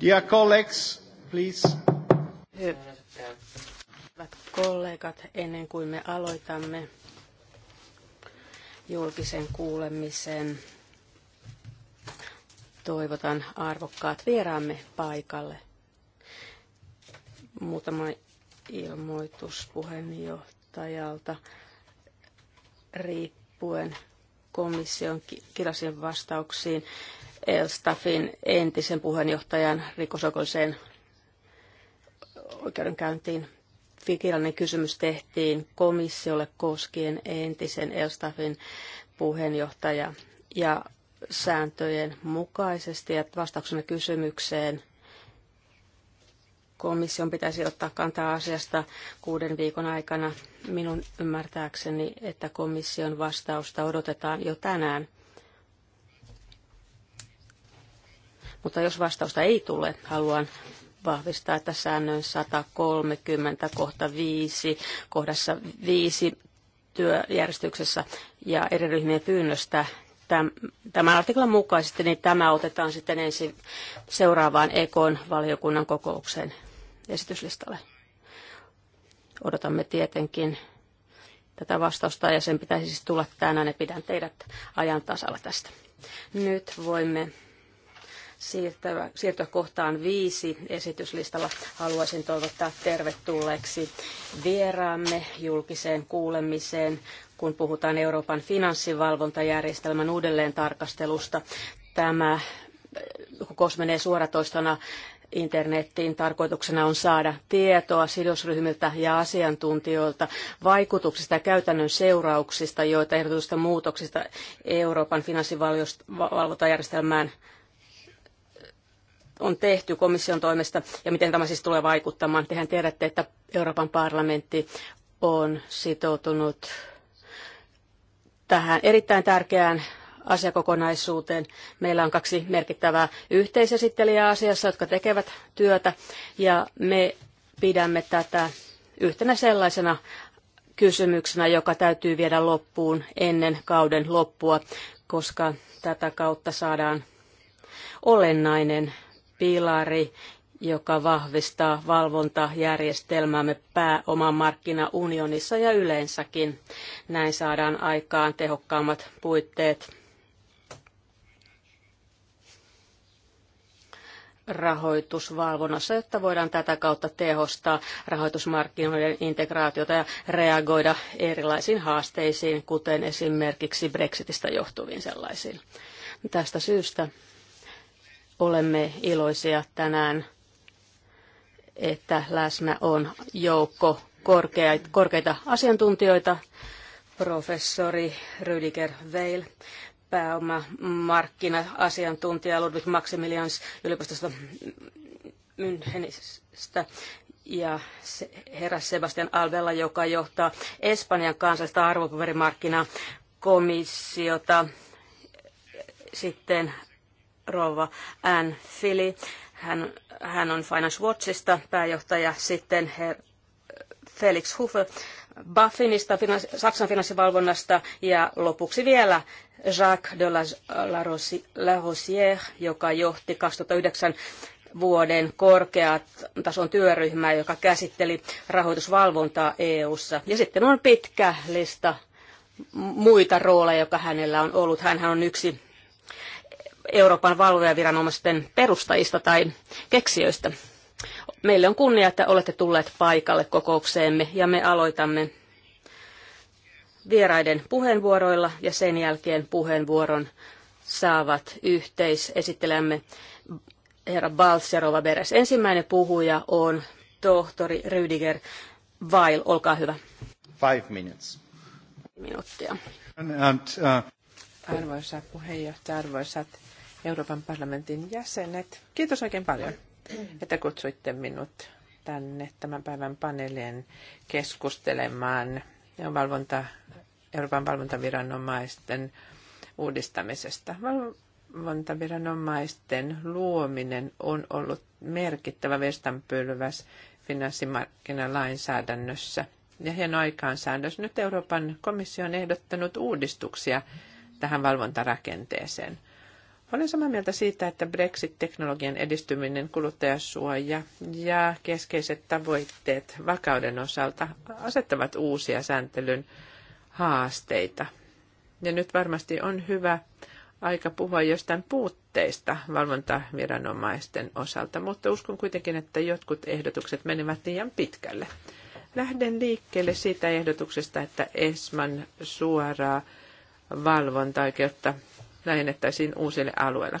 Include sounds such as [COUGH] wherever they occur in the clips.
Dear colleagues, please. Hyvät kollegat, ennen kuin me aloitamme julkisen kuulemisen, toivotan arvokkaat vieraamme paikalle. Muutama ilmoitus puheenjohtajalta riippuen komission kirjallisiin vastauksiin Elstafin entisen puheenjohtajan rikosoikeudelliseen oikeudenkäyntiin. Kirjallinen kysymys tehtiin komissiolle koskien entisen Elstafin puheenjohtaja ja sääntöjen mukaisesti. Ja vastauksena kysymykseen komission pitäisi ottaa kantaa asiasta kuuden viikon aikana. Minun ymmärtääkseni, että komission vastausta odotetaan jo tänään. Mutta jos vastausta ei tule, haluan vahvistaa, että säännön 130 kohta 5 kohdassa 5 työjärjestyksessä ja eri ryhmien pyynnöstä tämän artiklan mukaisesti, niin tämä otetaan sitten ensin seuraavaan EKn valiokunnan kokoukseen esityslistalle. Odotamme tietenkin tätä vastausta ja sen pitäisi siis tulla tänään ja pidän teidät ajan tasalla tästä. Nyt voimme siirtyä, siirtyä kohtaan viisi esityslistalla. Haluaisin toivottaa tervetulleeksi vieraamme julkiseen kuulemiseen, kun puhutaan Euroopan finanssivalvontajärjestelmän uudelleen tarkastelusta. Tämä äh, kokous menee suoratoistona internettiin. Tarkoituksena on saada tietoa sidosryhmiltä ja asiantuntijoilta vaikutuksista ja käytännön seurauksista, joita ehdotusta muutoksista Euroopan finanssivalvontajärjestelmään on tehty komission toimesta ja miten tämä siis tulee vaikuttamaan. Tehän tiedätte, että Euroopan parlamentti on sitoutunut tähän erittäin tärkeään asiakokonaisuuteen. Meillä on kaksi merkittävää yhteisesittelijää asiassa, jotka tekevät työtä, ja me pidämme tätä yhtenä sellaisena kysymyksenä, joka täytyy viedä loppuun ennen kauden loppua, koska tätä kautta saadaan olennainen pilari, joka vahvistaa valvontajärjestelmäämme pääoman markkinaunionissa ja yleensäkin. Näin saadaan aikaan tehokkaammat puitteet rahoitusvalvonnassa, jotta voidaan tätä kautta tehostaa rahoitusmarkkinoiden integraatiota ja reagoida erilaisiin haasteisiin, kuten esimerkiksi Brexitistä johtuviin sellaisiin. Tästä syystä Olemme iloisia tänään, että läsnä on joukko korkeita, korkeita asiantuntijoita. Professori Rüdiger Veil, pääomamarkkina-asiantuntija Ludwig Maximilians yliopistosta Münchenistä ja herra Sebastian Alvella, joka johtaa Espanjan kansallista arvopaperimarkkinakomissiota. Sitten rouva Anne Philly. Hän, hän on Finance Watchista pääjohtaja, sitten her, Felix Hufe, Buffinista, finans, Saksan finanssivalvonnasta ja lopuksi vielä Jacques de la, la, la Rosière, joka johti 2009 vuoden korkeat tason työryhmää, joka käsitteli rahoitusvalvontaa EU:ssa. Ja sitten on pitkä lista muita rooleja, joka hänellä on ollut. Hän on yksi Euroopan valvojaviranomaisten perustajista tai keksijöistä. Meille on kunnia, että olette tulleet paikalle kokoukseemme ja me aloitamme vieraiden puheenvuoroilla ja sen jälkeen puheenvuoron saavat yhteisesittelemme herra Balserova Beres. Ensimmäinen puhuja on tohtori Rüdiger Weil, olkaa hyvä. Five minutes. Minuuttia. And, and, uh... Arvoisa puheenjohtaja, arvoisat Euroopan parlamentin jäsenet. Kiitos oikein paljon, että kutsuitte minut tänne tämän päivän paneelien keskustelemaan valvonta, Euroopan valvontaviranomaisten uudistamisesta. Valvontaviranomaisten luominen on ollut merkittävä vestanpylväs finanssimarkkinalainsäädännössä. Ja hieno aikaansäädös. Nyt Euroopan komissio on ehdottanut uudistuksia tähän valvontarakenteeseen. Olen samaa mieltä siitä, että Brexit-teknologian edistyminen, kuluttajasuoja ja keskeiset tavoitteet vakauden osalta asettavat uusia sääntelyn haasteita. Ja nyt varmasti on hyvä aika puhua jostain puutteista valvontaviranomaisten osalta, mutta uskon kuitenkin, että jotkut ehdotukset menivät liian pitkälle. Lähden liikkeelle siitä ehdotuksesta, että ESMAN suoraa valvontaoikeutta laajennettaisiin uusille alueille.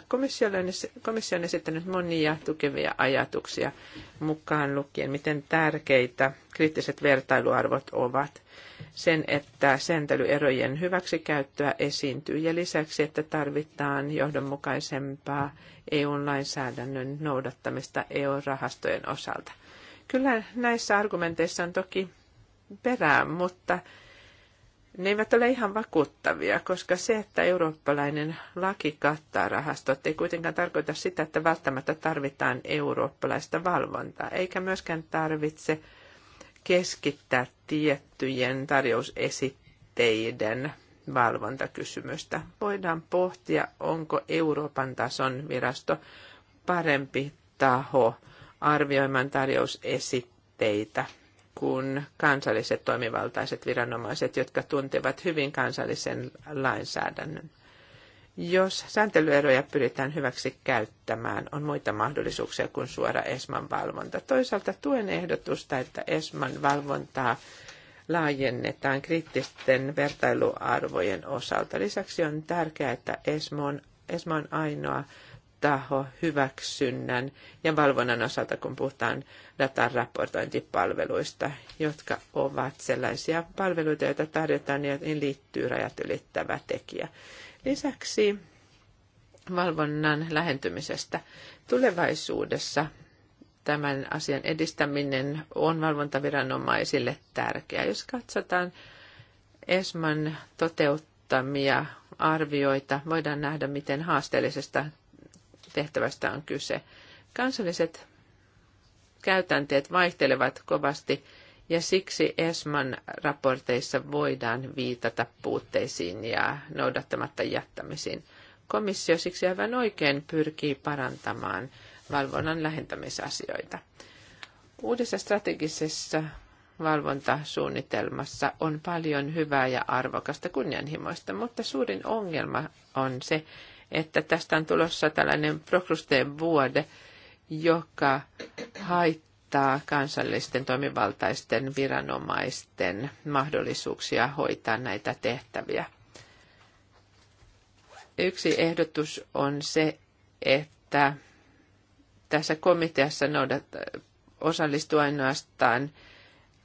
Komissio on esittänyt monia tukevia ajatuksia mukaan lukien, miten tärkeitä kriittiset vertailuarvot ovat, sen, että sääntelyerojen hyväksikäyttöä esiintyy ja lisäksi, että tarvitaan johdonmukaisempaa EU-lainsäädännön noudattamista EU-rahastojen osalta. Kyllä näissä argumenteissa on toki perää, mutta ne eivät ole ihan vakuuttavia, koska se, että eurooppalainen laki kattaa rahastot, ei kuitenkaan tarkoita sitä, että välttämättä tarvitaan eurooppalaista valvontaa, eikä myöskään tarvitse keskittää tiettyjen tarjousesitteiden valvontakysymystä. Voidaan pohtia, onko Euroopan tason virasto parempi taho arvioimaan tarjousesitteitä kuin kansalliset toimivaltaiset viranomaiset, jotka tuntevat hyvin kansallisen lainsäädännön. Jos sääntelyeroja pyritään hyväksi käyttämään, on muita mahdollisuuksia kuin suora ESMAn valvonta. Toisaalta tuen ehdotusta, että ESMAn valvontaa laajennetaan kriittisten vertailuarvojen osalta. Lisäksi on tärkeää, että ESMA on, ESMA on ainoa taho hyväksynnän ja valvonnan osalta, kun puhutaan datan raportointipalveluista, jotka ovat sellaisia palveluita, joita tarjotaan ja joihin liittyy rajat ylittävä tekijä. Lisäksi valvonnan lähentymisestä. Tulevaisuudessa tämän asian edistäminen on valvontaviranomaisille tärkeää. Jos katsotaan ESMAN toteuttamia arvioita, voidaan nähdä, miten haasteellisesta tehtävästä on kyse. Kansalliset käytänteet vaihtelevat kovasti ja siksi ESMAN raporteissa voidaan viitata puutteisiin ja noudattamatta jättämisiin. Komissio siksi aivan oikein pyrkii parantamaan valvonnan lähentämisasioita. Uudessa strategisessa valvontasuunnitelmassa on paljon hyvää ja arvokasta kunnianhimoista, mutta suurin ongelma on se, että tästä on tulossa tällainen prokrusteen vuode, joka haittaa kansallisten toimivaltaisten viranomaisten mahdollisuuksia hoitaa näitä tehtäviä. Yksi ehdotus on se, että tässä komiteassa noudat, osallistuu ainoastaan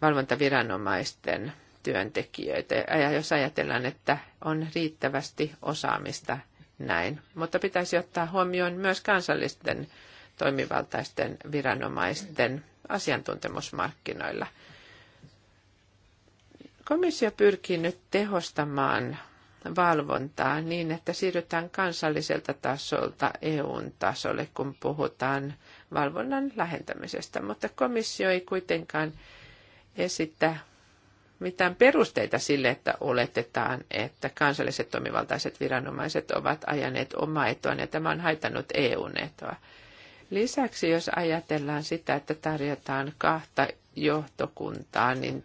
valvontaviranomaisten työntekijöitä. Ja jos ajatellaan, että on riittävästi osaamista näin. Mutta pitäisi ottaa huomioon myös kansallisten toimivaltaisten viranomaisten asiantuntemusmarkkinoilla. Komissio pyrkii nyt tehostamaan valvontaa niin, että siirrytään kansalliselta tasolta EUn tasolle, kun puhutaan valvonnan lähentämisestä, mutta komissio ei kuitenkaan esitä mitään perusteita sille, että oletetaan, että kansalliset toimivaltaiset viranomaiset ovat ajaneet omaa etuaan ja tämä on haitannut EUn etua. Lisäksi jos ajatellaan sitä, että tarjotaan kahta johtokuntaa, niin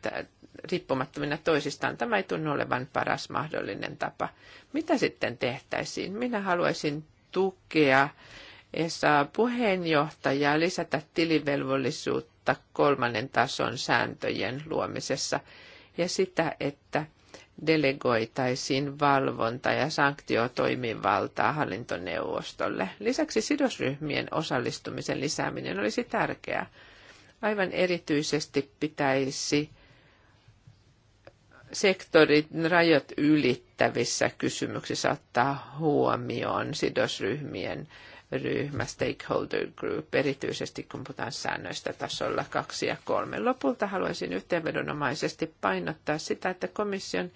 riippumattomina toisistaan tämä ei tunnu olevan paras mahdollinen tapa. Mitä sitten tehtäisiin? Minä haluaisin tukea ESA puheenjohtajaa lisätä tilivelvollisuutta kolmannen tason sääntöjen luomisessa – ja sitä, että delegoitaisiin valvonta- ja sanktiotoimivaltaa hallintoneuvostolle. Lisäksi sidosryhmien osallistumisen lisääminen olisi tärkeää. Aivan erityisesti pitäisi sektorin rajat ylittävissä kysymyksissä ottaa huomioon sidosryhmien ryhmä, stakeholder group, erityisesti kun puhutaan säännöistä tasolla kaksi ja kolme. Lopulta haluaisin yhteenvedonomaisesti painottaa sitä, että komission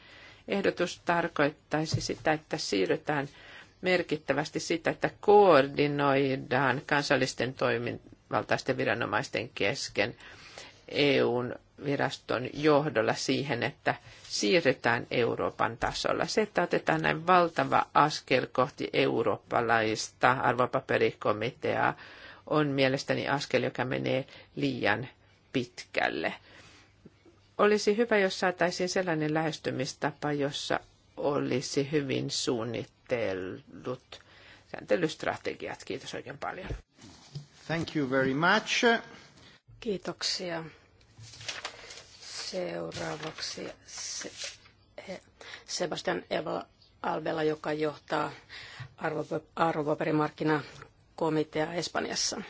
ehdotus tarkoittaisi sitä, että siirrytään merkittävästi sitä, että koordinoidaan kansallisten toimivaltaisten viranomaisten kesken EUn viraston johdolla siihen, että siirretään Euroopan tasolla. Se, että otetaan näin valtava askel kohti eurooppalaista arvopaperikomiteaa, on mielestäni askel, joka menee liian pitkälle. Olisi hyvä, jos saataisiin sellainen lähestymistapa, jossa olisi hyvin suunnitellut sääntelystrategiat. Kiitos oikein paljon. Thank you very much. Kiitoksia Seuraavaksi Sebastian Eva Albella, joka johtaa arvopaperimarkkinakomitea Espanjassa.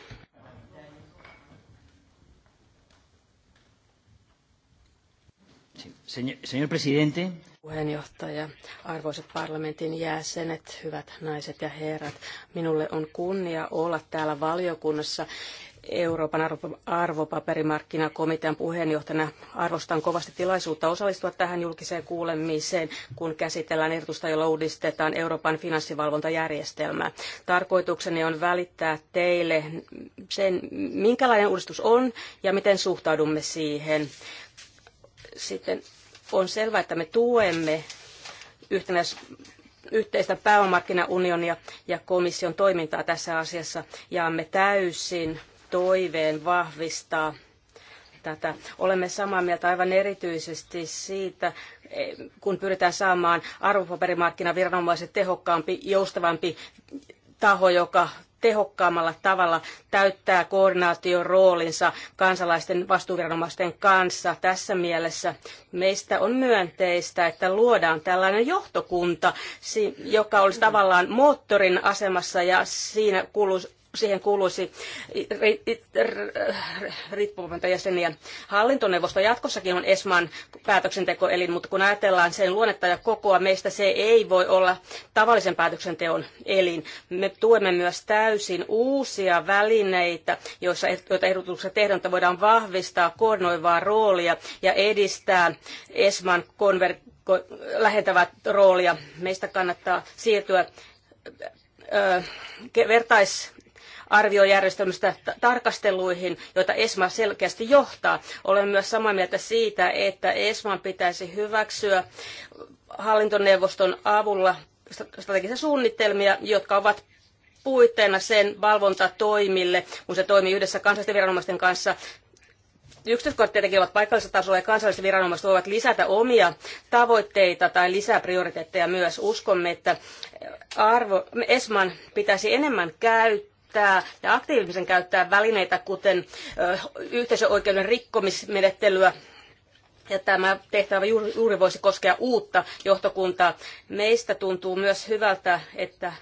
Señor presidente. Puheenjohtaja, arvoisat parlamentin jäsenet, hyvät naiset ja herrat, minulle on kunnia olla täällä valiokunnassa, Euroopan arvopaperimarkkinakomitean puheenjohtajana arvostan kovasti tilaisuutta osallistua tähän julkiseen kuulemiseen, kun käsitellään ehdotusta, jolla uudistetaan Euroopan finanssivalvontajärjestelmää. Tarkoitukseni on välittää teille sen, minkälainen uudistus on ja miten suhtaudumme siihen. Sitten on selvää, että me tuemme yhtenäis yhteistä pääomarkkinaunionia ja komission toimintaa tässä asiassa jaamme täysin toiveen vahvistaa tätä. Olemme samaa mieltä aivan erityisesti siitä, e, kun pyritään saamaan arvopaperimarkkinaviranomaiset tehokkaampi, joustavampi taho, joka tehokkaammalla tavalla täyttää koordinaation roolinsa kansalaisten vastuuviranomaisten kanssa. Tässä mielessä meistä on myönteistä, että luodaan tällainen johtokunta, joka olisi tavallaan moottorin asemassa ja siinä kuuluisi siihen kuuluisi riippumatonta jäseniä. Hallintoneuvosto jatkossakin on ESMAn päätöksentekoelin, mutta kun ajatellaan sen luonnetta ja kokoa, meistä se ei voi olla tavallisen päätöksenteon elin. Me tuemme myös täysin uusia välineitä, joissa, joita ehdotuksessa tehdään, että voidaan vahvistaa koordinoivaa roolia ja edistää ESMAn konver- lähentävät roolia. Meistä kannattaa siirtyä vertais arviojärjestelmistä tarkasteluihin, joita ESMA selkeästi johtaa. Olen myös samaa mieltä siitä, että ESMAn pitäisi hyväksyä hallintoneuvoston avulla strategisia suunnitelmia, jotka ovat puitteena sen valvontatoimille, kun se toimii yhdessä kansallisten viranomaisten kanssa yksityiskohdat tietenkin ovat paikallisella tasolla ja kansalliset viranomaiset voivat lisätä omia tavoitteita tai lisää prioriteetteja myös. Uskomme, että arvo, ESMAN pitäisi enemmän käyttää käyttää ja aktiivisen käyttää välineitä, kuten yhteisöoikeuden rikkomismenettelyä, ja tämä tehtävä juuri, voisi koskea uutta johtokuntaa. Meistä tuntuu myös hyvältä, että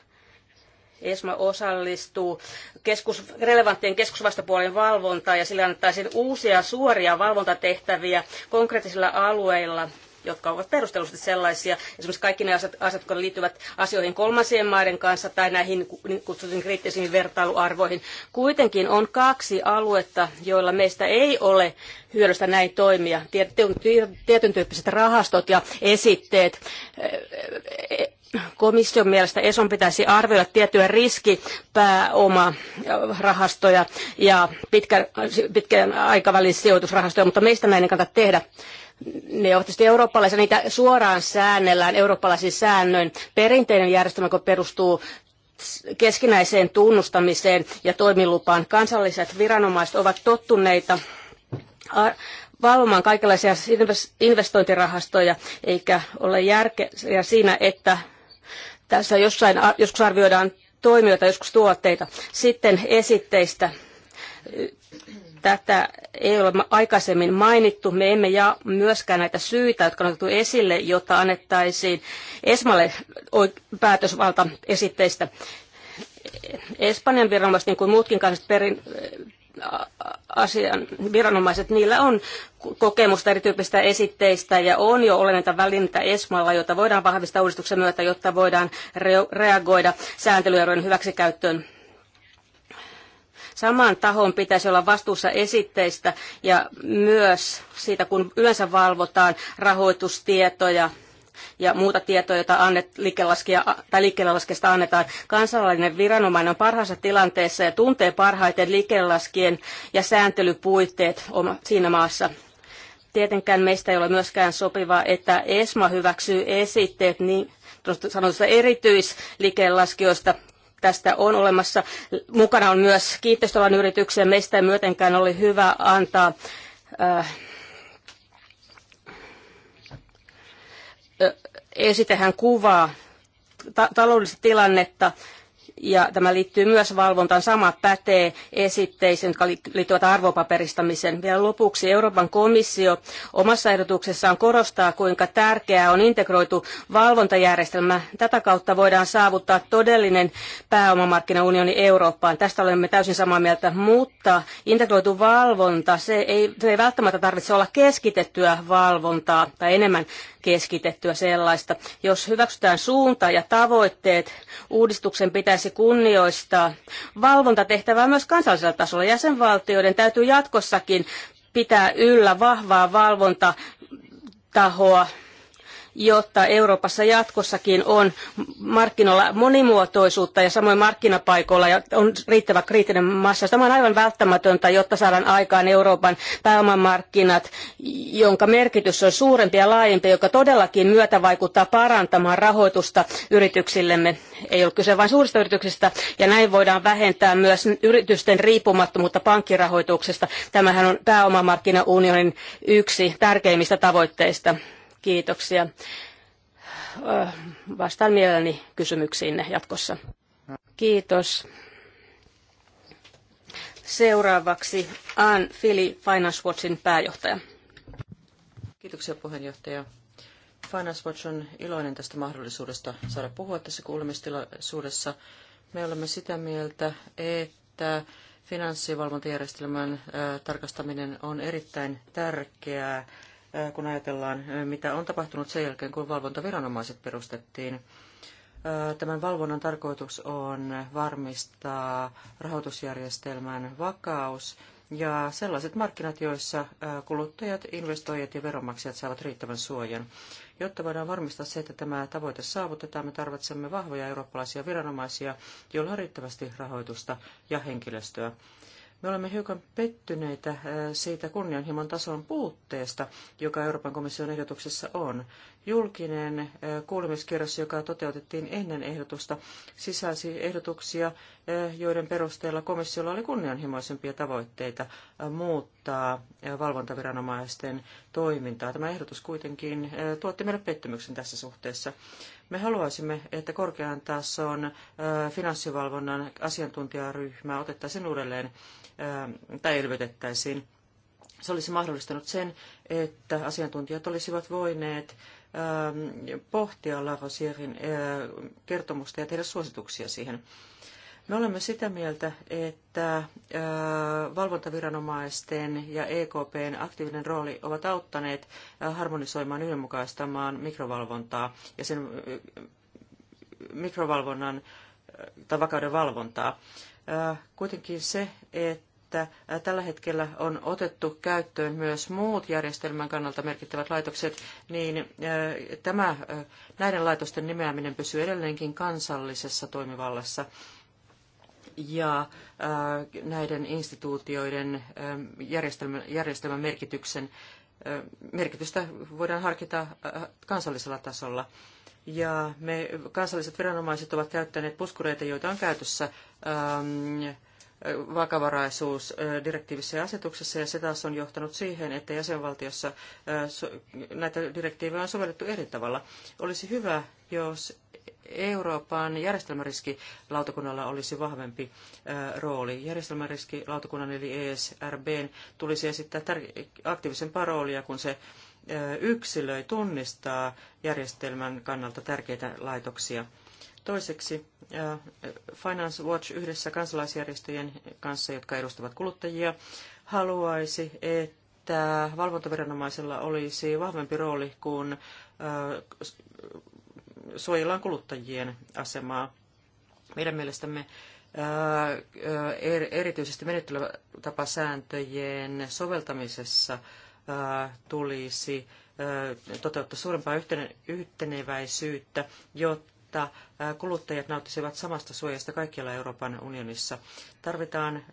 ESMA osallistuu keskus, relevanttien keskusvastapuolen valvontaan ja sillä annettaisiin uusia suoria valvontatehtäviä konkreettisilla alueilla jotka ovat perustellusti sellaisia. Esimerkiksi kaikki ne asiat, asiat jotka liittyvät asioihin kolmansien maiden kanssa tai näihin niin kutsutun kriittisiin vertailuarvoihin. Kuitenkin on kaksi aluetta, joilla meistä ei ole hyödystä näin toimia. Tietyn tyyppiset rahastot ja esitteet komission mielestä ESON pitäisi arvioida tiettyjä riskipääomarahastoja ja pitkän, pitkän aikavälin sijoitusrahastoja, mutta meistä näin ei kannata tehdä ne ovat tietysti eurooppalaisia, niitä suoraan säännellään eurooppalaisin säännöin. Perinteinen järjestelmä, joka perustuu keskinäiseen tunnustamiseen ja toimilupaan. Kansalliset viranomaiset ovat tottuneita valvomaan kaikenlaisia investointirahastoja, eikä ole järkeä siinä, että tässä jossain, joskus arvioidaan toimijoita, joskus tuotteita. Sitten esitteistä Tätä ei ole aikaisemmin mainittu. Me emme jaa myöskään näitä syitä, jotka on otettu esille, jotta annettaisiin Esmalle päätösvalta esitteistä. Espanjan viranomaiset, niin kuin muutkin kansalliset perin, asian viranomaiset, niillä on kokemusta erityyppisistä esitteistä ja on jo olennaita välineitä ESMalla, jota voidaan vahvistaa uudistuksen myötä, jotta voidaan reagoida sääntelyerojen hyväksikäyttöön Saman tahon pitäisi olla vastuussa esitteistä ja myös siitä, kun yleensä valvotaan rahoitustietoja ja muuta tietoa, jota annet, liikelaskija, tai liikkeellelaskijasta annetaan. Kansallinen viranomainen on parhaassa tilanteessa ja tuntee parhaiten liikelaskien ja sääntelypuitteet siinä maassa. Tietenkään meistä ei ole myöskään sopivaa, että ESMA hyväksyy esitteet niin sanotusta erityisliikelaskijoista tästä on olemassa. Mukana on myös kiinteistöalan yrityksiä. Meistä ei myötenkään ole hyvä antaa äh, esitehän kuvaa ta- taloudellista tilannetta ja tämä liittyy myös valvontaan. Sama pätee esitteisiin, jotka liittyvät arvopaperistamiseen. Vielä lopuksi Euroopan komissio omassa ehdotuksessaan korostaa, kuinka tärkeää on integroitu valvontajärjestelmä. Tätä kautta voidaan saavuttaa todellinen pääomamarkkinaunioni Eurooppaan. Tästä olemme täysin samaa mieltä, mutta integroitu valvonta, se ei, se ei välttämättä tarvitse olla keskitettyä valvontaa tai enemmän keskitettyä sellaista. Jos hyväksytään suunta ja tavoitteet, uudistuksen pitäisi kunnioistaa valvontatehtävää myös kansallisella tasolla. Jäsenvaltioiden täytyy jatkossakin pitää yllä vahvaa valvontatahoa jotta Euroopassa jatkossakin on markkinoilla monimuotoisuutta ja samoin markkinapaikoilla ja on riittävä kriittinen massa. Tämä on aivan välttämätöntä, jotta saadaan aikaan Euroopan pääomamarkkinat, jonka merkitys on suurempi ja laajempi, joka todellakin myötä vaikuttaa parantamaan rahoitusta yrityksillemme. Ei ole kyse vain suurista yrityksistä ja näin voidaan vähentää myös yritysten riippumattomuutta pankkirahoituksesta. Tämähän on pääomamarkkinaunionin yksi tärkeimmistä tavoitteista. Kiitoksia. Vastaan mielelläni kysymyksiinne jatkossa. Kiitos. Seuraavaksi Ann Fili Finance Watchin pääjohtaja. Kiitoksia puheenjohtaja. Finance Watch on iloinen tästä mahdollisuudesta saada puhua tässä kuulemistilaisuudessa. Me olemme sitä mieltä, että finanssivalvontajärjestelmän tarkastaminen on erittäin tärkeää kun ajatellaan, mitä on tapahtunut sen jälkeen, kun valvontaviranomaiset perustettiin. Tämän valvonnan tarkoitus on varmistaa rahoitusjärjestelmän vakaus ja sellaiset markkinat, joissa kuluttajat, investoijat ja veronmaksajat saavat riittävän suojan. Jotta voidaan varmistaa se, että tämä tavoite saavutetaan, me tarvitsemme vahvoja eurooppalaisia viranomaisia, joilla on riittävästi rahoitusta ja henkilöstöä. Me olemme hiukan pettyneitä siitä kunnianhimon tason puutteesta, joka Euroopan komission ehdotuksessa on. Julkinen kuulemiskierros, joka toteutettiin ennen ehdotusta, sisälsi ehdotuksia, joiden perusteella komissiolla oli kunnianhimoisempia tavoitteita muuttaa valvontaviranomaisten toimintaa. Tämä ehdotus kuitenkin tuotti meille pettymyksen tässä suhteessa. Me haluaisimme, että korkean tason finanssivalvonnan asiantuntijaryhmä otettaisiin uudelleen tai elvytettäisiin. Se olisi mahdollistanut sen, että asiantuntijat olisivat voineet Ähm, pohtia Lavoisierin äh, kertomusta ja tehdä suosituksia siihen. Me olemme sitä mieltä, että äh, valvontaviranomaisten ja EKPn aktiivinen rooli ovat auttaneet äh, harmonisoimaan yhdenmukaistamaan mikrovalvontaa ja sen mikrovalvonnan tai vakauden valvontaa. Kuitenkin se, että että tällä hetkellä on otettu käyttöön myös muut järjestelmän kannalta merkittävät laitokset, niin tämä, näiden laitosten nimeäminen pysyy edelleenkin kansallisessa toimivallassa ja näiden instituutioiden järjestelmän, järjestelmän merkityksen, merkitystä voidaan harkita kansallisella tasolla. Ja me kansalliset viranomaiset ovat käyttäneet puskureita, joita on käytössä ähm, vakavaraisuus direktiivissä ja asetuksessa, ja se taas on johtanut siihen, että jäsenvaltiossa näitä direktiivejä on sovellettu eri tavalla. Olisi hyvä, jos Euroopan järjestelmäriskilautakunnalla olisi vahvempi rooli. Järjestelmäriskilautakunnan eli ESRBn tulisi esittää aktiivisempaa roolia, kun se yksilöi tunnistaa järjestelmän kannalta tärkeitä laitoksia – Toiseksi Finance Watch yhdessä kansalaisjärjestöjen kanssa, jotka edustavat kuluttajia, haluaisi, että valvontaviranomaisella olisi vahvempi rooli, kun suojellaan kuluttajien asemaa. Meidän mielestämme erityisesti menettelytapasääntöjen soveltamisessa tulisi toteuttaa suurempaa yhteneväisyyttä, jotta jotta kuluttajat nauttisivat samasta suojasta kaikkialla Euroopan unionissa. Tarvitaan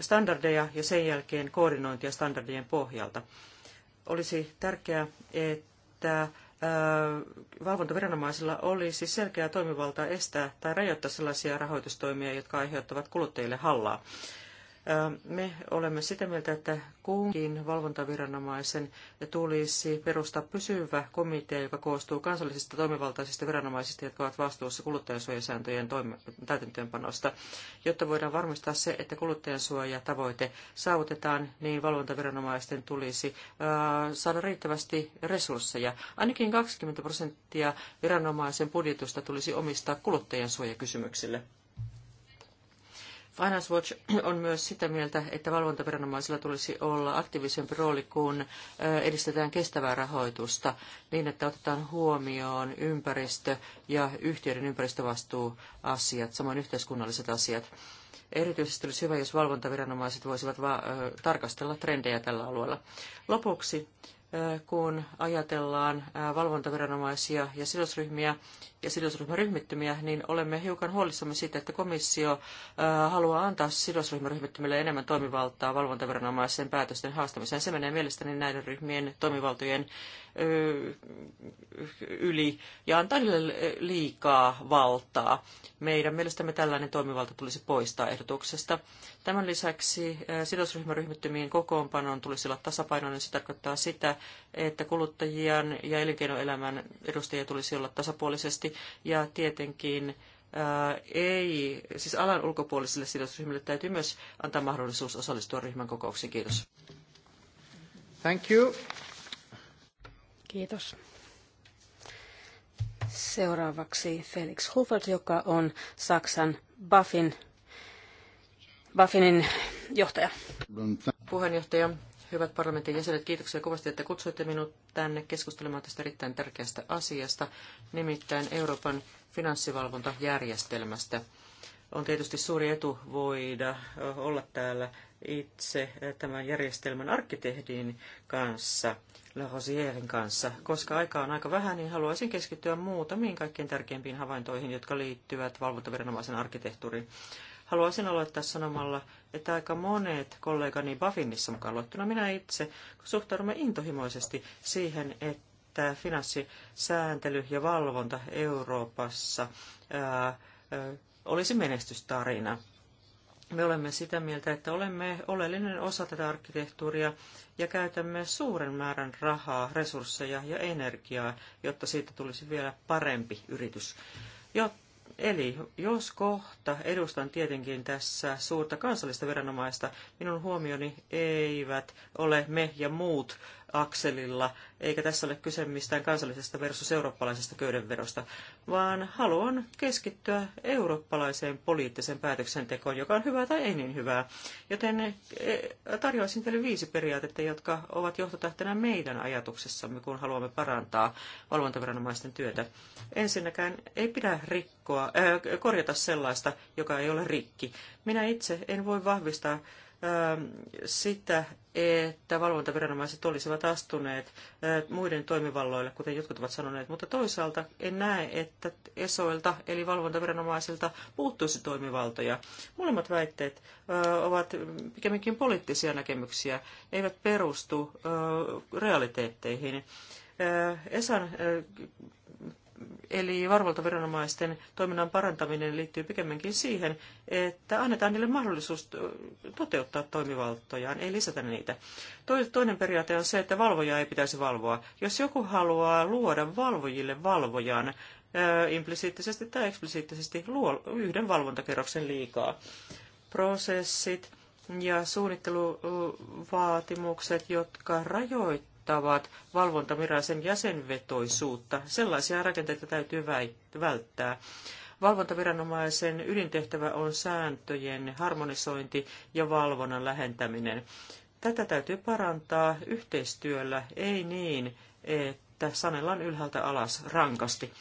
standardeja ja sen jälkeen koordinointia standardien pohjalta. Olisi tärkeää, että valvontaviranomaisilla olisi selkeä toimivalta estää tai rajoittaa sellaisia rahoitustoimia, jotka aiheuttavat kuluttajille hallaa. Me olemme sitä mieltä, että kunkin valvontaviranomaisen tulisi perustaa pysyvä komitea, joka koostuu kansallisista toimivaltaisista viranomaisista, jotka ovat vastuussa kuluttajansuojasääntöjen täytäntöönpanosta, jotta voidaan varmistaa se, että kuluttajansuojatavoite saavutetaan, niin valvontaviranomaisten tulisi saada riittävästi resursseja. Ainakin 20 prosenttia viranomaisen budjetista tulisi omistaa kuluttajansuojakysymyksille. Finance Watch [CLEARS THROAT] on myös sitä mieltä, että valvontaviranomaisilla tulisi olla aktiivisempi rooli, kun edistetään kestävää rahoitusta niin, että otetaan huomioon ympäristö- ja yhtiöiden ympäristövastuuasiat, samoin yhteiskunnalliset asiat. Erityisesti olisi hyvä, jos valvontaviranomaiset voisivat va- tarkastella trendejä tällä alueella. Lopuksi kun ajatellaan valvontaviranomaisia ja sidosryhmiä ja sidosryhmäryhmittymiä, niin olemme hiukan huolissamme siitä, että komissio haluaa antaa sidosryhmäryhmittymille enemmän toimivaltaa valvontaviranomaisen päätösten haastamiseen. Se menee mielestäni näiden ryhmien toimivaltojen yli ja antaa niille liikaa valtaa. Meidän mielestämme tällainen toimivalta tulisi poistaa ehdotuksesta. Tämän lisäksi sidosryhmäryhmittymien kokoonpanon tulisi olla tasapainoinen. Se tarkoittaa sitä, että kuluttajien ja elinkeinoelämän edustajia tulisi olla tasapuolisesti ja tietenkin ei, siis alan ulkopuolisille sidosryhmille täytyy myös antaa mahdollisuus osallistua ryhmän kokouksiin. Kiitos. Thank you. Kiitos. Seuraavaksi Felix Hufeld, joka on Saksan Buffin, Buffinin johtaja. Puheenjohtaja, hyvät parlamentin jäsenet, kiitoksia kovasti, että kutsuitte minut tänne keskustelemaan tästä erittäin tärkeästä asiasta, nimittäin Euroopan finanssivalvontajärjestelmästä – on tietysti suuri etu voida olla täällä itse tämän järjestelmän arkkitehdin kanssa, La Rosierin kanssa. Koska aika on aika vähän, niin haluaisin keskittyä muutamiin kaikkein tärkeimpiin havaintoihin, jotka liittyvät valvontaviranomaisen arkkitehtuuriin. Haluaisin aloittaa sanomalla, että aika monet kollegani Bafinissa mukaan luettuna minä itse suhtaudumme intohimoisesti siihen, että finanssisääntely ja valvonta Euroopassa ää, olisi menestystarina. Me olemme sitä mieltä, että olemme oleellinen osa tätä arkkitehtuuria ja käytämme suuren määrän rahaa, resursseja ja energiaa, jotta siitä tulisi vielä parempi yritys. Jo, eli jos kohta edustan tietenkin tässä suurta kansallista viranomaista, minun huomioni eivät ole me ja muut akselilla, eikä tässä ole kyse mistään kansallisesta versus eurooppalaisesta köydenverosta, vaan haluan keskittyä eurooppalaiseen poliittiseen päätöksentekoon, joka on hyvää tai ei niin hyvää. Joten e, tarjoaisin teille viisi periaatetta, jotka ovat johtotähtenä meidän ajatuksessamme, kun haluamme parantaa valvontaviranomaisten työtä. Ensinnäkään ei pidä rikkoa, äh, korjata sellaista, joka ei ole rikki. Minä itse en voi vahvistaa Ähm, sitä, että valvontaviranomaiset olisivat astuneet äh, muiden toimivalloille, kuten jotkut ovat sanoneet, mutta toisaalta en näe, että ESOilta eli valvontaviranomaisilta puuttuisi toimivaltoja. Molemmat väitteet äh, ovat pikemminkin poliittisia näkemyksiä, eivät perustu äh, realiteetteihin. Esan Eli varvaltaviranomaisten toiminnan parantaminen liittyy pikemminkin siihen, että annetaan niille mahdollisuus toteuttaa toimivaltojaan, ei lisätä niitä. Toinen periaate on se, että valvoja ei pitäisi valvoa. Jos joku haluaa luoda valvojille valvojan, implisiittisesti tai eksplisiittisesti luo yhden valvontakerroksen liikaa. Prosessit ja suunnitteluvaatimukset, jotka rajoittavat rajoittavat valvontaviranomaisen jäsenvetoisuutta. Sellaisia rakenteita täytyy välttää. Valvontaviranomaisen ydintehtävä on sääntöjen harmonisointi ja valvonnan lähentäminen. Tätä täytyy parantaa yhteistyöllä, ei niin, että sanellaan ylhäältä alas rankasti.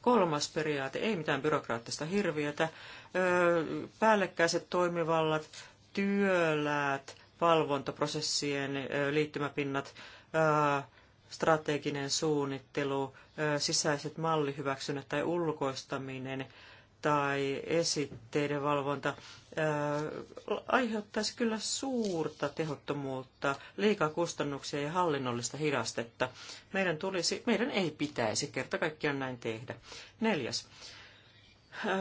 Kolmas periaate, ei mitään byrokraattista hirviötä, päällekkäiset toimivallat, työläät, valvontaprosessien liittymäpinnat, strateginen suunnittelu, sisäiset mallihyväksynnät tai ulkoistaminen tai esitteiden valvonta aiheuttaisi kyllä suurta tehottomuutta, liikaa kustannuksia ja hallinnollista hidastetta. Meidän, tulisi, meidän ei pitäisi kerta kaikkiaan näin tehdä. Neljäs.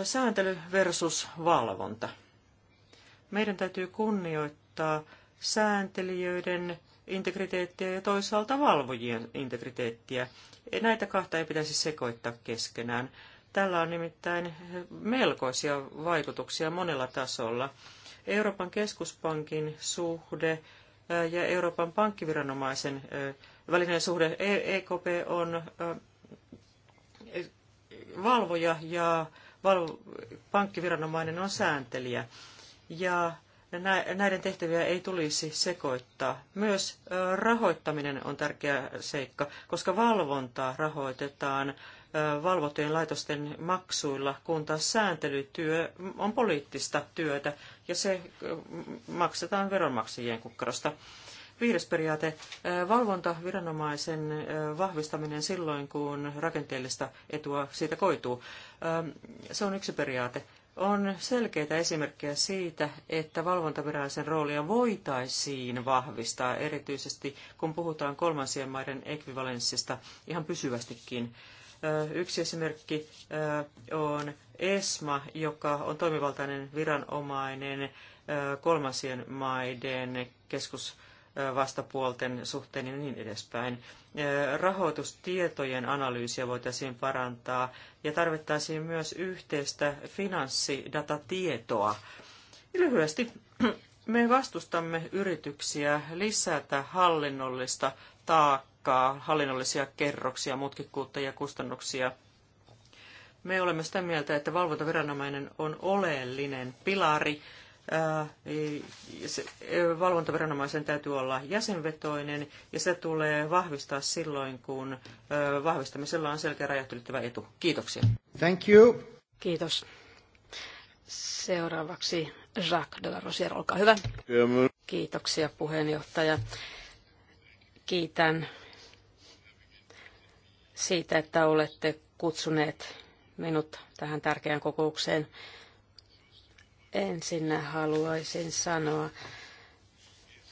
Sääntely versus valvonta. Meidän täytyy kunnioittaa sääntelijöiden integriteettiä ja toisaalta valvojien integriteettiä. E, näitä kahta ei pitäisi sekoittaa keskenään. Tällä on nimittäin melkoisia vaikutuksia monella tasolla. Euroopan keskuspankin suhde ja Euroopan pankkiviranomaisen välinen suhde EKP e on valvoja ja pankkiviranomainen on sääntelijä. Ja näiden tehtäviä ei tulisi sekoittaa. Myös rahoittaminen on tärkeä seikka, koska valvontaa rahoitetaan valvottujen laitosten maksuilla, kun taas sääntelytyö on poliittista työtä ja se maksetaan veronmaksajien kukkarosta. Viides periaate, valvontaviranomaisen vahvistaminen silloin, kun rakenteellista etua siitä koituu. Se on yksi periaate. On selkeitä esimerkkejä siitä, että valvontaviranomaisen roolia voitaisiin vahvistaa, erityisesti kun puhutaan kolmansien maiden ekvivalenssista ihan pysyvästikin. Yksi esimerkki on ESMA, joka on toimivaltainen viranomainen kolmansien maiden keskus vastapuolten suhteen ja niin edespäin. Rahoitustietojen analyysiä voitaisiin parantaa ja tarvittaisiin myös yhteistä finanssidatatietoa. Lyhyesti, [CLEARS THROAT] me vastustamme yrityksiä lisätä hallinnollista taakkaa, hallinnollisia kerroksia, mutkikkuutta ja kustannuksia. Me olemme sitä mieltä, että valvontaviranomainen on oleellinen pilari E, valvontaviranomaisen täytyy olla jäsenvetoinen ja se tulee vahvistaa silloin, kun vahvistamisella on selkeä rajat ylittävä etu. Kiitoksia. Thank you. Kiitos. Seuraavaksi Jacques de la Rosière, olkaa hyvä. Kiitoksia puheenjohtaja. Kiitän siitä, että olette kutsuneet minut tähän tärkeään kokoukseen ensinnä haluaisin sanoa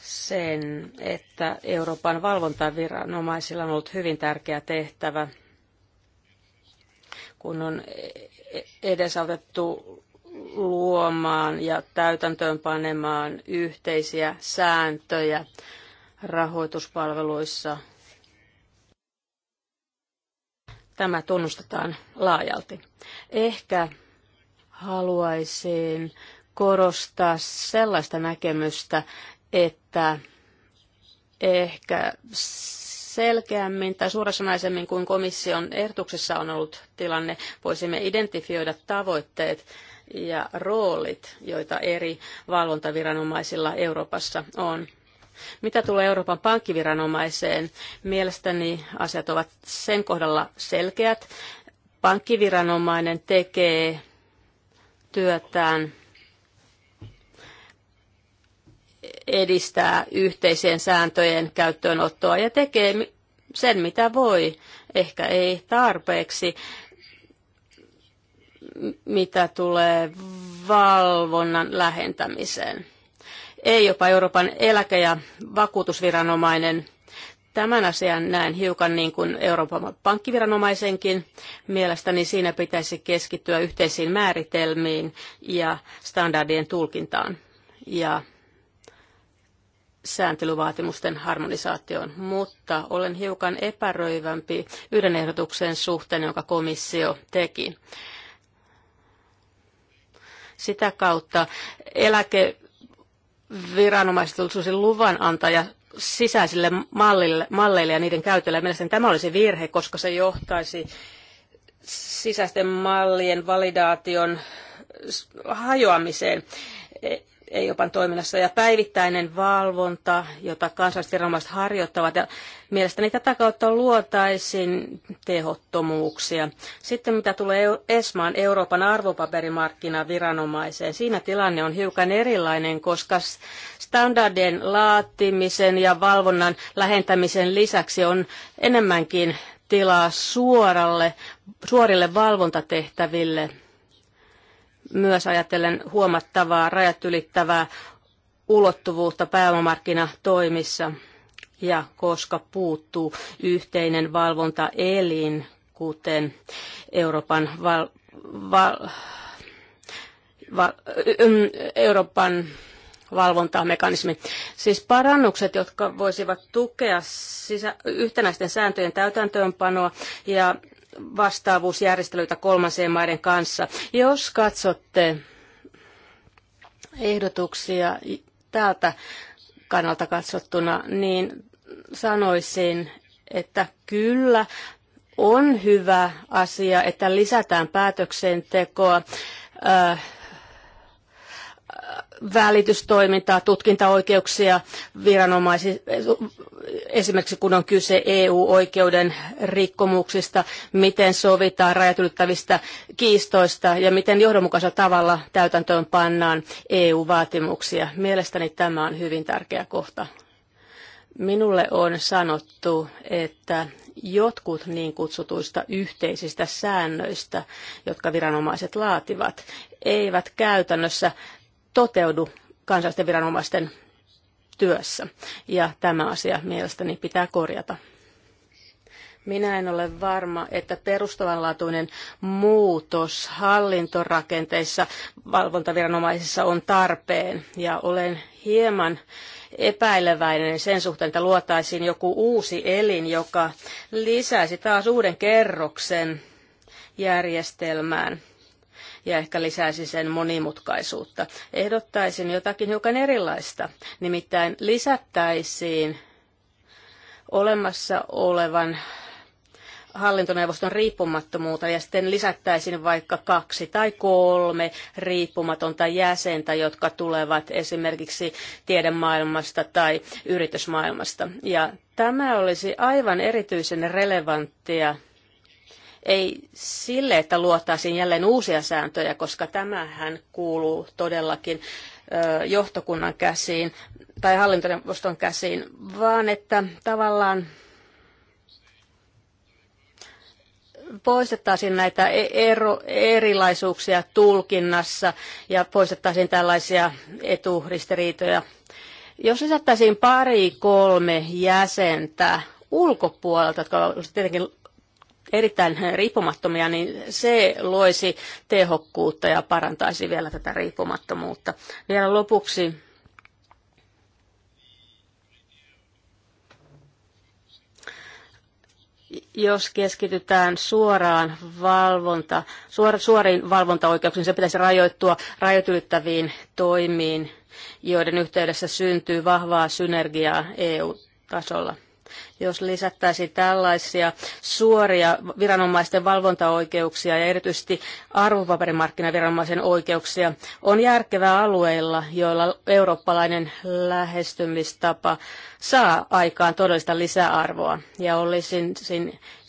sen, että Euroopan valvontaviranomaisilla on ollut hyvin tärkeä tehtävä, kun on edesautettu luomaan ja täytäntöönpanemaan yhteisiä sääntöjä rahoituspalveluissa. Tämä tunnustetaan laajalti. Ehkä haluaisin korostaa sellaista näkemystä, että ehkä selkeämmin tai suorasanaisemmin kuin komission ehdotuksessa on ollut tilanne, voisimme identifioida tavoitteet ja roolit, joita eri valvontaviranomaisilla Euroopassa on. Mitä tulee Euroopan pankkiviranomaiseen, mielestäni asiat ovat sen kohdalla selkeät. Pankkiviranomainen tekee työtään edistää yhteisien sääntöjen käyttöönottoa ja tekee sen, mitä voi. Ehkä ei tarpeeksi, mitä tulee valvonnan lähentämiseen. Ei jopa Euroopan eläke- ja vakuutusviranomainen – Tämän asian näen hiukan niin kuin Euroopan pankkiviranomaisenkin. Mielestäni siinä pitäisi keskittyä yhteisiin määritelmiin ja standardien tulkintaan ja sääntelyvaatimusten harmonisaatioon. Mutta olen hiukan epäröivämpi yhden ehdotuksen suhteen, jonka komissio teki. Sitä kautta eläkeviranomaiset viranomaiset luvan antaja sisäisille mallille, malleille ja niiden käytölle. Mielestäni tämä olisi virhe, koska se johtaisi sisäisten mallien validaation hajoamiseen ei jopa toiminnassa ja päivittäinen valvonta, jota kansalliset viranomaiset harjoittavat. Ja mielestäni tätä kautta luotaisin tehottomuuksia. Sitten mitä tulee ESMAan Euroopan arvopaperimarkkinaviranomaiseen, siinä tilanne on hiukan erilainen, koska standardien laatimisen ja valvonnan lähentämisen lisäksi on enemmänkin tilaa suoralle, suorille valvontatehtäville, myös ajatellen huomattavaa rajat ylittävää ulottuvuutta pääomamarkkinatoimissa ja koska puuttuu yhteinen valvontaelin, kuten Euroopan, val, val, Euroopan valvontamekanismi. Siis parannukset, jotka voisivat tukea sisä, yhtenäisten sääntöjen täytäntöönpanoa ja vastaavuusjärjestelyitä kolmansien maiden kanssa. Jos katsotte ehdotuksia täältä kannalta katsottuna, niin sanoisin, että kyllä on hyvä asia, että lisätään päätöksentekoa äh, välitystoimintaa, tutkintaoikeuksia viranomaisille, esimerkiksi kun on kyse EU-oikeuden rikkomuksista, miten sovitaan rajat ylittävistä kiistoista ja miten johdonmukaisella tavalla täytäntöön pannaan EU-vaatimuksia. Mielestäni tämä on hyvin tärkeä kohta. Minulle on sanottu, että jotkut niin kutsutuista yhteisistä säännöistä, jotka viranomaiset laativat, eivät käytännössä toteudu kansallisten viranomaisten työssä. Ja tämä asia mielestäni pitää korjata. Minä en ole varma, että perustavanlaatuinen muutos hallintorakenteissa valvontaviranomaisissa on tarpeen. Ja olen hieman epäileväinen sen suhteen, että luotaisiin joku uusi elin, joka lisäisi taas uuden kerroksen järjestelmään ja ehkä lisäisi sen monimutkaisuutta. Ehdottaisin jotakin hiukan erilaista, nimittäin lisättäisiin olemassa olevan hallintoneuvoston riippumattomuutta ja sitten lisättäisiin vaikka kaksi tai kolme riippumatonta jäsentä, jotka tulevat esimerkiksi tiedemaailmasta tai yritysmaailmasta. Ja tämä olisi aivan erityisen relevanttia ei sille, että luotaisiin jälleen uusia sääntöjä, koska tämähän kuuluu todellakin johtokunnan käsiin tai hallintoneuvoston käsiin, vaan että tavallaan poistettaisiin näitä e- ero, erilaisuuksia tulkinnassa ja poistettaisiin tällaisia eturistiriitoja. Jos lisättäisiin pari kolme jäsentä ulkopuolelta, jotka olisivat tietenkin erittäin riippumattomia, niin se loisi tehokkuutta ja parantaisi vielä tätä riippumattomuutta. Vielä lopuksi jos keskitytään suoraan valvonta, suor, suoriin valvontaoikeuksiin, se pitäisi rajoittua rajat toimiin, joiden yhteydessä syntyy vahvaa synergiaa EU-tasolla jos lisättäisiin tällaisia suoria viranomaisten valvontaoikeuksia ja erityisesti arvopaperimarkkinaviranomaisen oikeuksia, on järkevää alueilla, joilla eurooppalainen lähestymistapa saa aikaan todellista lisäarvoa. Ja olisin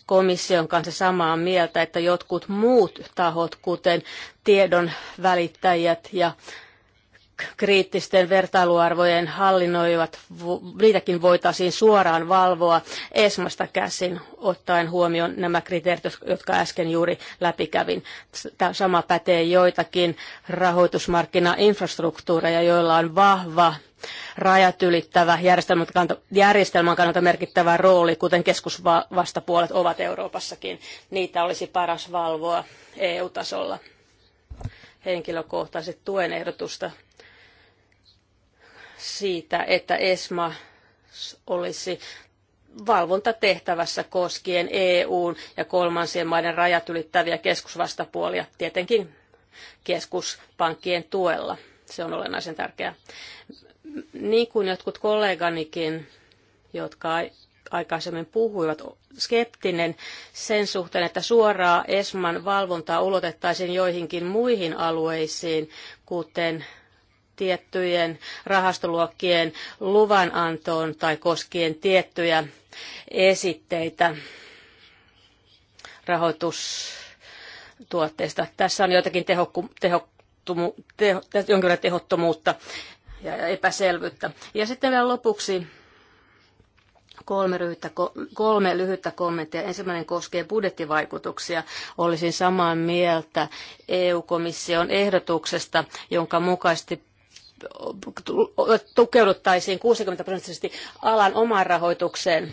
komission kanssa samaa mieltä, että jotkut muut tahot, kuten tiedon välittäjät ja kriittisten vertailuarvojen hallinnoivat, niitäkin voitaisiin suoraan valvoa ESMasta käsin, ottaen huomioon nämä kriteerit, jotka äsken juuri läpikävin. Tämä sama pätee joitakin rahoitusmarkkinainfrastruktuureja, joilla on vahva rajat ylittävä järjestelmän kannalta, järjestelmän kannalta merkittävä rooli, kuten keskusvastapuolet ovat Euroopassakin. Niitä olisi paras valvoa EU-tasolla. Henkilökohtaisesti tuen ehdotusta siitä, että ESMA olisi valvontatehtävässä koskien EUn ja kolmansien maiden rajat ylittäviä keskusvastapuolia, tietenkin keskuspankkien tuella. Se on olennaisen tärkeää. Niin kuin jotkut kolleganikin, jotka aikaisemmin puhuivat, skeptinen sen suhteen, että suoraa ESMAn valvontaa ulotettaisiin joihinkin muihin alueisiin, kuten tiettyjen rahastoluokkien luvanantoon tai koskien tiettyjä esitteitä rahoitustuotteista. Tässä on jotakin tehokku, tehottomu, teho, verran tehottomuutta ja epäselvyyttä. Ja sitten vielä lopuksi kolme, ryhyttä, kolme lyhyttä kommenttia. Ensimmäinen koskee budjettivaikutuksia. Olisin samaa mieltä EU-komission ehdotuksesta, jonka mukaisesti tukeuduttaisiin 60 prosenttisesti alan omaan rahoitukseen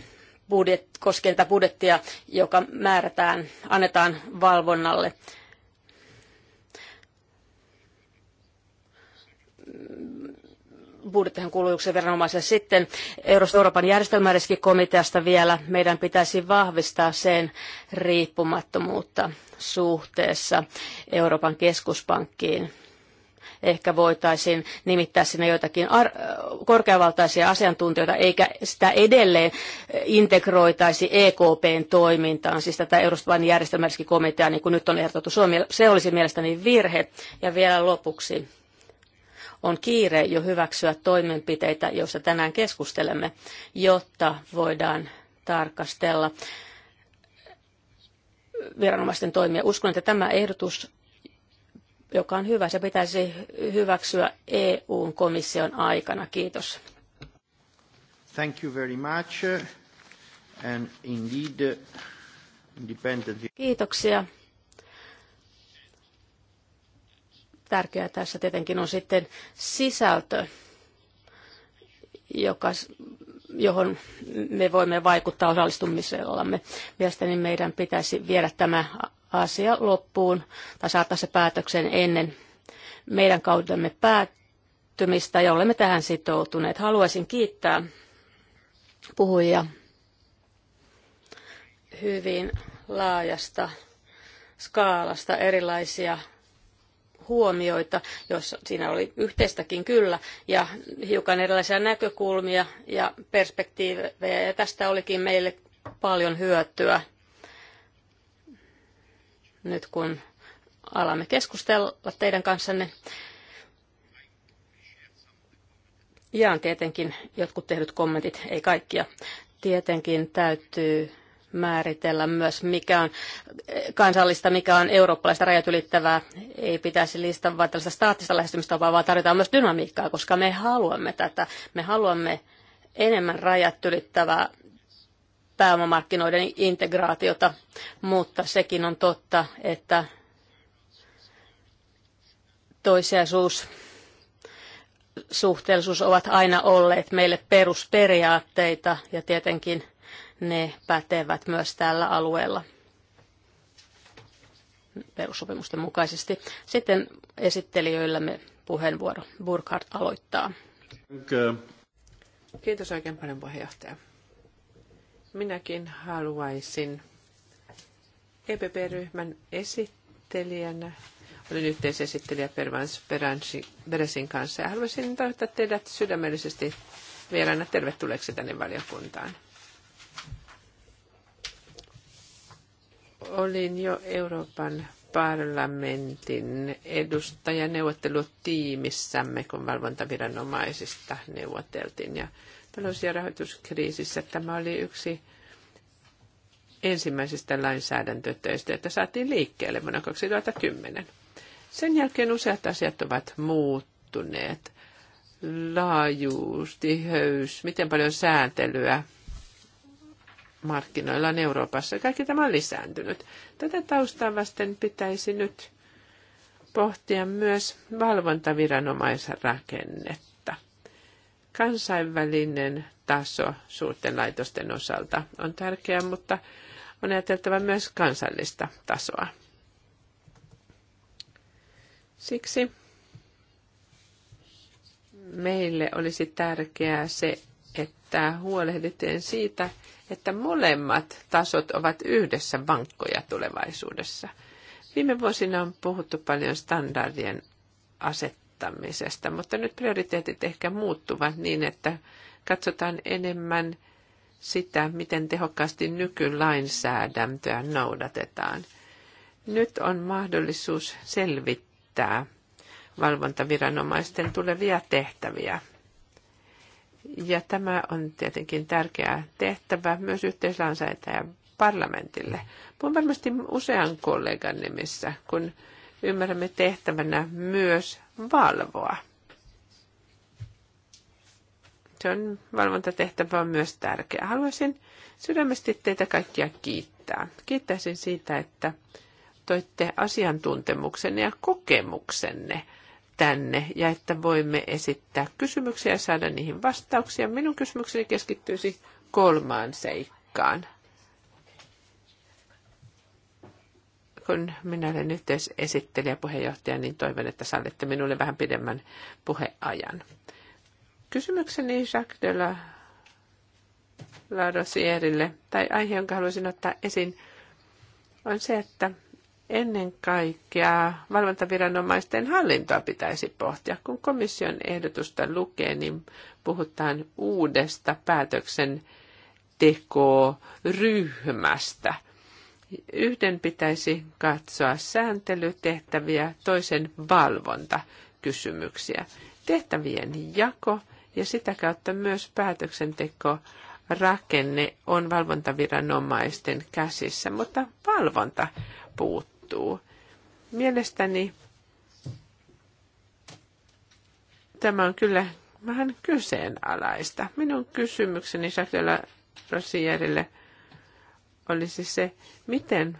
budjet, koskien tätä budjettia, joka määrätään, annetaan valvonnalle. budjettihan kuuluu yksi viranomaiselle sitten. Euroopan järjestelmäriskikomiteasta vielä meidän pitäisi vahvistaa sen riippumattomuutta suhteessa Euroopan keskuspankkiin Ehkä voitaisiin nimittää sinne joitakin ar- korkeavaltaisia asiantuntijoita, eikä sitä edelleen integroitaisi EKPn toimintaan, siis tätä Euroopan järjestelmällisikin komitea, niin kuin nyt on ehdotettu Suomi. Se olisi mielestäni virhe. Ja vielä lopuksi on kiire jo hyväksyä toimenpiteitä, joista tänään keskustelemme, jotta voidaan tarkastella viranomaisten toimia. Uskon, että tämä ehdotus joka on hyvä. Se pitäisi hyväksyä EUn komission aikana. Kiitos. Thank you very much. And indeed, Kiitoksia. Tärkeää tässä tietenkin on sitten sisältö, joka, johon me voimme vaikuttaa osallistumisellamme. Mielestäni meidän pitäisi viedä tämä asia loppuun tai saattaa se päätöksen ennen meidän kautemme päättymistä ja olemme tähän sitoutuneet. Haluaisin kiittää puhujia hyvin laajasta skaalasta erilaisia huomioita, jos siinä oli yhteistäkin kyllä, ja hiukan erilaisia näkökulmia ja perspektiivejä, ja tästä olikin meille paljon hyötyä nyt kun alamme keskustella teidän kanssanne. Jaan tietenkin jotkut tehdyt kommentit, ei kaikkia. Tietenkin täytyy määritellä myös, mikä on kansallista, mikä on eurooppalaista rajat ylittävää. Ei pitäisi listaa vain tällaista staattista lähestymistapaa, vaan tarvitaan myös dynamiikkaa, koska me haluamme tätä. Me haluamme enemmän rajat ylittävää pääomamarkkinoiden integraatiota, mutta sekin on totta, että toisiaisuus suhteellisuus ovat aina olleet meille perusperiaatteita ja tietenkin ne pätevät myös tällä alueella perussopimusten mukaisesti. Sitten esittelijöillämme puheenvuoro. Burkhard aloittaa. Kiitos oikein paljon puheenjohtaja. Minäkin haluaisin EPP-ryhmän esittelijänä olen yhteisesittelijä Pervans Beresin kanssa ja haluaisin toivottaa teidät sydämellisesti vieraana tervetulleeksi tänne valiokuntaan. Olin jo Euroopan parlamentin edustaja neuvottelutiimissämme, kun valvontaviranomaisista neuvoteltiin. Ja talous- ja rahoituskriisissä tämä oli yksi ensimmäisistä lainsäädäntötöistä, että saatiin liikkeelle vuonna 2010. Sen jälkeen useat asiat ovat muuttuneet. Laajuus, tiheys, miten paljon sääntelyä markkinoilla on Euroopassa. Kaikki tämä on lisääntynyt. Tätä taustaa vasten pitäisi nyt pohtia myös valvontaviranomaisrakennet. Kansainvälinen taso suurten laitosten osalta on tärkeä, mutta on ajateltava myös kansallista tasoa. Siksi meille olisi tärkeää se, että huolehditaan siitä, että molemmat tasot ovat yhdessä vankkoja tulevaisuudessa. Viime vuosina on puhuttu paljon standardien asettamista kattamisesta, mutta nyt prioriteetit ehkä muuttuvat niin, että katsotaan enemmän sitä, miten tehokkaasti nykylainsäädäntöä noudatetaan. Nyt on mahdollisuus selvittää valvontaviranomaisten tulevia tehtäviä. Ja tämä on tietenkin tärkeä tehtävä myös yhteislainsäätäjän parlamentille. Puhun varmasti usean kollegan nimissä, kun ymmärrämme tehtävänä myös valvoa. Se on valvontatehtävä on myös tärkeä. Haluaisin sydämesti teitä kaikkia kiittää. Kiittäisin siitä, että toitte asiantuntemuksenne ja kokemuksenne tänne ja että voimme esittää kysymyksiä ja saada niihin vastauksia. Minun kysymykseni keskittyisi kolmaan seikkaan. kun minä olen yhteisesittelijä puheenjohtaja, niin toivon, että sallitte minulle vähän pidemmän puheajan. Kysymykseni Jacques de la Rosierille, tai aihe, jonka haluaisin ottaa esiin, on se, että ennen kaikkea valvontaviranomaisten hallintoa pitäisi pohtia. Kun komission ehdotusta lukee, niin puhutaan uudesta päätöksen tekoryhmästä – Yhden pitäisi katsoa sääntelytehtäviä, toisen valvontakysymyksiä. Tehtävien jako ja sitä kautta myös päätöksenteko rakenne on valvontaviranomaisten käsissä, mutta valvonta puuttuu. Mielestäni tämä on kyllä vähän kyseenalaista. Minun kysymykseni Jacques Rosierille olisi se, miten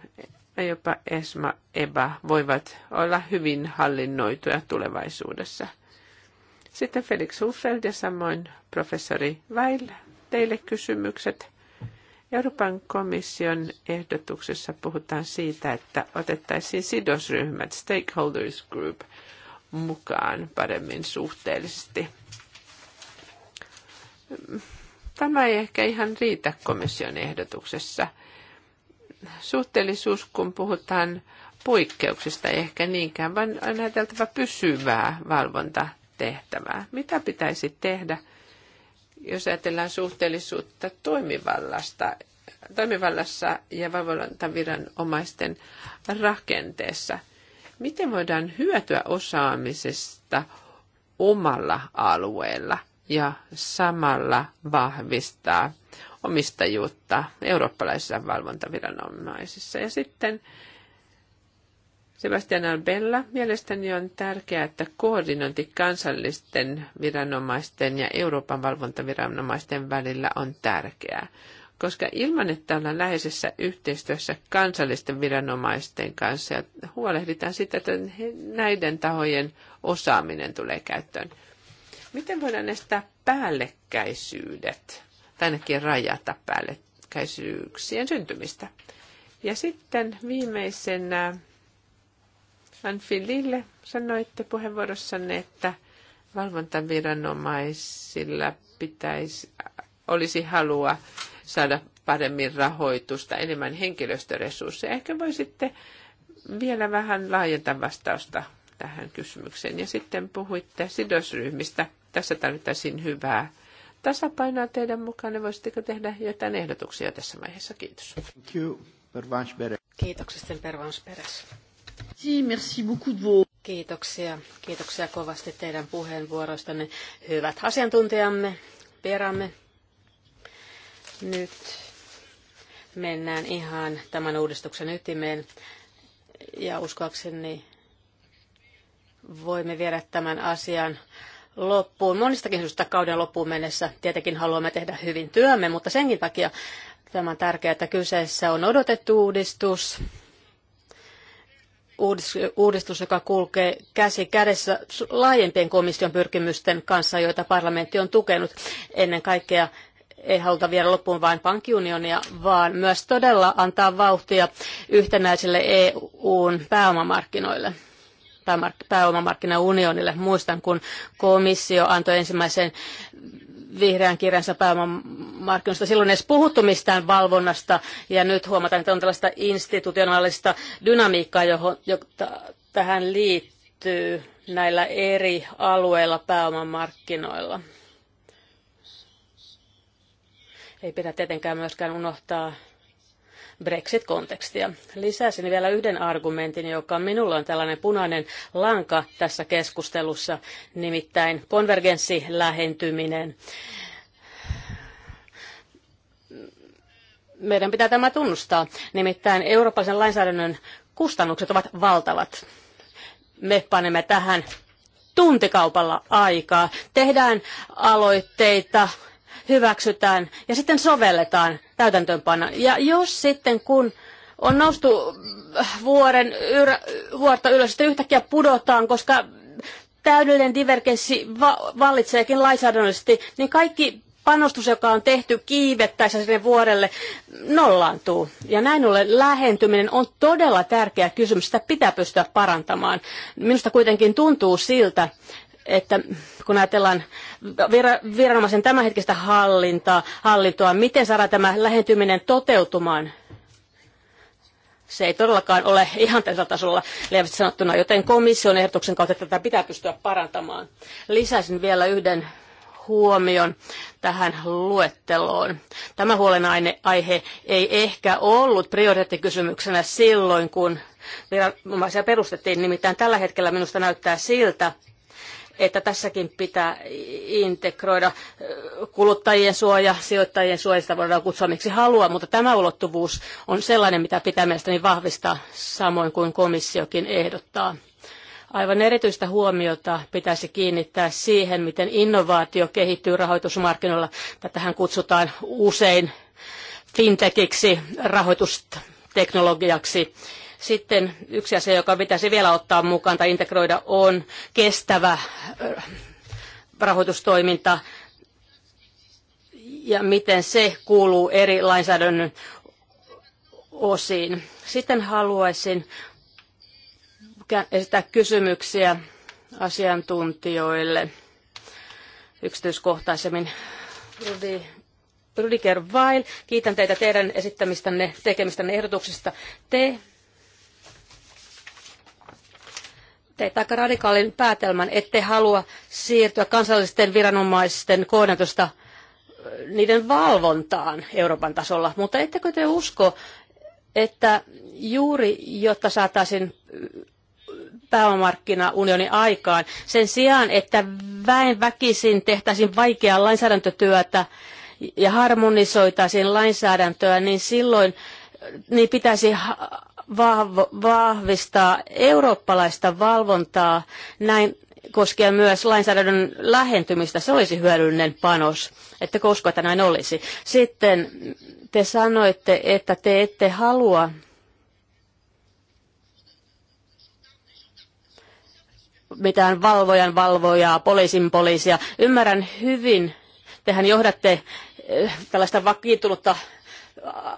jopa ESMA, EBA voivat olla hyvin hallinnoituja tulevaisuudessa. Sitten Felix Hufeld ja samoin professori Weil, teille kysymykset. Euroopan komission ehdotuksessa puhutaan siitä, että otettaisiin sidosryhmät, stakeholders group, mukaan paremmin suhteellisesti. Tämä ei ehkä ihan riitä komission ehdotuksessa – suhteellisuus, kun puhutaan poikkeuksista ehkä niinkään, vaan on ajateltava pysyvää valvontatehtävää. Mitä pitäisi tehdä, jos ajatellaan suhteellisuutta toimivallasta, toimivallassa ja valvontaviranomaisten rakenteessa? Miten voidaan hyötyä osaamisesta omalla alueella ja samalla vahvistaa omistajuutta eurooppalaisissa valvontaviranomaisissa. Ja sitten Sebastian Albella mielestäni on tärkeää, että koordinointi kansallisten viranomaisten ja Euroopan valvontaviranomaisten välillä on tärkeää, koska ilman, että ollaan läheisessä yhteistyössä kansallisten viranomaisten kanssa ja huolehditaan sitä, että näiden tahojen osaaminen tulee käyttöön. Miten voidaan estää päällekkäisyydet? ainakin rajata päällekkäisyyksien syntymistä. Ja sitten viimeisenä äh, Anfilille sanoitte puheenvuorossanne, että valvontaviranomaisilla pitäisi, äh, olisi halua saada paremmin rahoitusta, enemmän henkilöstöresursseja. Ehkä voisitte vielä vähän laajentaa vastausta tähän kysymykseen. Ja sitten puhuitte sidosryhmistä. Tässä tarvittaisiin hyvää tasapainoa teidän mukaan, niin voisitteko tehdä jotain ehdotuksia tässä vaiheessa? Kiitos. Thank you, Kiitoksista, Kiitoksia. Kiitoksia kovasti teidän puheenvuoroistanne. Hyvät asiantuntijamme, peramme. Nyt mennään ihan tämän uudistuksen ytimeen ja uskoakseni voimme viedä tämän asian loppuun, monistakin syystä kauden loppuun mennessä. Tietenkin haluamme tehdä hyvin työmme, mutta senkin takia tämä on tärkeää, että kyseessä on odotettu uudistus, uudistus, joka kulkee käsi kädessä laajempien komission pyrkimysten kanssa, joita parlamentti on tukenut. Ennen kaikkea ei haluta vielä loppuun vain pankkiunionia, vaan myös todella antaa vauhtia yhtenäisille EUn pääomamarkkinoille pääomamarkkinaunionille. Muistan, kun komissio antoi ensimmäisen vihreän kirjansa pääomamarkkinoista. Silloin ei edes puhuttu mistään valvonnasta ja nyt huomataan, että on tällaista institutionaalista dynamiikkaa, johon, jota tähän liittyy näillä eri alueilla pääomamarkkinoilla. Ei pidä tietenkään myöskään unohtaa Brexit-kontekstia. Lisäsin vielä yhden argumentin, joka minulla on tällainen punainen lanka tässä keskustelussa, nimittäin konvergenssilähentyminen. lähentyminen. Meidän pitää tämä tunnustaa. Nimittäin eurooppalaisen lainsäädännön kustannukset ovat valtavat. Me panemme tähän tuntikaupalla aikaa. Tehdään aloitteita hyväksytään ja sitten sovelletaan täytäntöönpana. Ja jos sitten kun on noustu äh, vuoren vuorta ylös, sitten yhtäkkiä pudotaan, koska täydellinen divergenssi va- vallitseekin lainsäädännöllisesti, niin kaikki panostus, joka on tehty kiivettäessä sinne vuodelle, nollaantuu. Ja näin ollen lähentyminen on todella tärkeä kysymys, sitä pitää pystyä parantamaan. Minusta kuitenkin tuntuu siltä, että kun ajatellaan viranomaisen tämänhetkistä hallintaa, hallintoa, miten saada tämä lähentyminen toteutumaan? Se ei todellakaan ole ihan tällä tasolla lievästi sanottuna, joten komission ehdotuksen kautta tätä pitää pystyä parantamaan. Lisäisin vielä yhden huomion tähän luetteloon. Tämä huolenaihe ei ehkä ollut prioriteettikysymyksenä silloin, kun viranomaisia perustettiin. Nimittäin tällä hetkellä minusta näyttää siltä, että tässäkin pitää integroida kuluttajien suoja, sijoittajien suoja, sitä voidaan kutsua miksi haluaa, mutta tämä ulottuvuus on sellainen, mitä pitää mielestäni vahvistaa samoin kuin komissiokin ehdottaa. Aivan erityistä huomiota pitäisi kiinnittää siihen, miten innovaatio kehittyy rahoitusmarkkinoilla. Tätähän kutsutaan usein fintechiksi, rahoitusteknologiaksi sitten yksi asia, joka pitäisi vielä ottaa mukaan tai integroida, on kestävä äh, rahoitustoiminta ja miten se kuuluu eri lainsäädännön osiin. Sitten haluaisin esittää kysymyksiä asiantuntijoille yksityiskohtaisemmin. Rudi, Rudiger Weil, kiitän teitä teidän esittämistänne, tekemistänne ehdotuksista. Te teitte aika radikaalin päätelmän, ettei halua siirtyä kansallisten viranomaisten koordinatosta niiden valvontaan Euroopan tasolla, mutta ettekö te usko, että juuri jotta saataisiin pääomamarkkinaunioni aikaan, sen sijaan, että väen väkisin tehtäisiin vaikeaa lainsäädäntötyötä ja harmonisoitaisiin lainsäädäntöä, niin silloin niin pitäisi vahvistaa eurooppalaista valvontaa näin koskien myös lainsäädännön lähentymistä. Se olisi hyödyllinen panos, että usko, että näin olisi. Sitten te sanoitte, että te ette halua mitään valvojan valvojaa, poliisin poliisia. Ymmärrän hyvin, tehän johdatte eh, tällaista vakiintunutta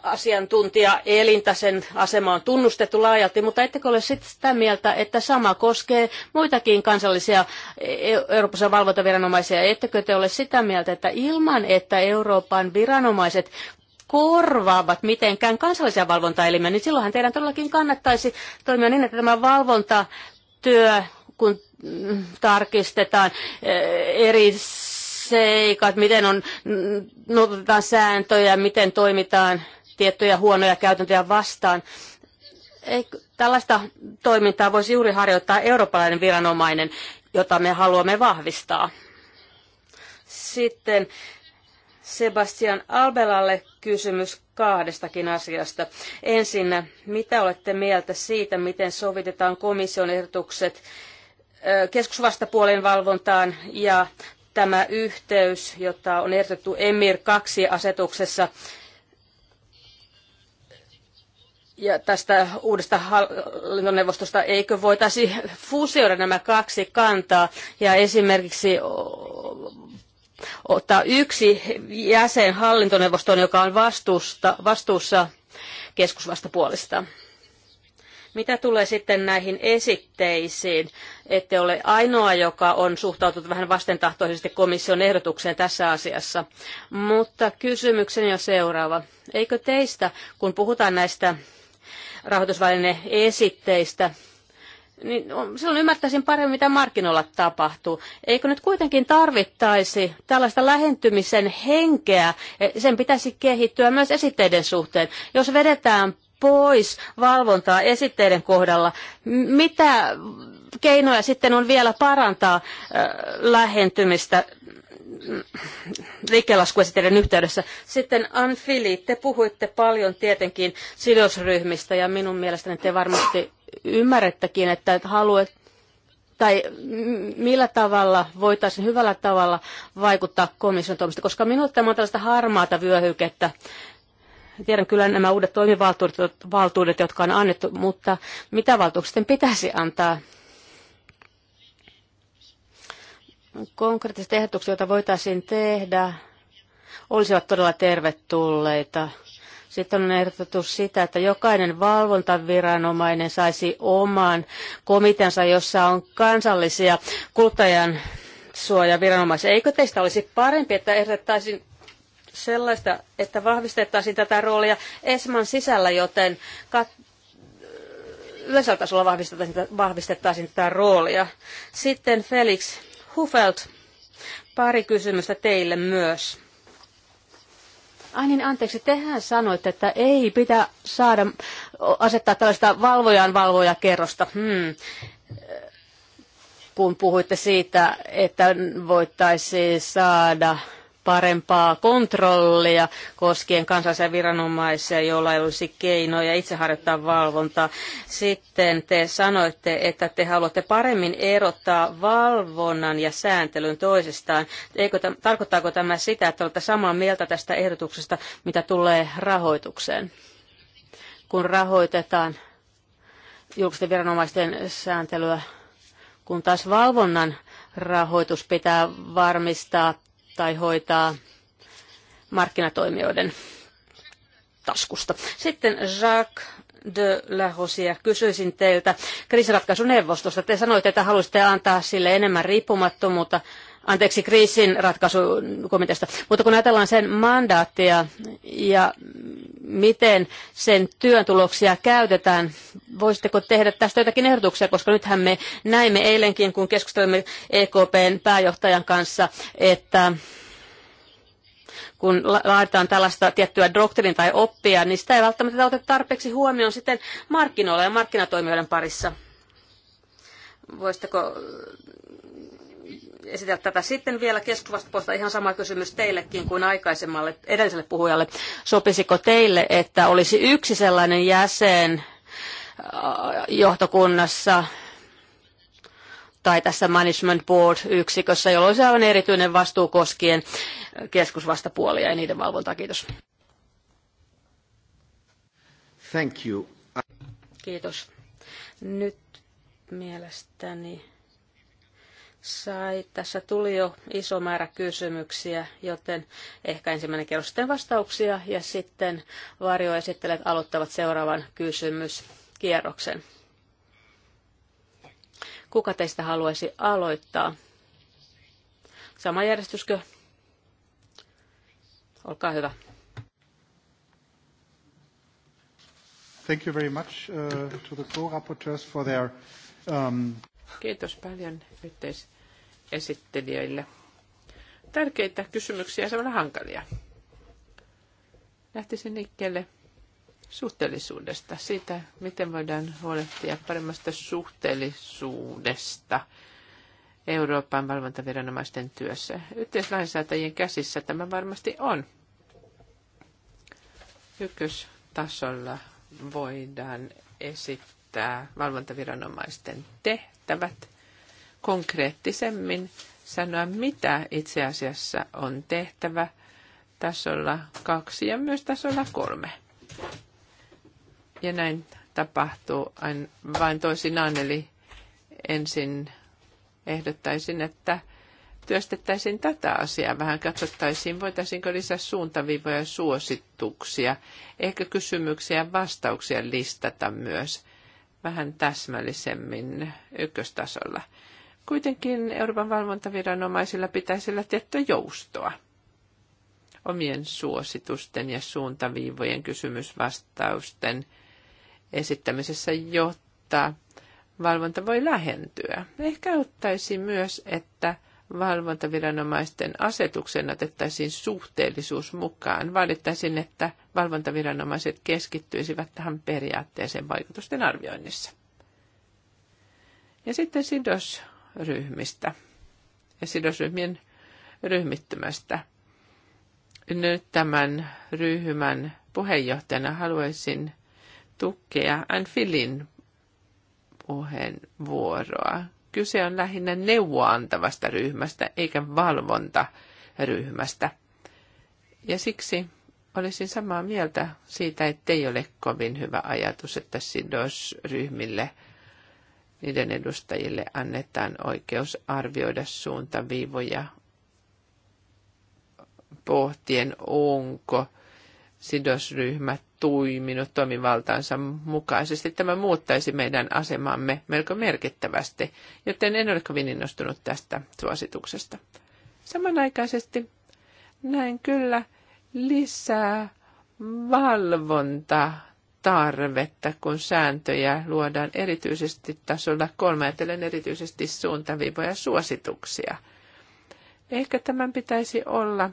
asiantuntija elintä, sen asema on tunnustettu laajalti, mutta ettekö ole sitä mieltä, että sama koskee muitakin kansallisia e- Euroopan valvontaviranomaisia? Ettekö te ole sitä mieltä, että ilman, että Euroopan viranomaiset korvaavat mitenkään kansallisia valvontaelimiä, niin silloinhan teidän todellakin kannattaisi toimia niin, että tämä valvontatyö, kun mm, tarkistetaan e- eri seikat, miten on noudatetaan sääntöjä, miten toimitaan tiettyjä huonoja käytäntöjä vastaan. Ei, tällaista toimintaa voisi juuri harjoittaa eurooppalainen viranomainen, jota me haluamme vahvistaa. Sitten Sebastian Albelalle kysymys kahdestakin asiasta. Ensinnä, mitä olette mieltä siitä, miten sovitetaan komission ehdotukset keskusvastapuolen valvontaan ja Tämä yhteys, jota on ehdotettu EMIR 2-asetuksessa, ja tästä uudesta hallintoneuvostosta, eikö voitaisi fuusioida nämä kaksi kantaa ja esimerkiksi ottaa yksi jäsen hallintoneuvostoon, joka on vastuussa keskusvastapuolista. Mitä tulee sitten näihin esitteisiin, ette ole ainoa, joka on suhtautunut vähän vastentahtoisesti komission ehdotukseen tässä asiassa. Mutta kysymykseni on seuraava. Eikö teistä, kun puhutaan näistä rahoitusväline-esitteistä, niin silloin ymmärtäisin paremmin, mitä markkinoilla tapahtuu. Eikö nyt kuitenkin tarvittaisi tällaista lähentymisen henkeä, e, sen pitäisi kehittyä myös esitteiden suhteen. Jos vedetään pois valvontaa esitteiden kohdalla. Mitä keinoja sitten on vielä parantaa lähentymistä mm, liikelaskuesiteiden yhteydessä. Sitten Anfili, te puhuitte paljon tietenkin sidosryhmistä ja minun mielestäni te varmasti ymmärrettekin, että haluat tai millä tavalla voitaisiin hyvällä tavalla vaikuttaa komission toimista, koska minulle tämä on tällaista harmaata vyöhykettä, Tiedän kyllä nämä uudet toimivaltuudet, valtuudet, jotka on annettu, mutta mitä valtuuksien pitäisi antaa? Konkreettiset ehdotukset, joita voitaisiin tehdä, olisivat todella tervetulleita. Sitten on ehdotettu sitä, että jokainen valvontaviranomainen saisi oman komiteansa, jossa on kansallisia kuluttajan suojaviranomaisia. Eikö teistä olisi parempi, että ehdotettaisiin sellaista, että vahvistettaisiin tätä roolia ESMAn sisällä, joten kat- yleisellä tasolla vahvistettaisiin, vahvistettaisiin tätä roolia. Sitten Felix Hufelt, pari kysymystä teille myös. Ai niin, anteeksi, tehän sanoitte, että ei pitä saada asettaa tällaista valvojan valvojakerrosta. Hmm kun puhuitte siitä, että voittaisiin saada parempaa kontrollia koskien kansallisia viranomaisia, joilla ei olisi keinoja itse harjoittaa valvontaa. Sitten te sanoitte, että te haluatte paremmin erottaa valvonnan ja sääntelyn toisistaan. Eikö t- tarkoittaako tämä sitä, että olette samaa mieltä tästä ehdotuksesta, mitä tulee rahoitukseen? Kun rahoitetaan julkisten viranomaisten sääntelyä, kun taas valvonnan rahoitus pitää varmistaa tai hoitaa markkinatoimijoiden taskusta. Sitten Jacques de la Rosia. Kysyisin teiltä kriisiratkaisuneuvostosta. Te sanoitte, että haluaisitte antaa sille enemmän riippumattomuutta anteeksi, kriisin ratkaisukomiteasta. Mutta kun ajatellaan sen mandaattia ja miten sen työn tuloksia käytetään, voisitteko tehdä tästä jotakin ehdotuksia, koska nythän me näimme eilenkin, kun keskustelimme EKPn pääjohtajan kanssa, että kun laaditaan tällaista tiettyä doktrin tai oppia, niin sitä ei välttämättä oteta tarpeeksi huomioon sitten markkinoilla ja markkinatoimijoiden parissa. Voisitteko esitellä tätä. Sitten vielä keskustelusta ihan sama kysymys teillekin kuin aikaisemmalle edelliselle puhujalle. Sopisiko teille, että olisi yksi sellainen jäsen äh, johtokunnassa tai tässä Management Board-yksikössä, jolla olisi aivan erityinen vastuu koskien keskusvastapuolia ja niiden valvontaa. Kiitos. Thank you. Kiitos. Nyt mielestäni sai. Tässä tuli jo iso määrä kysymyksiä, joten ehkä ensimmäinen kerros sitten vastauksia ja sitten varjoesittelijät aloittavat seuraavan kysymyskierroksen. Kuka teistä haluaisi aloittaa? Sama järjestyskö? Olkaa hyvä. Thank you very much uh, to the co-rapporteurs for their um... Kiitos paljon yhteisesittelijöille. Tärkeitä kysymyksiä ja hankalia. Lähtisin liikkeelle suhteellisuudesta, siitä, miten voidaan huolehtia paremmasta suhteellisuudesta Euroopan valvontaviranomaisten työssä. Yhteislainsäätäjien käsissä tämä varmasti on. Ykköstasolla voidaan esittää määrittää valvontaviranomaisten tehtävät konkreettisemmin sanoa, mitä itse asiassa on tehtävä tasolla kaksi ja myös tasolla kolme. Ja näin tapahtuu vain toisinaan, eli ensin ehdottaisin, että työstettäisiin tätä asiaa vähän, katsottaisiin, voitaisiinko lisää suuntaviivoja ja suosituksia, ehkä kysymyksiä ja vastauksia listata myös, vähän täsmällisemmin ykköstasolla. Kuitenkin Euroopan valvontaviranomaisilla pitäisi olla tiettyä joustoa omien suositusten ja suuntaviivojen kysymysvastausten esittämisessä, jotta valvonta voi lähentyä. Ehkä auttaisi myös, että valvontaviranomaisten asetukseen otettaisiin suhteellisuus mukaan. Vaadittaisiin, että valvontaviranomaiset keskittyisivät tähän periaatteeseen vaikutusten arvioinnissa. Ja sitten sidosryhmistä ja sidosryhmien ryhmittymästä. Nyt tämän ryhmän puheenjohtajana haluaisin tukea Anfilin puheenvuoroa, kyse on lähinnä neuvoa antavasta ryhmästä eikä valvontaryhmästä. Ja siksi olisin samaa mieltä siitä, että ei ole kovin hyvä ajatus, että sidosryhmille niiden edustajille annetaan oikeus arvioida suuntaviivoja pohtien, onko – sidosryhmät tuiminut toimivaltaansa mukaisesti. Tämä muuttaisi meidän asemamme melko merkittävästi, joten en ole kovin innostunut tästä suosituksesta. Samanaikaisesti näen kyllä lisää valvonta tarvetta, kun sääntöjä luodaan erityisesti tasolla kolme, ajatellen erityisesti suuntaviivoja suosituksia. Ehkä tämän pitäisi olla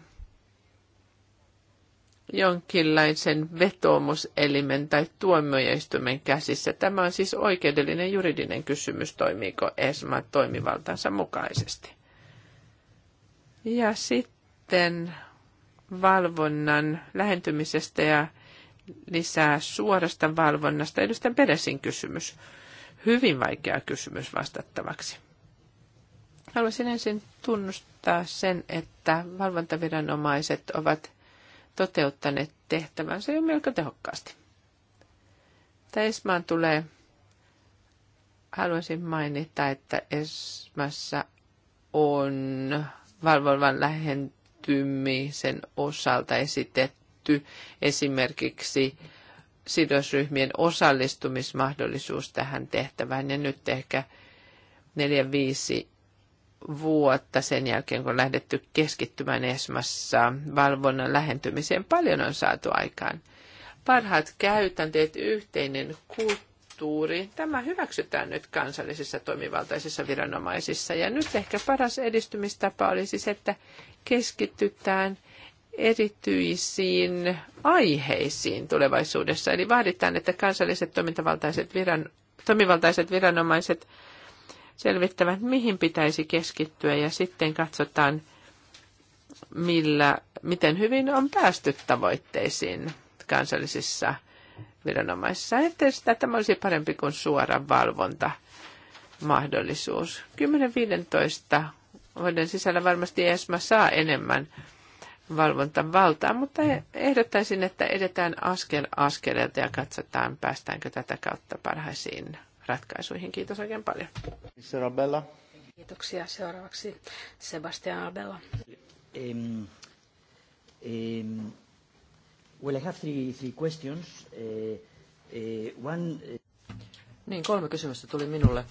jonkinlaisen vetoomuselimen tai tuomioistuimen käsissä. Tämä on siis oikeudellinen juridinen kysymys, toimiiko ESMA toimivaltansa mukaisesti. Ja sitten valvonnan lähentymisestä ja lisää suorasta valvonnasta. Edustan Peresin kysymys. Hyvin vaikea kysymys vastattavaksi. Haluaisin ensin tunnustaa sen, että valvontaviranomaiset ovat toteuttaneet tehtävänsä jo melko tehokkaasti. Esmaan tulee, haluaisin mainita, että Esmassa on valvovan lähentymisen osalta esitetty esimerkiksi sidosryhmien osallistumismahdollisuus tähän tehtävään. Ja nyt ehkä neljä viisi vuotta sen jälkeen, kun on lähdetty keskittymään Esmassa valvonnan lähentymiseen. Paljon on saatu aikaan. Parhaat käytänteet, yhteinen kulttuuri, tämä hyväksytään nyt kansallisissa toimivaltaisissa viranomaisissa. Ja nyt ehkä paras edistymistapa olisi se, että keskitytään erityisiin aiheisiin tulevaisuudessa. Eli vaaditaan, että kansalliset toimintavaltaiset viran, toimivaltaiset viranomaiset selvittävät, mihin pitäisi keskittyä ja sitten katsotaan, millä, miten hyvin on päästy tavoitteisiin kansallisissa viranomaisissa. sitä, että tämä olisi parempi kuin suora valvonta mahdollisuus. 10-15 vuoden sisällä varmasti ESMA saa enemmän valvontavaltaa, mutta ehdottaisin, että edetään askel askeleelta ja katsotaan, päästäänkö tätä kautta parhaisiin ratkaisuihin. Kiitos oikein paljon. Mr. Abella. Kiitoksia. Seuraavaksi Sebastian Abella. Um, um, well, I have three, three questions. Uh, uh, one... uh... Niin, kolme kysymystä tuli minulle.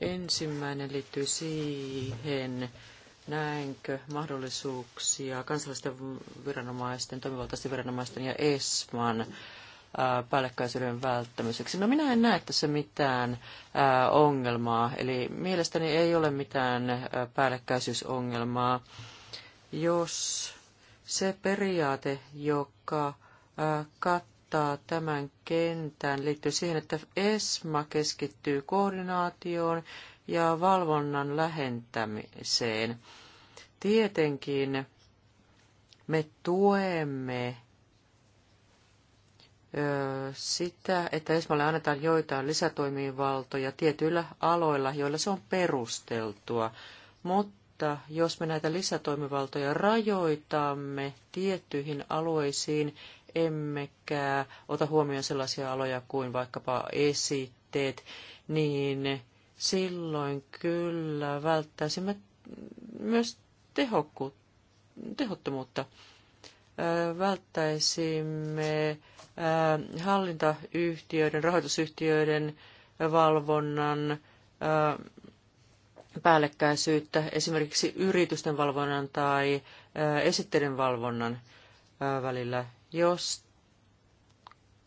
Ensimmäinen liittyy siihen, näenkö mahdollisuuksia kansallisten viranomaisten, toimivaltaisten viranomaisten ja ESMAN Äh, päällekkäisyyden välttämiseksi. No minä en näe tässä mitään äh, ongelmaa, eli mielestäni ei ole mitään äh, päällekkäisyysongelmaa. Jos se periaate, joka kattaa tämän kentän, liittyy siihen, että ESMA keskittyy koordinaatioon ja valvonnan lähentämiseen. Tietenkin me tuemme sitä, että Esmalle annetaan joitain lisätoimivaltoja tietyillä aloilla, joilla se on perusteltua. Mutta jos me näitä lisätoimivaltoja rajoitamme tiettyihin alueisiin, emmekä ota huomioon sellaisia aloja kuin vaikkapa esitteet, niin silloin kyllä välttäisimme myös tehokkuutta, tehottomuutta välttäisimme hallintayhtiöiden, rahoitusyhtiöiden valvonnan päällekkäisyyttä esimerkiksi yritysten valvonnan tai esitteiden valvonnan välillä, jos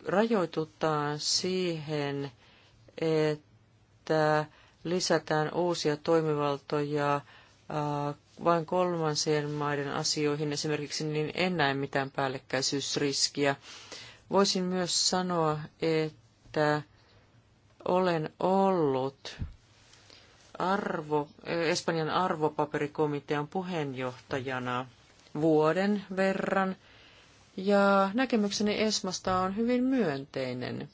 rajoitutaan siihen, että lisätään uusia toimivaltoja vain kolmansien maiden asioihin esimerkiksi, niin en näe mitään päällekkäisyysriskiä. Voisin myös sanoa, että olen ollut arvo, Espanjan arvopaperikomitean puheenjohtajana vuoden verran, ja näkemykseni Esmasta on hyvin myönteinen.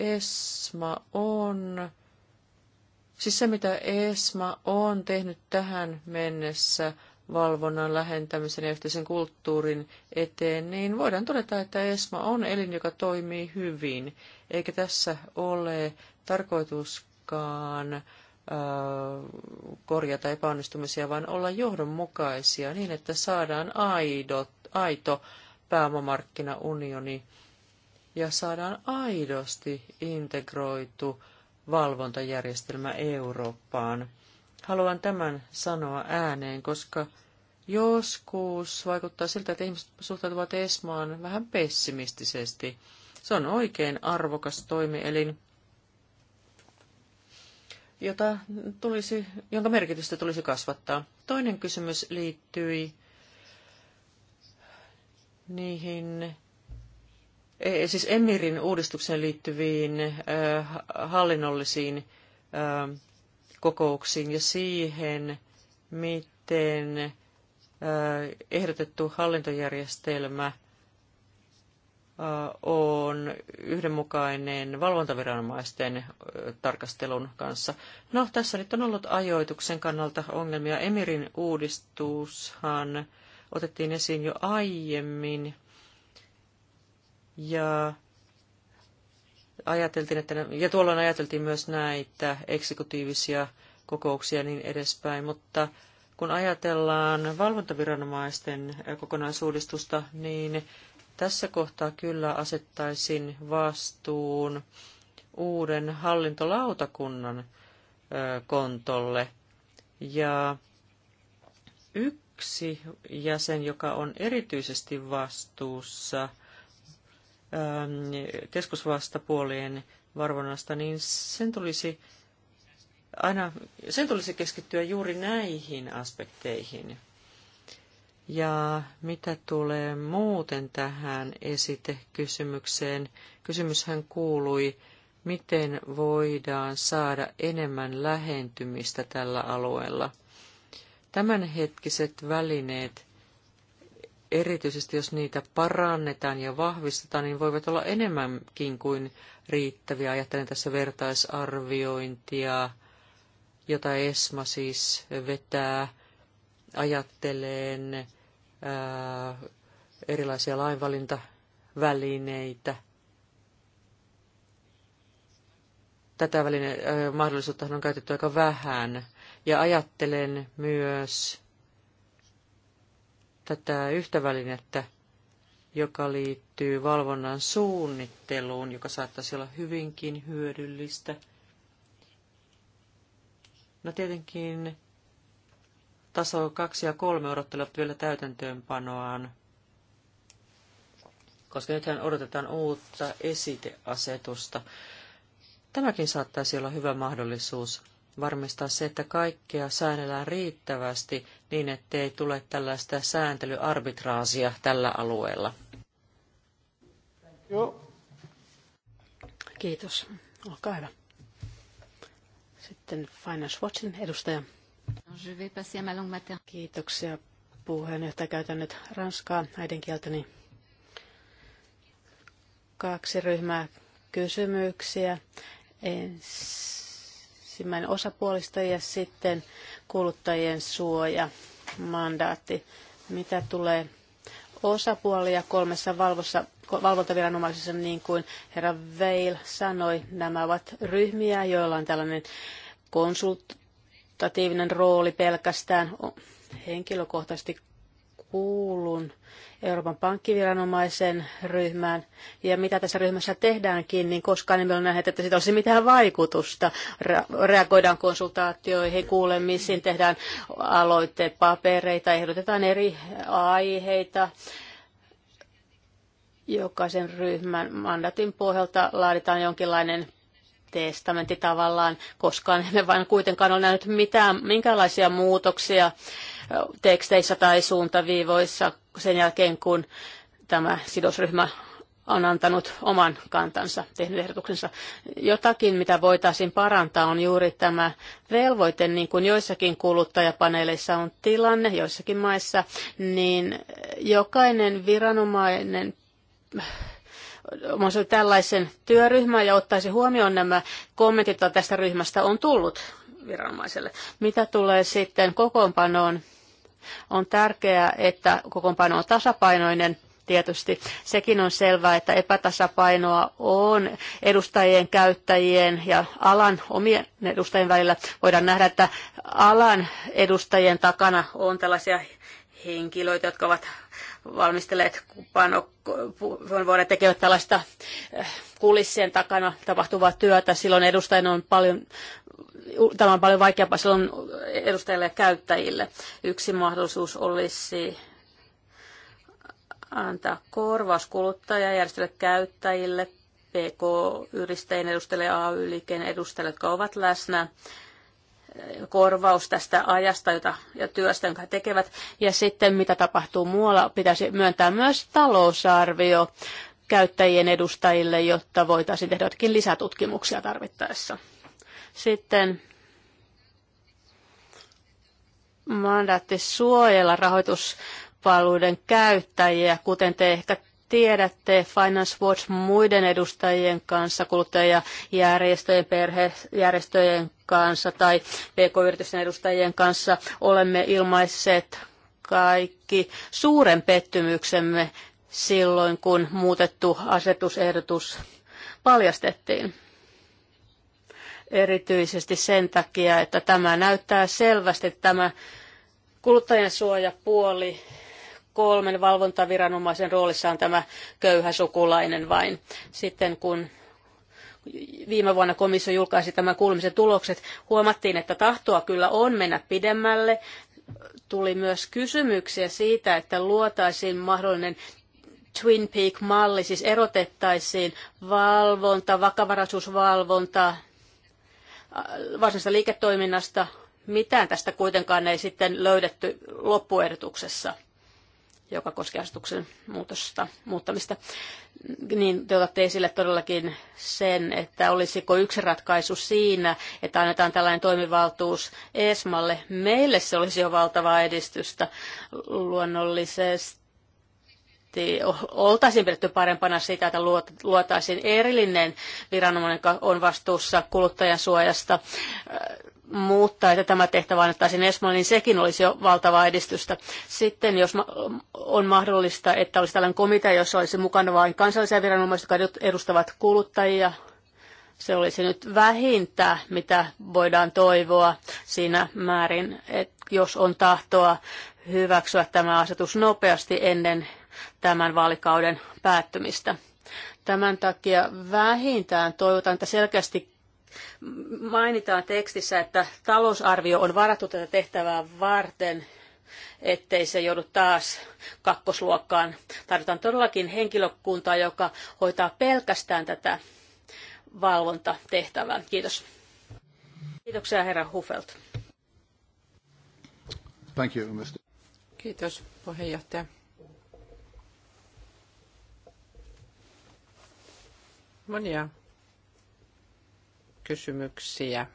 Esma on Siis se, mitä ESMA on tehnyt tähän mennessä valvonnan lähentämisen ja yhteisen kulttuurin eteen, niin voidaan todeta, että ESMA on elin, joka toimii hyvin, eikä tässä ole tarkoituskaan korjata epäonnistumisia, vaan olla johdonmukaisia niin, että saadaan aidot, aito pääomamarkkinaunioni ja saadaan aidosti integroitu valvontajärjestelmä Eurooppaan. Haluan tämän sanoa ääneen, koska joskus vaikuttaa siltä, että ihmiset suhtautuvat ESMAan vähän pessimistisesti. Se on oikein arvokas toimielin, jota tulisi, jonka merkitystä tulisi kasvattaa. Toinen kysymys liittyi niihin E, siis Emirin uudistukseen liittyviin e, hallinnollisiin e, kokouksiin ja siihen, miten ehdotettu hallintojärjestelmä on yhdenmukainen valvontaviranomaisten tarkastelun kanssa. No, tässä nyt on ollut ajoituksen kannalta ongelmia. Emirin uudistushan otettiin esiin jo aiemmin ja ajateltiin, että, ja tuolloin ajateltiin myös näitä eksekutiivisia kokouksia niin edespäin, mutta kun ajatellaan valvontaviranomaisten kokonaisuudistusta, niin tässä kohtaa kyllä asettaisin vastuun uuden hallintolautakunnan kontolle. Ja yksi jäsen, joka on erityisesti vastuussa – Ähm, keskusvastapuolien varvonnasta, niin sen tulisi aina, sen tulisi keskittyä juuri näihin aspekteihin. Ja mitä tulee muuten tähän esitekysymykseen, kysymyshän kuului, miten voidaan saada enemmän lähentymistä tällä alueella. Tämänhetkiset välineet erityisesti jos niitä parannetaan ja vahvistetaan, niin voivat olla enemmänkin kuin riittäviä. Ajattelen tässä vertaisarviointia, jota ESMA siis vetää. Ajattelen ää, erilaisia lainvalintavälineitä. Tätä väline, mahdollisuutta on käytetty aika vähän. Ja ajattelen myös tätä yhtä välinettä, joka liittyy valvonnan suunnitteluun, joka saattaisi olla hyvinkin hyödyllistä. No tietenkin taso 2 ja 3 odottelevat vielä täytäntöönpanoaan, koska nythän odotetaan uutta esiteasetusta. Tämäkin saattaisi olla hyvä mahdollisuus varmistaa se, että kaikkea säännellään riittävästi niin, ettei tule tällaista sääntelyarbitraasia tällä alueella. Joo. Kiitos. Olkaa hyvä. Sitten Finance Watchin edustaja. Kiitoksia puheenjohtaja. Käytän nyt ranskaa äidinkieltäni. Kaksi ryhmää kysymyksiä. Ensin ensimmäinen osapuolista ja sitten kuluttajien suoja, mandaatti. Mitä tulee osapuolia kolmessa valvossa, valvontaviranomaisessa, niin kuin herra Veil sanoi, nämä ovat ryhmiä, joilla on tällainen konsultatiivinen rooli pelkästään henkilökohtaisesti kuulun Euroopan pankkiviranomaisen ryhmään. Ja mitä tässä ryhmässä tehdäänkin, niin koskaan ei ole nähnyt, että siitä olisi mitään vaikutusta. Reagoidaan konsultaatioihin, kuulemisiin, tehdään aloitepapereita, ehdotetaan eri aiheita. Jokaisen ryhmän mandatin pohjalta laaditaan jonkinlainen testamentti tavallaan. Koskaan emme vain kuitenkaan ole nähnyt mitään, minkälaisia muutoksia teksteissä tai suuntaviivoissa sen jälkeen, kun tämä sidosryhmä on antanut oman kantansa, tehnyt ehdotuksensa. Jotakin, mitä voitaisiin parantaa, on juuri tämä velvoite, niin kuin joissakin kuluttajapaneeleissa on tilanne, joissakin maissa, niin jokainen viranomainen tällaisen työryhmän ja ottaisi huomioon nämä kommentit, joita tästä ryhmästä on tullut viranomaiselle. Mitä tulee sitten kokoonpanoon, on tärkeää, että kokoonpano on tasapainoinen tietysti. Sekin on selvää, että epätasapainoa on edustajien, käyttäjien ja alan omien edustajien välillä. Voidaan nähdä, että alan edustajien takana on tällaisia henkilöitä, jotka ovat valmistelleet vuoden tekevät tällaista eh, kulissien takana tapahtuvaa työtä. Silloin edustajien on paljon tämä on paljon vaikeampaa silloin edustajille ja käyttäjille. Yksi mahdollisuus olisi antaa korvaus kuluttajajärjestöille käyttäjille, PK-yrittäjien edustajille, AY-liikkeen edustajille, jotka ovat läsnä korvaus tästä ajasta jota, ja työstä, jonka he tekevät. Ja sitten mitä tapahtuu muualla, pitäisi myöntää myös talousarvio käyttäjien edustajille, jotta voitaisiin tehdä jotakin lisätutkimuksia tarvittaessa. Sitten mandaatti suojella rahoituspalveluiden käyttäjiä, kuten te ehkä tiedätte Finance Watch muiden edustajien kanssa, kuluttajajärjestöjen, perhejärjestöjen kanssa tai pk-yritysten edustajien kanssa olemme ilmaisseet kaikki suuren pettymyksemme silloin, kun muutettu asetusehdotus paljastettiin erityisesti sen takia, että tämä näyttää selvästi että tämä kuluttajansuojapuoli kolmen valvontaviranomaisen roolissa on tämä köyhä sukulainen vain. Sitten kun viime vuonna komissio julkaisi tämän kuulemisen tulokset, huomattiin, että tahtoa kyllä on mennä pidemmälle. Tuli myös kysymyksiä siitä, että luotaisiin mahdollinen Twin Peak-malli, siis erotettaisiin valvonta, vakavaraisuusvalvonta, Äh, varsinaisesta liiketoiminnasta. Mitään tästä kuitenkaan ei sitten löydetty loppuehdotuksessa joka koski asetuksen muutosta, muuttamista, niin te otatte esille todellakin sen, että olisiko yksi ratkaisu siinä, että annetaan tällainen toimivaltuus ESMalle. Meille se olisi jo valtavaa edistystä luonnollisesti oltaisiin pidetty parempana sitä, että luotaisiin erillinen viranomainen, joka on vastuussa kuluttajan suojasta, äh, mutta että tämä tehtävä annettaisiin Esmalle, niin sekin olisi jo valtavaa edistystä. Sitten jos on mahdollista, että olisi tällainen komitea, jossa olisi mukana vain kansallisia viranomaisia, jotka edustavat kuluttajia, se olisi nyt vähintä, mitä voidaan toivoa siinä määrin, että jos on tahtoa hyväksyä tämä asetus nopeasti ennen tämän vaalikauden päättymistä. Tämän takia vähintään toivotan, että selkeästi mainitaan tekstissä, että talousarvio on varattu tätä tehtävää varten, ettei se joudu taas kakkosluokkaan. Tarvitaan todellakin henkilökuntaa, joka hoitaa pelkästään tätä valvontatehtävää. Kiitos. Kiitoksia herra Hufelt. Thank you, Mr. Kiitos puheenjohtaja. Monia kysymyksiä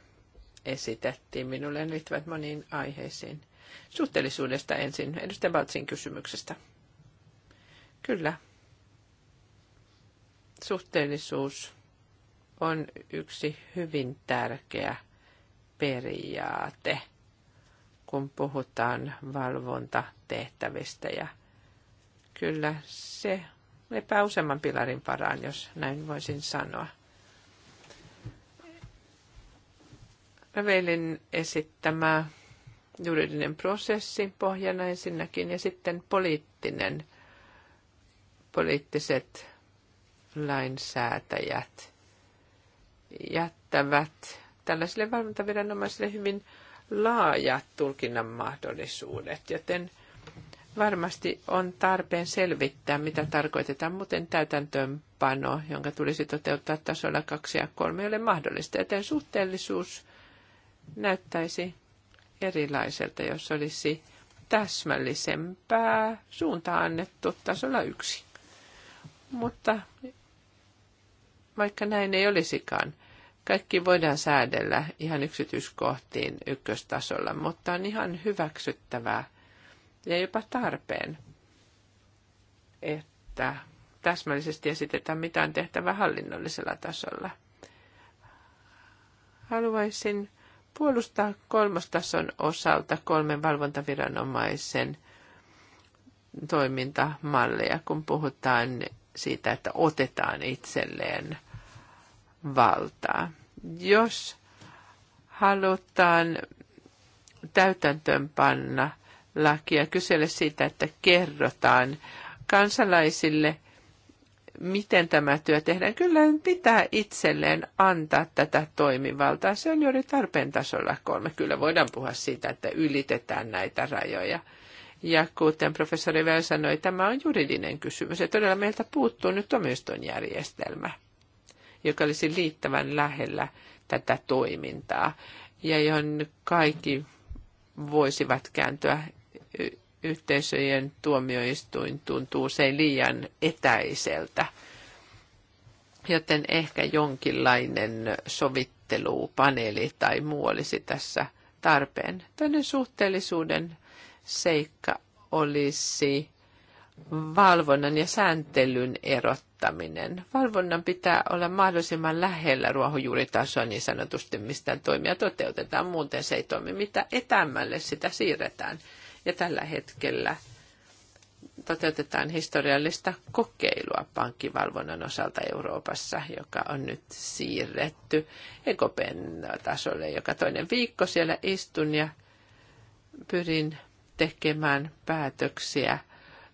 esitettiin minulle, ne liittyvät moniin aiheisiin. Suhteellisuudesta ensin, edustaja Baltsin kysymyksestä. Kyllä. Suhteellisuus on yksi hyvin tärkeä periaate, kun puhutaan valvontatehtävistä. Ja kyllä se lepää useamman pilarin paraan, jos näin voisin sanoa. Ravelin esittämä juridinen prosessi pohjana ensinnäkin ja sitten poliittinen, poliittiset lainsäätäjät jättävät tällaisille valvontaviranomaisille hyvin laajat tulkinnan mahdollisuudet, joten – varmasti on tarpeen selvittää, mitä tarkoitetaan, muuten täytäntöönpano, jonka tulisi toteuttaa tasolla 2 ja 3, ei ole mahdollista. Joten suhteellisuus näyttäisi erilaiselta, jos olisi täsmällisempää suuntaa annettu tasolla yksi. Mutta vaikka näin ei olisikaan, kaikki voidaan säädellä ihan yksityiskohtiin ykköstasolla, mutta on ihan hyväksyttävää – ja jopa tarpeen, että täsmällisesti esitetään, mitä on tehtävä hallinnollisella tasolla. Haluaisin puolustaa kolmostason osalta kolmen valvontaviranomaisen toimintamalleja, kun puhutaan siitä, että otetaan itselleen valtaa. Jos halutaan täytäntöönpanna lakia. Kysele siitä, että kerrotaan kansalaisille, miten tämä työ tehdään. Kyllä pitää itselleen antaa tätä toimivaltaa. Se on juuri tarpeen tasolla kolme. Kyllä voidaan puhua siitä, että ylitetään näitä rajoja. Ja kuten professori Väl sanoi, tämä on juridinen kysymys. Ja todella meiltä puuttuu nyt tuomioistuin järjestelmä, joka olisi liittävän lähellä tätä toimintaa ja johon kaikki voisivat kääntyä yhteisöjen tuomioistuin tuntuu usein liian etäiseltä, joten ehkä jonkinlainen sovittelupaneeli tai muu olisi tässä tarpeen. Toinen suhteellisuuden seikka olisi valvonnan ja sääntelyn erottaminen. Valvonnan pitää olla mahdollisimman lähellä ruohonjuuritasoa niin sanotusti, mistä toimia toteutetaan, muuten se ei toimi, mitä etämmälle sitä siirretään – ja tällä hetkellä toteutetaan historiallista kokeilua pankkivalvonnan osalta Euroopassa, joka on nyt siirretty EKPn tasolle joka toinen viikko. Siellä istun ja pyrin tekemään päätöksiä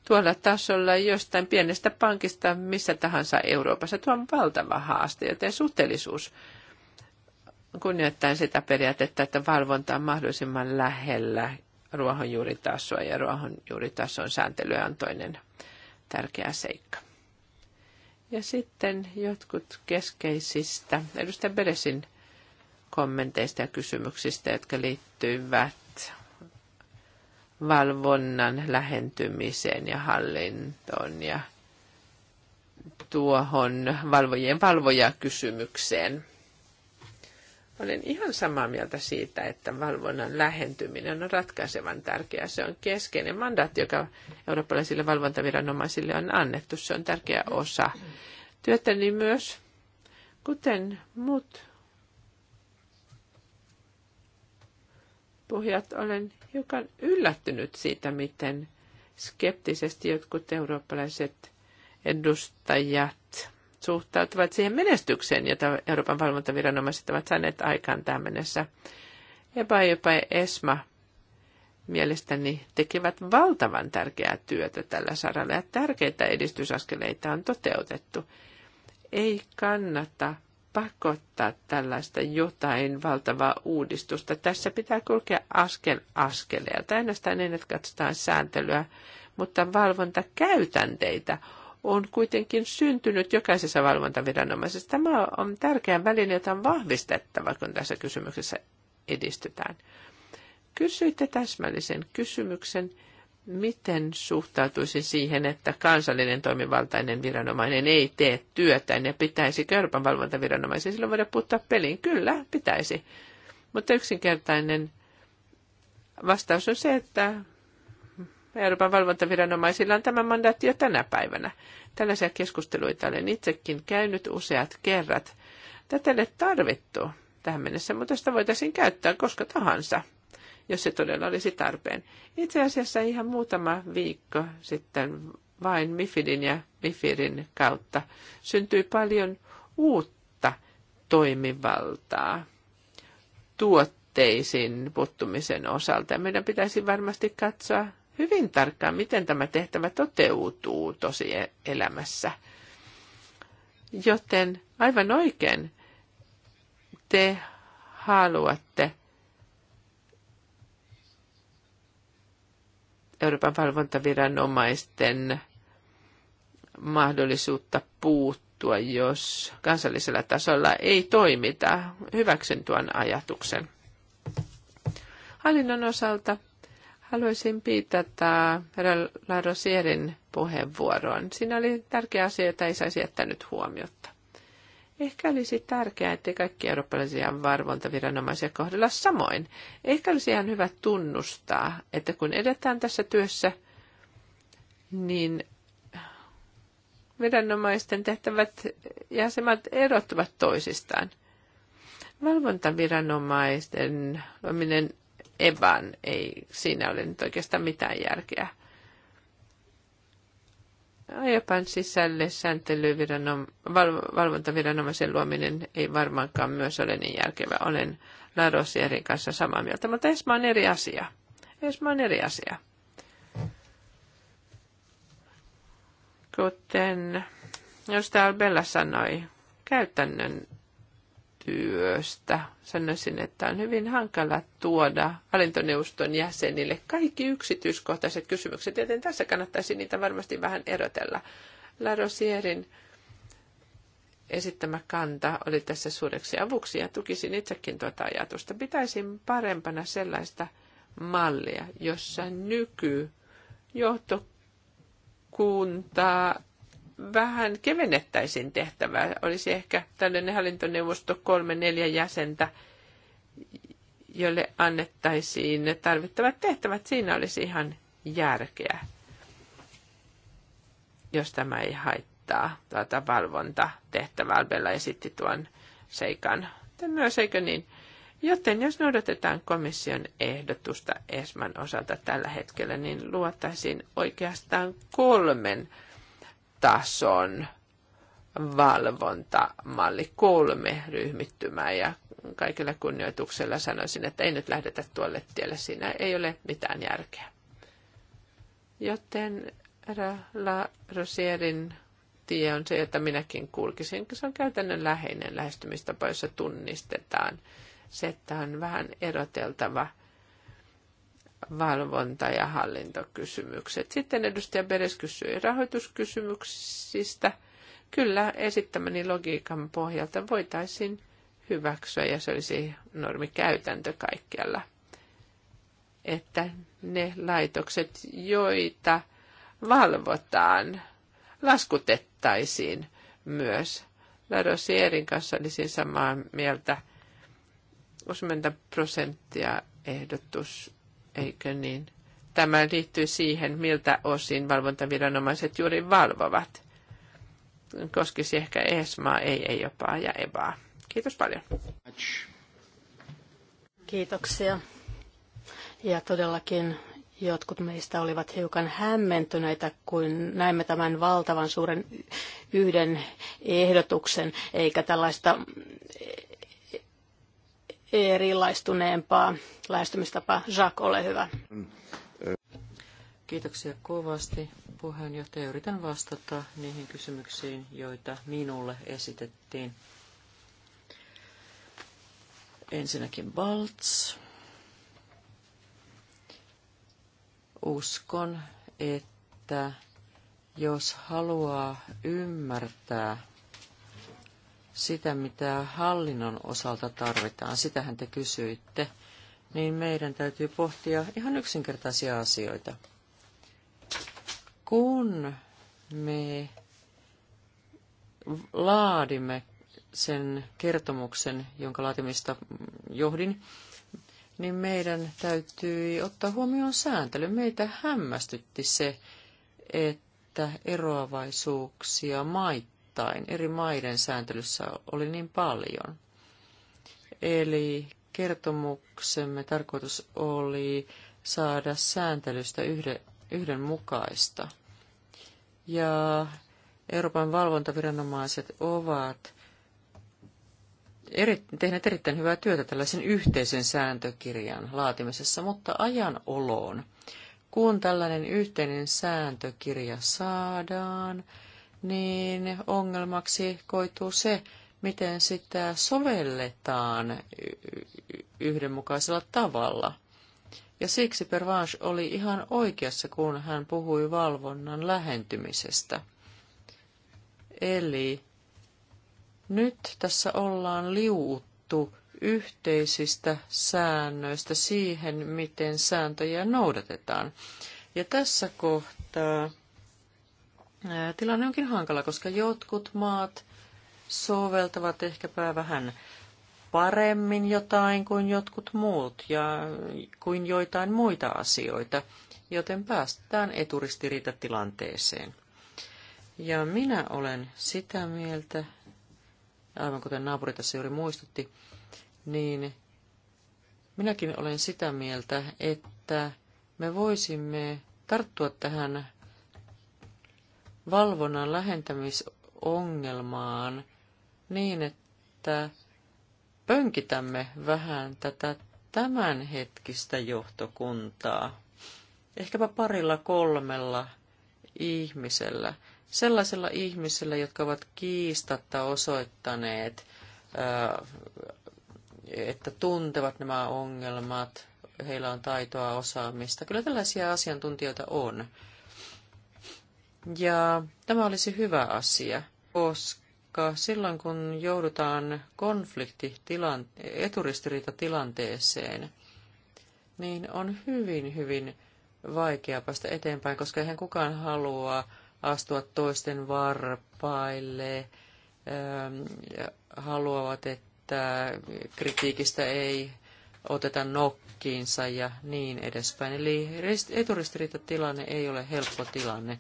tuolla tasolla jostain pienestä pankista missä tahansa Euroopassa. Tuo on valtava haaste, joten suhteellisuus kunnioittaa sitä periaatetta, että valvonta on mahdollisimman lähellä ruohonjuuritasoa ja ruohonjuuritason sääntelyä on toinen tärkeä seikka. Ja sitten jotkut keskeisistä edustaja Beresin kommenteista ja kysymyksistä, jotka liittyvät valvonnan lähentymiseen ja hallintoon ja tuohon valvojien valvojakysymykseen. Olen ihan samaa mieltä siitä, että valvonnan lähentyminen on ratkaisevan tärkeää. Se on keskeinen mandaatti, joka eurooppalaisille valvontaviranomaisille on annettu. Se on tärkeä osa työtäni myös, kuten muut puhujat, olen hiukan yllättynyt siitä, miten skeptisesti jotkut eurooppalaiset edustajat suhtautuvat siihen menestykseen, jota Euroopan valvontaviranomaiset ovat saaneet aikaan tähän mennessä. EPA, jopa ja ESMA mielestäni tekevät valtavan tärkeää työtä tällä saralla ja tärkeitä edistysaskeleita on toteutettu. Ei kannata pakottaa tällaista jotain valtavaa uudistusta. Tässä pitää kulkea askel askeleelta, ainoastaan niin, että katsotaan sääntelyä, mutta valvontakäytänteitä on kuitenkin syntynyt jokaisessa valvontaviranomaisessa. Tämä on tärkeä väline, jota on vahvistettava, kun tässä kysymyksessä edistytään. Kysyitte täsmällisen kysymyksen, miten suhtautuisi siihen, että kansallinen toimivaltainen viranomainen ei tee työtä, ja pitäisi Euroopan valvontaviranomaisen silloin voida puuttua peliin? Kyllä, pitäisi. Mutta yksinkertainen vastaus on se, että Euroopan valvontaviranomaisilla on tämä mandaatti jo tänä päivänä. Tällaisia keskusteluita olen itsekin käynyt useat kerrat. Tätä ei tarvittu tähän mennessä, mutta sitä voitaisiin käyttää koska tahansa, jos se todella olisi tarpeen. Itse asiassa ihan muutama viikko sitten vain Mifidin ja Mifirin kautta syntyi paljon uutta toimivaltaa tuotteisiin puuttumisen osalta. Meidän pitäisi varmasti katsoa hyvin tarkkaan, miten tämä tehtävä toteutuu e- elämässä. Joten aivan oikein te haluatte Euroopan valvontaviranomaisten mahdollisuutta puuttua, jos kansallisella tasolla ei toimita. Hyväksyn tuon ajatuksen. Hallinnon osalta Haluaisin tätä La Rosierin puheenvuoroon. Siinä oli tärkeä asia, jota ei saisi jättää nyt huomiota. Ehkä olisi tärkeää, että kaikki eurooppalaisia varvontaviranomaisia kohdella samoin. Ehkä olisi ihan hyvä tunnustaa, että kun edetään tässä työssä, niin viranomaisten tehtävät ja asemat erottuvat toisistaan. Valvontaviranomaisten luominen EBAN. Ei siinä ole nyt oikeastaan mitään järkeä. Ajapan sisälle valvontaviranomaisen luominen ei varmaankaan myös ole niin järkevä. Olen Larosierin kanssa samaa mieltä, mutta Esma on eri asia. Esma on eri asia. Kuten Josta Bella sanoi, käytännön työstä. Sanoisin, että on hyvin hankala tuoda hallintoneuvoston jäsenille kaikki yksityiskohtaiset kysymykset, joten tässä kannattaisi niitä varmasti vähän erotella. Larosierin esittämä kanta oli tässä suureksi avuksi ja tukisin itsekin tuota ajatusta. Pitäisin parempana sellaista mallia, jossa nykyjohtokuntaa vähän kevennettäisiin tehtävää. Olisi ehkä tällainen hallintoneuvosto kolme, neljä jäsentä, jolle annettaisiin ne tarvittavat tehtävät. Siinä olisi ihan järkeä, jos tämä ei haittaa tuota valvontatehtävää. Albella esitti tuon seikan. Tämä myös, eikö niin? Joten jos noudatetaan komission ehdotusta ESMAn osalta tällä hetkellä, niin luotaisiin oikeastaan kolmen tason valvontamalli, kolme ryhmittymää ja kaikilla kunnioituksella sanoisin, että ei nyt lähdetä tuolle tielle, siinä ei ole mitään järkeä. Joten La Rosierin tie on se, että minäkin kulkisin. Se on käytännön läheinen lähestymistapa, jossa tunnistetaan se, että on vähän eroteltava – valvonta- ja hallintokysymykset. Sitten edustaja Beres kysyi rahoituskysymyksistä. Kyllä, esittämäni logiikan pohjalta voitaisiin hyväksyä ja se olisi normikäytäntö kaikkialla. Että ne laitokset, joita valvotaan, laskutettaisiin myös. Ladosierin kanssa olisin samaa mieltä. 60 prosenttia ehdotus eikö niin? Tämä liittyy siihen, miltä osin valvontaviranomaiset juuri valvovat. Koskisi ehkä ESMAa, ei EIOPAa ja EBAa. Kiitos paljon. Kiitoksia. Ja todellakin jotkut meistä olivat hiukan hämmentyneitä, kun näimme tämän valtavan suuren yhden ehdotuksen, eikä tällaista erilaistuneempaa lähestymistapaa. Jacques, ole hyvä. Kiitoksia kovasti puheenjohtaja. Yritän vastata niihin kysymyksiin, joita minulle esitettiin. Ensinnäkin Balts. Uskon, että jos haluaa ymmärtää sitä, mitä hallinnon osalta tarvitaan, sitähän te kysyitte, niin meidän täytyy pohtia ihan yksinkertaisia asioita. Kun me laadimme sen kertomuksen, jonka laatimista johdin, niin meidän täytyy ottaa huomioon sääntely. Meitä hämmästytti se, että eroavaisuuksia maita maittain, eri maiden sääntelyssä oli niin paljon. Eli kertomuksemme tarkoitus oli saada sääntelystä yhden, yhdenmukaista. Ja Euroopan valvontaviranomaiset ovat eri, tehneet erittäin hyvää työtä tällaisen yhteisen sääntökirjan laatimisessa, mutta ajan oloon. Kun tällainen yhteinen sääntökirja saadaan, niin ongelmaksi koituu se, miten sitä sovelletaan yhdenmukaisella tavalla. Ja siksi Pervanche oli ihan oikeassa, kun hän puhui valvonnan lähentymisestä. Eli nyt tässä ollaan liuuttu yhteisistä säännöistä siihen, miten sääntöjä noudatetaan. Ja tässä kohtaa Tilanne onkin hankala, koska jotkut maat soveltavat ehkäpä vähän paremmin jotain kuin jotkut muut ja kuin joitain muita asioita, joten päästään eturistiriitatilanteeseen. Ja minä olen sitä mieltä, aivan kuten naapuri tässä juuri muistutti, niin minäkin olen sitä mieltä, että me voisimme tarttua tähän valvonnan lähentämisongelmaan niin, että pönkitämme vähän tätä tämänhetkistä johtokuntaa. Ehkäpä parilla kolmella ihmisellä. sellaisella ihmisellä, jotka ovat kiistatta osoittaneet, että tuntevat nämä ongelmat, heillä on taitoa, osaamista. Kyllä tällaisia asiantuntijoita on. Ja tämä olisi hyvä asia, koska silloin kun joudutaan konfliktitilan, eturistiriitatilanteeseen, niin on hyvin, hyvin vaikea päästä eteenpäin, koska eihän kukaan halua astua toisten varpaille, ähm, haluavat, että kritiikistä ei oteta nokkiinsa ja niin edespäin. Eli eturistiriitatilanne ei ole helppo tilanne.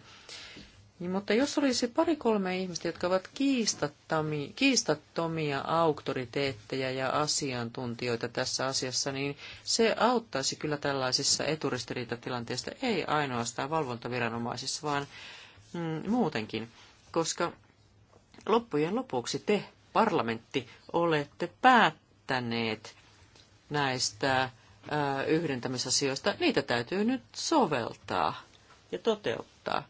Niin, mutta jos olisi pari-kolme ihmistä, jotka ovat kiistattomia auktoriteetteja ja asiantuntijoita tässä asiassa, niin se auttaisi kyllä tällaisissa eturistiriitatilanteissa, ei ainoastaan valvontaviranomaisissa, vaan mm, muutenkin, koska loppujen lopuksi te, parlamentti, olette päättäneet näistä yhdentämisasioista, niitä täytyy nyt soveltaa ja toteuttaa.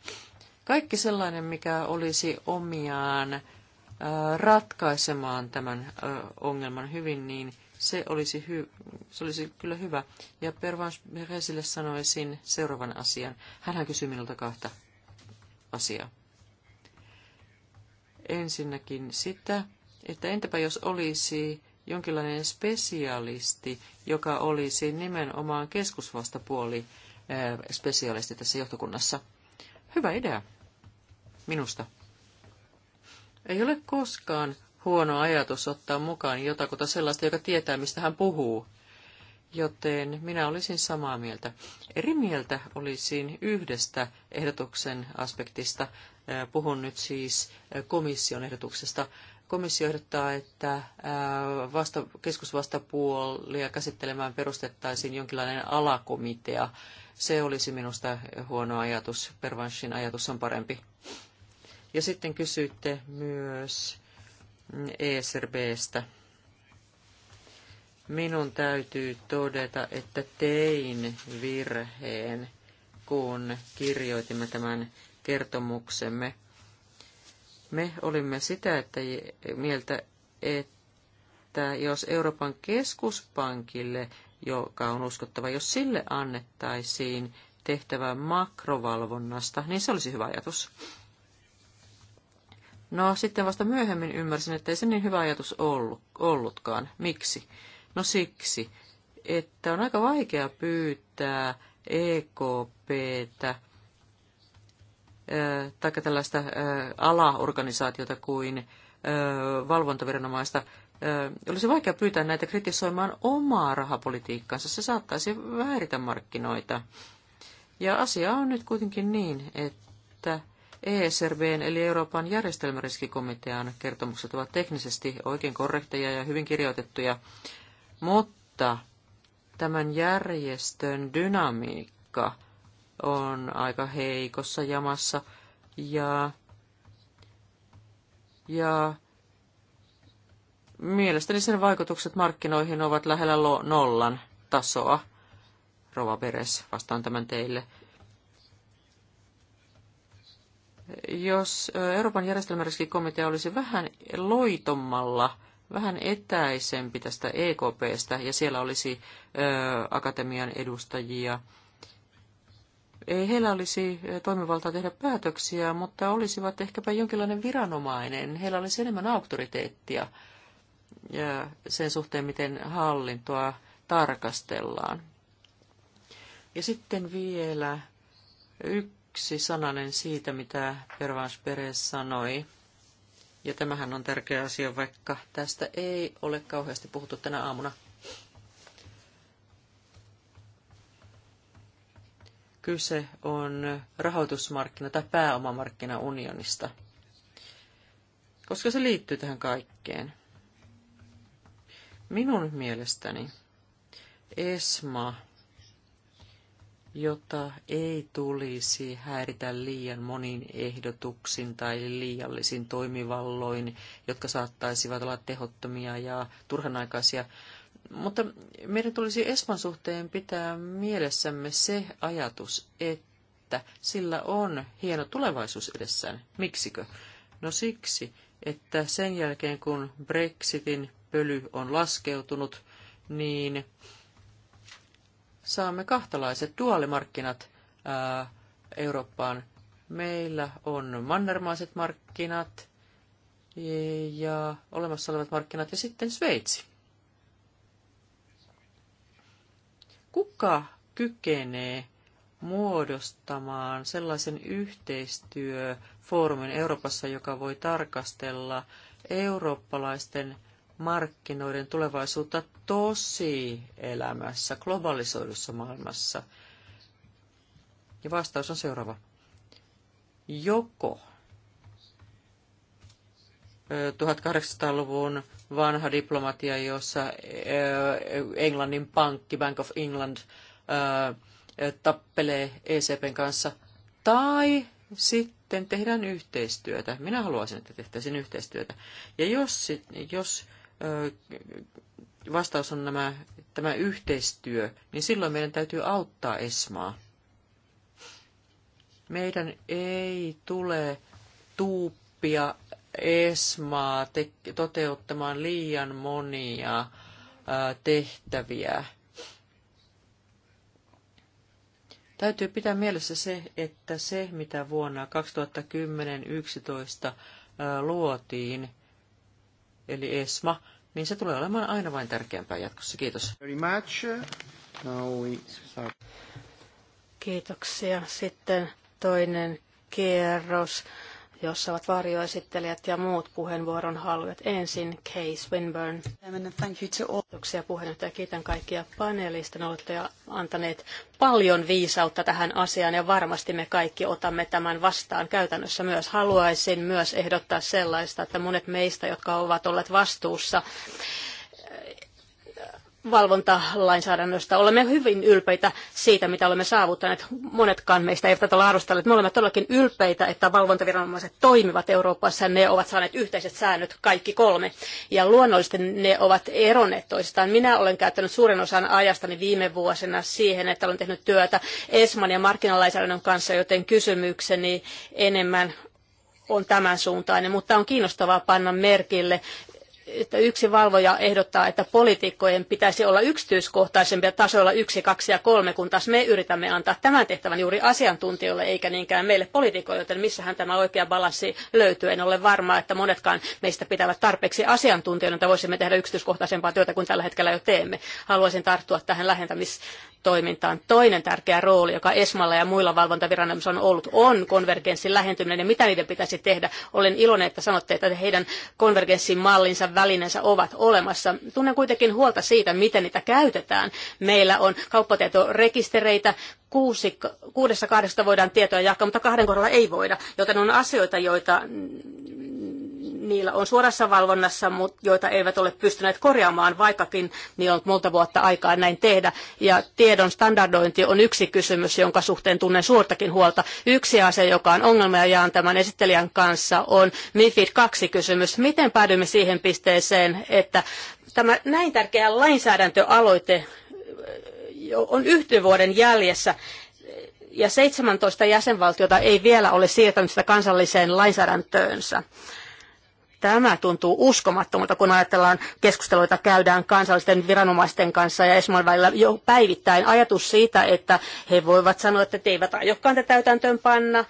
Kaikki sellainen, mikä olisi omiaan ratkaisemaan tämän ongelman hyvin, niin se olisi, hy, se olisi kyllä hyvä. Ja Pervans Beresille sanoisin seuraavan asian. Hänhän kysyi minulta kahta asiaa. Ensinnäkin sitä, että entäpä jos olisi jonkinlainen spesialisti, joka olisi nimenomaan keskusvastapuoli spesialisti tässä johtokunnassa. Hyvä idea, minusta. Ei ole koskaan huono ajatus ottaa mukaan jotakuta sellaista, joka tietää, mistä hän puhuu. Joten minä olisin samaa mieltä. Eri mieltä olisin yhdestä ehdotuksen aspektista. Puhun nyt siis komission ehdotuksesta. Komissio ehdottaa, että vasta, keskusvastapuolia käsittelemään perustettaisiin jonkinlainen alakomitea. Se olisi minusta huono ajatus. Pervanssin ajatus on parempi. Ja sitten kysyitte myös mm, ESRBstä. Minun täytyy todeta, että tein virheen, kun kirjoitimme tämän kertomuksemme me olimme sitä että, mieltä, että jos Euroopan keskuspankille, joka on uskottava, jos sille annettaisiin tehtävä makrovalvonnasta, niin se olisi hyvä ajatus. No sitten vasta myöhemmin ymmärsin, että ei se niin hyvä ajatus ollut, ollutkaan. Miksi? No siksi, että on aika vaikea pyytää EKPtä tai tällaista alaorganisaatiota kuin valvontaviranomaista, olisi vaikea pyytää näitä kritisoimaan omaa rahapolitiikkaansa. Se saattaisi vääritä markkinoita. Ja asia on nyt kuitenkin niin, että ESRBn eli Euroopan järjestelmäriskikomitean kertomukset ovat teknisesti oikein korrekteja ja hyvin kirjoitettuja, mutta tämän järjestön dynamiikka – on aika heikossa jamassa ja, ja mielestäni sen vaikutukset markkinoihin ovat lähellä nollan tasoa. Rova Beres, vastaan tämän teille. Jos Euroopan järjestelmäriskikomitea olisi vähän loitommalla, vähän etäisempi tästä EKPstä ja siellä olisi ö, akatemian edustajia, ei heillä olisi eh, toimivaltaa tehdä päätöksiä, mutta olisivat ehkäpä jonkinlainen viranomainen. Heillä olisi enemmän auktoriteettia ja sen suhteen, miten hallintoa tarkastellaan. Ja sitten vielä yksi sananen siitä, mitä Pervans Peres sanoi. Ja tämähän on tärkeä asia, vaikka tästä ei ole kauheasti puhuttu tänä aamuna. Kyse on rahoitusmarkkina- tai pääomamarkkinaunionista, koska se liittyy tähän kaikkeen. Minun mielestäni ESMA, jota ei tulisi häiritä liian monin ehdotuksin tai liiallisin toimivalloin, jotka saattaisivat olla tehottomia ja turhanaikaisia, mutta meidän tulisi Espan suhteen pitää mielessämme se ajatus, että sillä on hieno tulevaisuus edessään. Miksikö? No siksi, että sen jälkeen kun Brexitin pöly on laskeutunut, niin saamme kahtalaiset duaalimarkkinat ää, Eurooppaan. Meillä on mannermaiset markkinat ja olemassa olevat markkinat ja sitten Sveitsi. kuka kykenee muodostamaan sellaisen yhteistyöfoorumin Euroopassa, joka voi tarkastella eurooppalaisten markkinoiden tulevaisuutta tosi elämässä, globalisoidussa maailmassa. Ja vastaus on seuraava. Joko 1800-luvun vanha diplomatia, jossa eh, Englannin pankki, Bank of England, eh, tappelee ECPn kanssa. Tai sitten tehdään yhteistyötä. Minä haluaisin, että tehtäisiin yhteistyötä. Ja jos, jos eh, vastaus on nämä, tämä yhteistyö, niin silloin meidän täytyy auttaa Esmaa. Meidän ei tule tuuppia ESMAa te- toteuttamaan liian monia tehtäviä. Täytyy pitää mielessä se, että se mitä vuonna 2010-2011 luotiin, eli ESMA, niin se tulee olemaan aina vain tärkeämpää jatkossa. Kiitos. Very much. Now we start. Kiitoksia. Sitten toinen kierros jossa ovat varjoesittelijät ja muut puheenvuoron haluajat. Ensin Kay Swinburne. Kiitoksia puheenjohtaja. Kiitän kaikkia paneelista. Olette antaneet paljon viisautta tähän asiaan ja varmasti me kaikki otamme tämän vastaan käytännössä myös. Haluaisin myös ehdottaa sellaista, että monet meistä, jotka ovat olleet vastuussa valvontalainsäädännöstä. Olemme hyvin ylpeitä siitä, mitä olemme saavuttaneet. Monetkaan meistä eivät ole arvostelleet. Me olemme todellakin ylpeitä, että valvontaviranomaiset toimivat Euroopassa. Ne ovat saaneet yhteiset säännöt, kaikki kolme. Ja luonnollisesti ne ovat eronneet toisistaan. Minä olen käyttänyt suuren osan ajastani viime vuosina siihen, että olen tehnyt työtä ESMAN ja markkinalainsäädännön kanssa, joten kysymykseni enemmän on tämän suuntainen, mutta on kiinnostavaa panna merkille että yksi valvoja ehdottaa, että poliitikkojen pitäisi olla yksityiskohtaisempia tasoilla yksi, kaksi ja kolme, kun taas me yritämme antaa tämän tehtävän juuri asiantuntijoille eikä niinkään meille poliitikoille, joten missähän tämä oikea balanssi löytyy. En ole varma, että monetkaan meistä pitävät tarpeeksi asiantuntijoina, että voisimme tehdä yksityiskohtaisempaa työtä kuin tällä hetkellä jo teemme. Haluaisin tarttua tähän lähentämistoimintaan. Toinen tärkeä rooli, joka Esmalla ja muilla valvontaviranomaisilla on ollut, on konvergenssin lähentyminen ja mitä niiden pitäisi tehdä. Olen iloinen, että sanotte, että heidän konvergenssin mallinsa välineensä ovat olemassa. Tunnen kuitenkin huolta siitä, miten niitä käytetään. Meillä on kauppatietorekistereitä, kuusi, kuudessa kahdesta voidaan tietoa jakaa, mutta kahden kohdalla ei voida, joten on asioita, joita niillä on suorassa valvonnassa, mutta joita eivät ole pystyneet korjaamaan, vaikkakin niillä on monta vuotta aikaa näin tehdä. Ja tiedon standardointi on yksi kysymys, jonka suhteen tunnen suurtakin huolta. Yksi asia, joka on ongelma ja jaan tämän esittelijän kanssa, on MIFID 2 kysymys. Miten päädymme siihen pisteeseen, että tämä näin tärkeä lainsäädäntöaloite äh, on yhden vuoden jäljessä ja 17 jäsenvaltiota ei vielä ole siirtänyt sitä kansalliseen lainsäädäntöönsä. Tämä tuntuu uskomattomalta, kun ajatellaan keskusteluita käydään kansallisten viranomaisten kanssa ja Esmon välillä jo päivittäin. Ajatus siitä, että he voivat sanoa, että te eivät aiokaan tätä täytäntöön panna,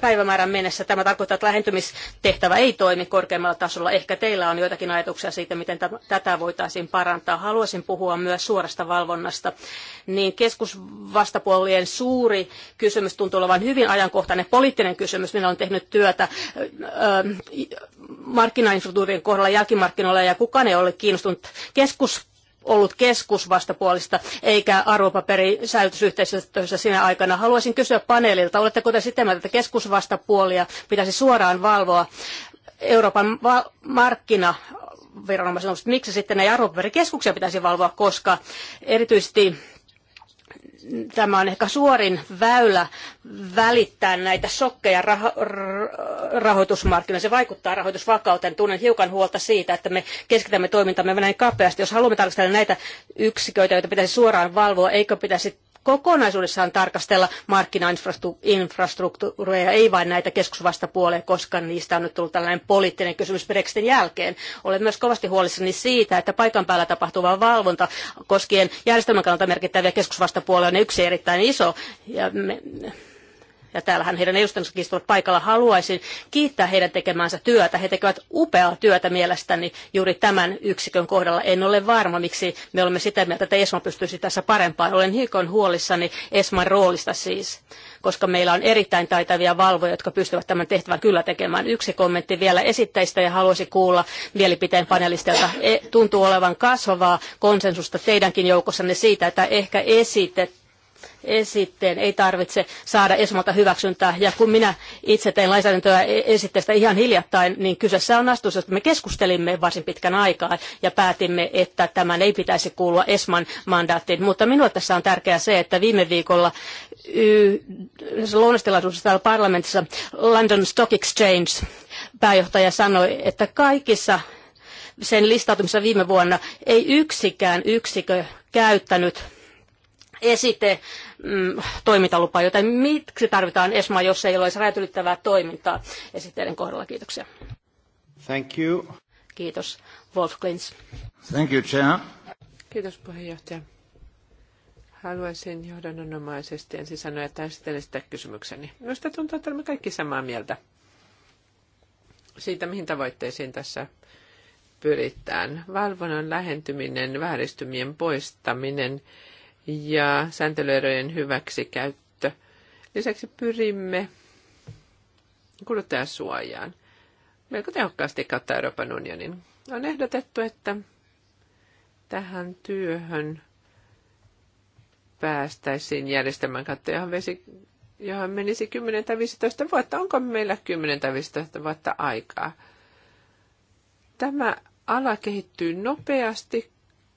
päivämäärän mennessä. Tämä tarkoittaa, että lähentymistehtävä ei toimi korkeammalla tasolla. Ehkä teillä on joitakin ajatuksia siitä, miten tätä voitaisiin parantaa. Haluaisin puhua myös suorasta valvonnasta. Niin keskusvastapuolien suuri kysymys tuntuu olevan hyvin ajankohtainen poliittinen kysymys. Minä olen tehnyt työtä markkinainstituutin kohdalla jälkimarkkinoilla ja kukaan ei ole kiinnostunut keskus ollut keskusvastapuolista eikä arvopaperisäilytysyhteistyössä sinä aikana. Haluaisin kysyä paneelilta, oletteko te sitä mieltä, että keskusvastapuolia pitäisi suoraan valvoa Euroopan va- markkina viranomaisen, miksi sitten näitä arvopaperikeskuksia pitäisi valvoa, koska erityisesti tämä on ehkä suorin väylä välittää näitä sokkeja raho- Se vaikuttaa rahoitusvakauteen. Tunnen hiukan huolta siitä, että me keskitämme toimintamme näin kapeasti. Jos haluamme tarkastella näitä yksiköitä, joita pitäisi suoraan valvoa, eikö pitäisi kokonaisuudessaan tarkastella markkinainfrastruktuuria ei vain näitä keskusvastapuolia, koska niistä on nyt tullut tällainen poliittinen kysymys Brexitin jälkeen. Olen myös kovasti huolissani siitä, että paikan päällä tapahtuva valvonta koskien järjestelmän kannalta merkittäviä keskusvastapuolia on yksi erittäin iso. Ja me, ja täällähän heidän edustajansakin istuvat paikalla, haluaisin kiittää heidän tekemäänsä työtä. He tekevät upeaa työtä mielestäni juuri tämän yksikön kohdalla. En ole varma, miksi me olemme sitä mieltä, että ESMA pystyisi tässä parempaan. Olen hiukan huolissani ESMAn roolista siis, koska meillä on erittäin taitavia valvoja, jotka pystyvät tämän tehtävän kyllä tekemään. Yksi kommentti vielä esitteistä ja haluaisin kuulla mielipiteen panelistilta. E, tuntuu olevan kasvavaa konsensusta teidänkin joukossanne siitä, että ehkä esitet esitteen ei tarvitse saada esmalta hyväksyntää. Ja kun minä itse tein lainsäädäntöä e- esitteestä ihan hiljattain, niin kyseessä on astus, josta me keskustelimme varsin pitkän aikaa ja päätimme, että tämän ei pitäisi kuulua ESMAn mandaattiin. Mutta minulle tässä on tärkeää se, että viime viikolla lounastilaisuudessa täällä parlamentissa London Stock Exchange pääjohtaja sanoi, että kaikissa sen listautumisessa viime vuonna ei yksikään yksikö käyttänyt esite mm, toimintalupa, joten miksi tarvitaan ESMA, jos ei olisi rajatylittävää toimintaa esitteiden kohdalla? Kiitoksia. Thank you. Kiitos. Wolf Klins. Thank you, Chair. Kiitos puheenjohtaja. Haluaisin johdannonomaisesti ensin sanoa, että esittelen sitä kysymykseni. Minusta tuntuu, että olemme kaikki samaa mieltä siitä, mihin tavoitteisiin tässä pyritään. Valvonnan lähentyminen, vääristymien poistaminen, ja sääntelyerojen hyväksikäyttö. Lisäksi pyrimme kuluttajasuojaan melko tehokkaasti kautta Euroopan unionin. On ehdotettu, että tähän työhön päästäisiin järjestelmän kautta, johon, vesi, johon menisi 10 tai 15 vuotta. Onko meillä 10 tai 15 vuotta aikaa? Tämä ala kehittyy nopeasti,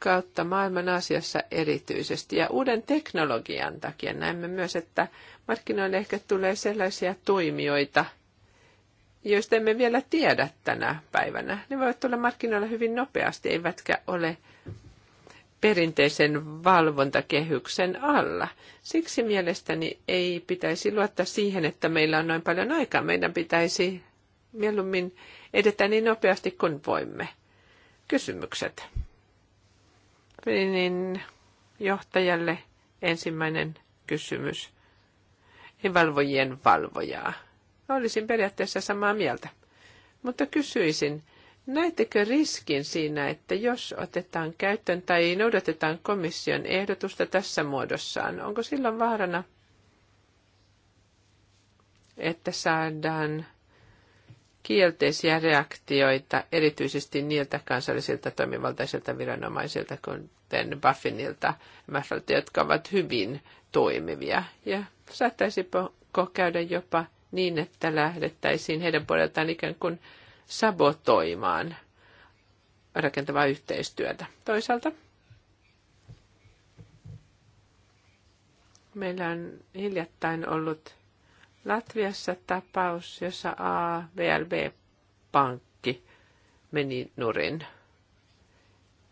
kautta maailman asiassa erityisesti. Ja uuden teknologian takia näemme myös, että markkinoille ehkä tulee sellaisia toimijoita, joista emme vielä tiedä tänä päivänä. Ne voivat tulla markkinoilla hyvin nopeasti, eivätkä ole perinteisen valvontakehyksen alla. Siksi mielestäni ei pitäisi luottaa siihen, että meillä on noin paljon aikaa. Meidän pitäisi mieluummin edetä niin nopeasti kuin voimme. Kysymykset. Pinin johtajalle ensimmäinen kysymys. Valvojien valvojaa. Olisin periaatteessa samaa mieltä. Mutta kysyisin, näettekö riskin siinä, että jos otetaan käyttöön tai noudatetaan komission ehdotusta tässä muodossaan, onko silloin vaarana, että saadaan kielteisiä reaktioita, erityisesti niiltä kansallisilta toimivaltaisilta viranomaisilta, kuten Buffinilta, MFLT, jotka ovat hyvin toimivia. Ja saattaisiko käydä jopa niin, että lähdettäisiin heidän puoleltaan ikään kuin sabotoimaan rakentavaa yhteistyötä. Toisaalta meillä on hiljattain ollut Latviassa tapaus, jossa AVLB-pankki meni nurin.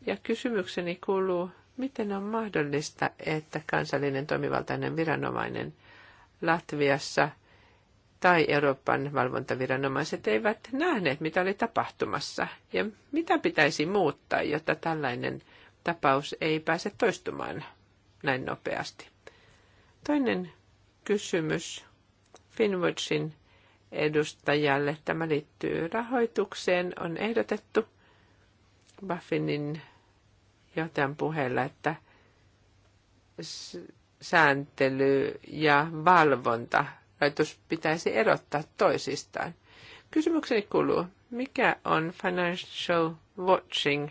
Ja kysymykseni kuuluu, miten on mahdollista, että kansallinen toimivaltainen viranomainen Latviassa tai Euroopan valvontaviranomaiset eivät nähneet, mitä oli tapahtumassa ja mitä pitäisi muuttaa, jotta tällainen tapaus ei pääse toistumaan näin nopeasti. Toinen kysymys Finwatchin edustajalle. Tämä liittyy rahoitukseen. On ehdotettu Buffinin johtajan puheella, että sääntely ja valvonta rajoitus pitäisi erottaa toisistaan. Kysymykseni kuuluu, mikä on financial watching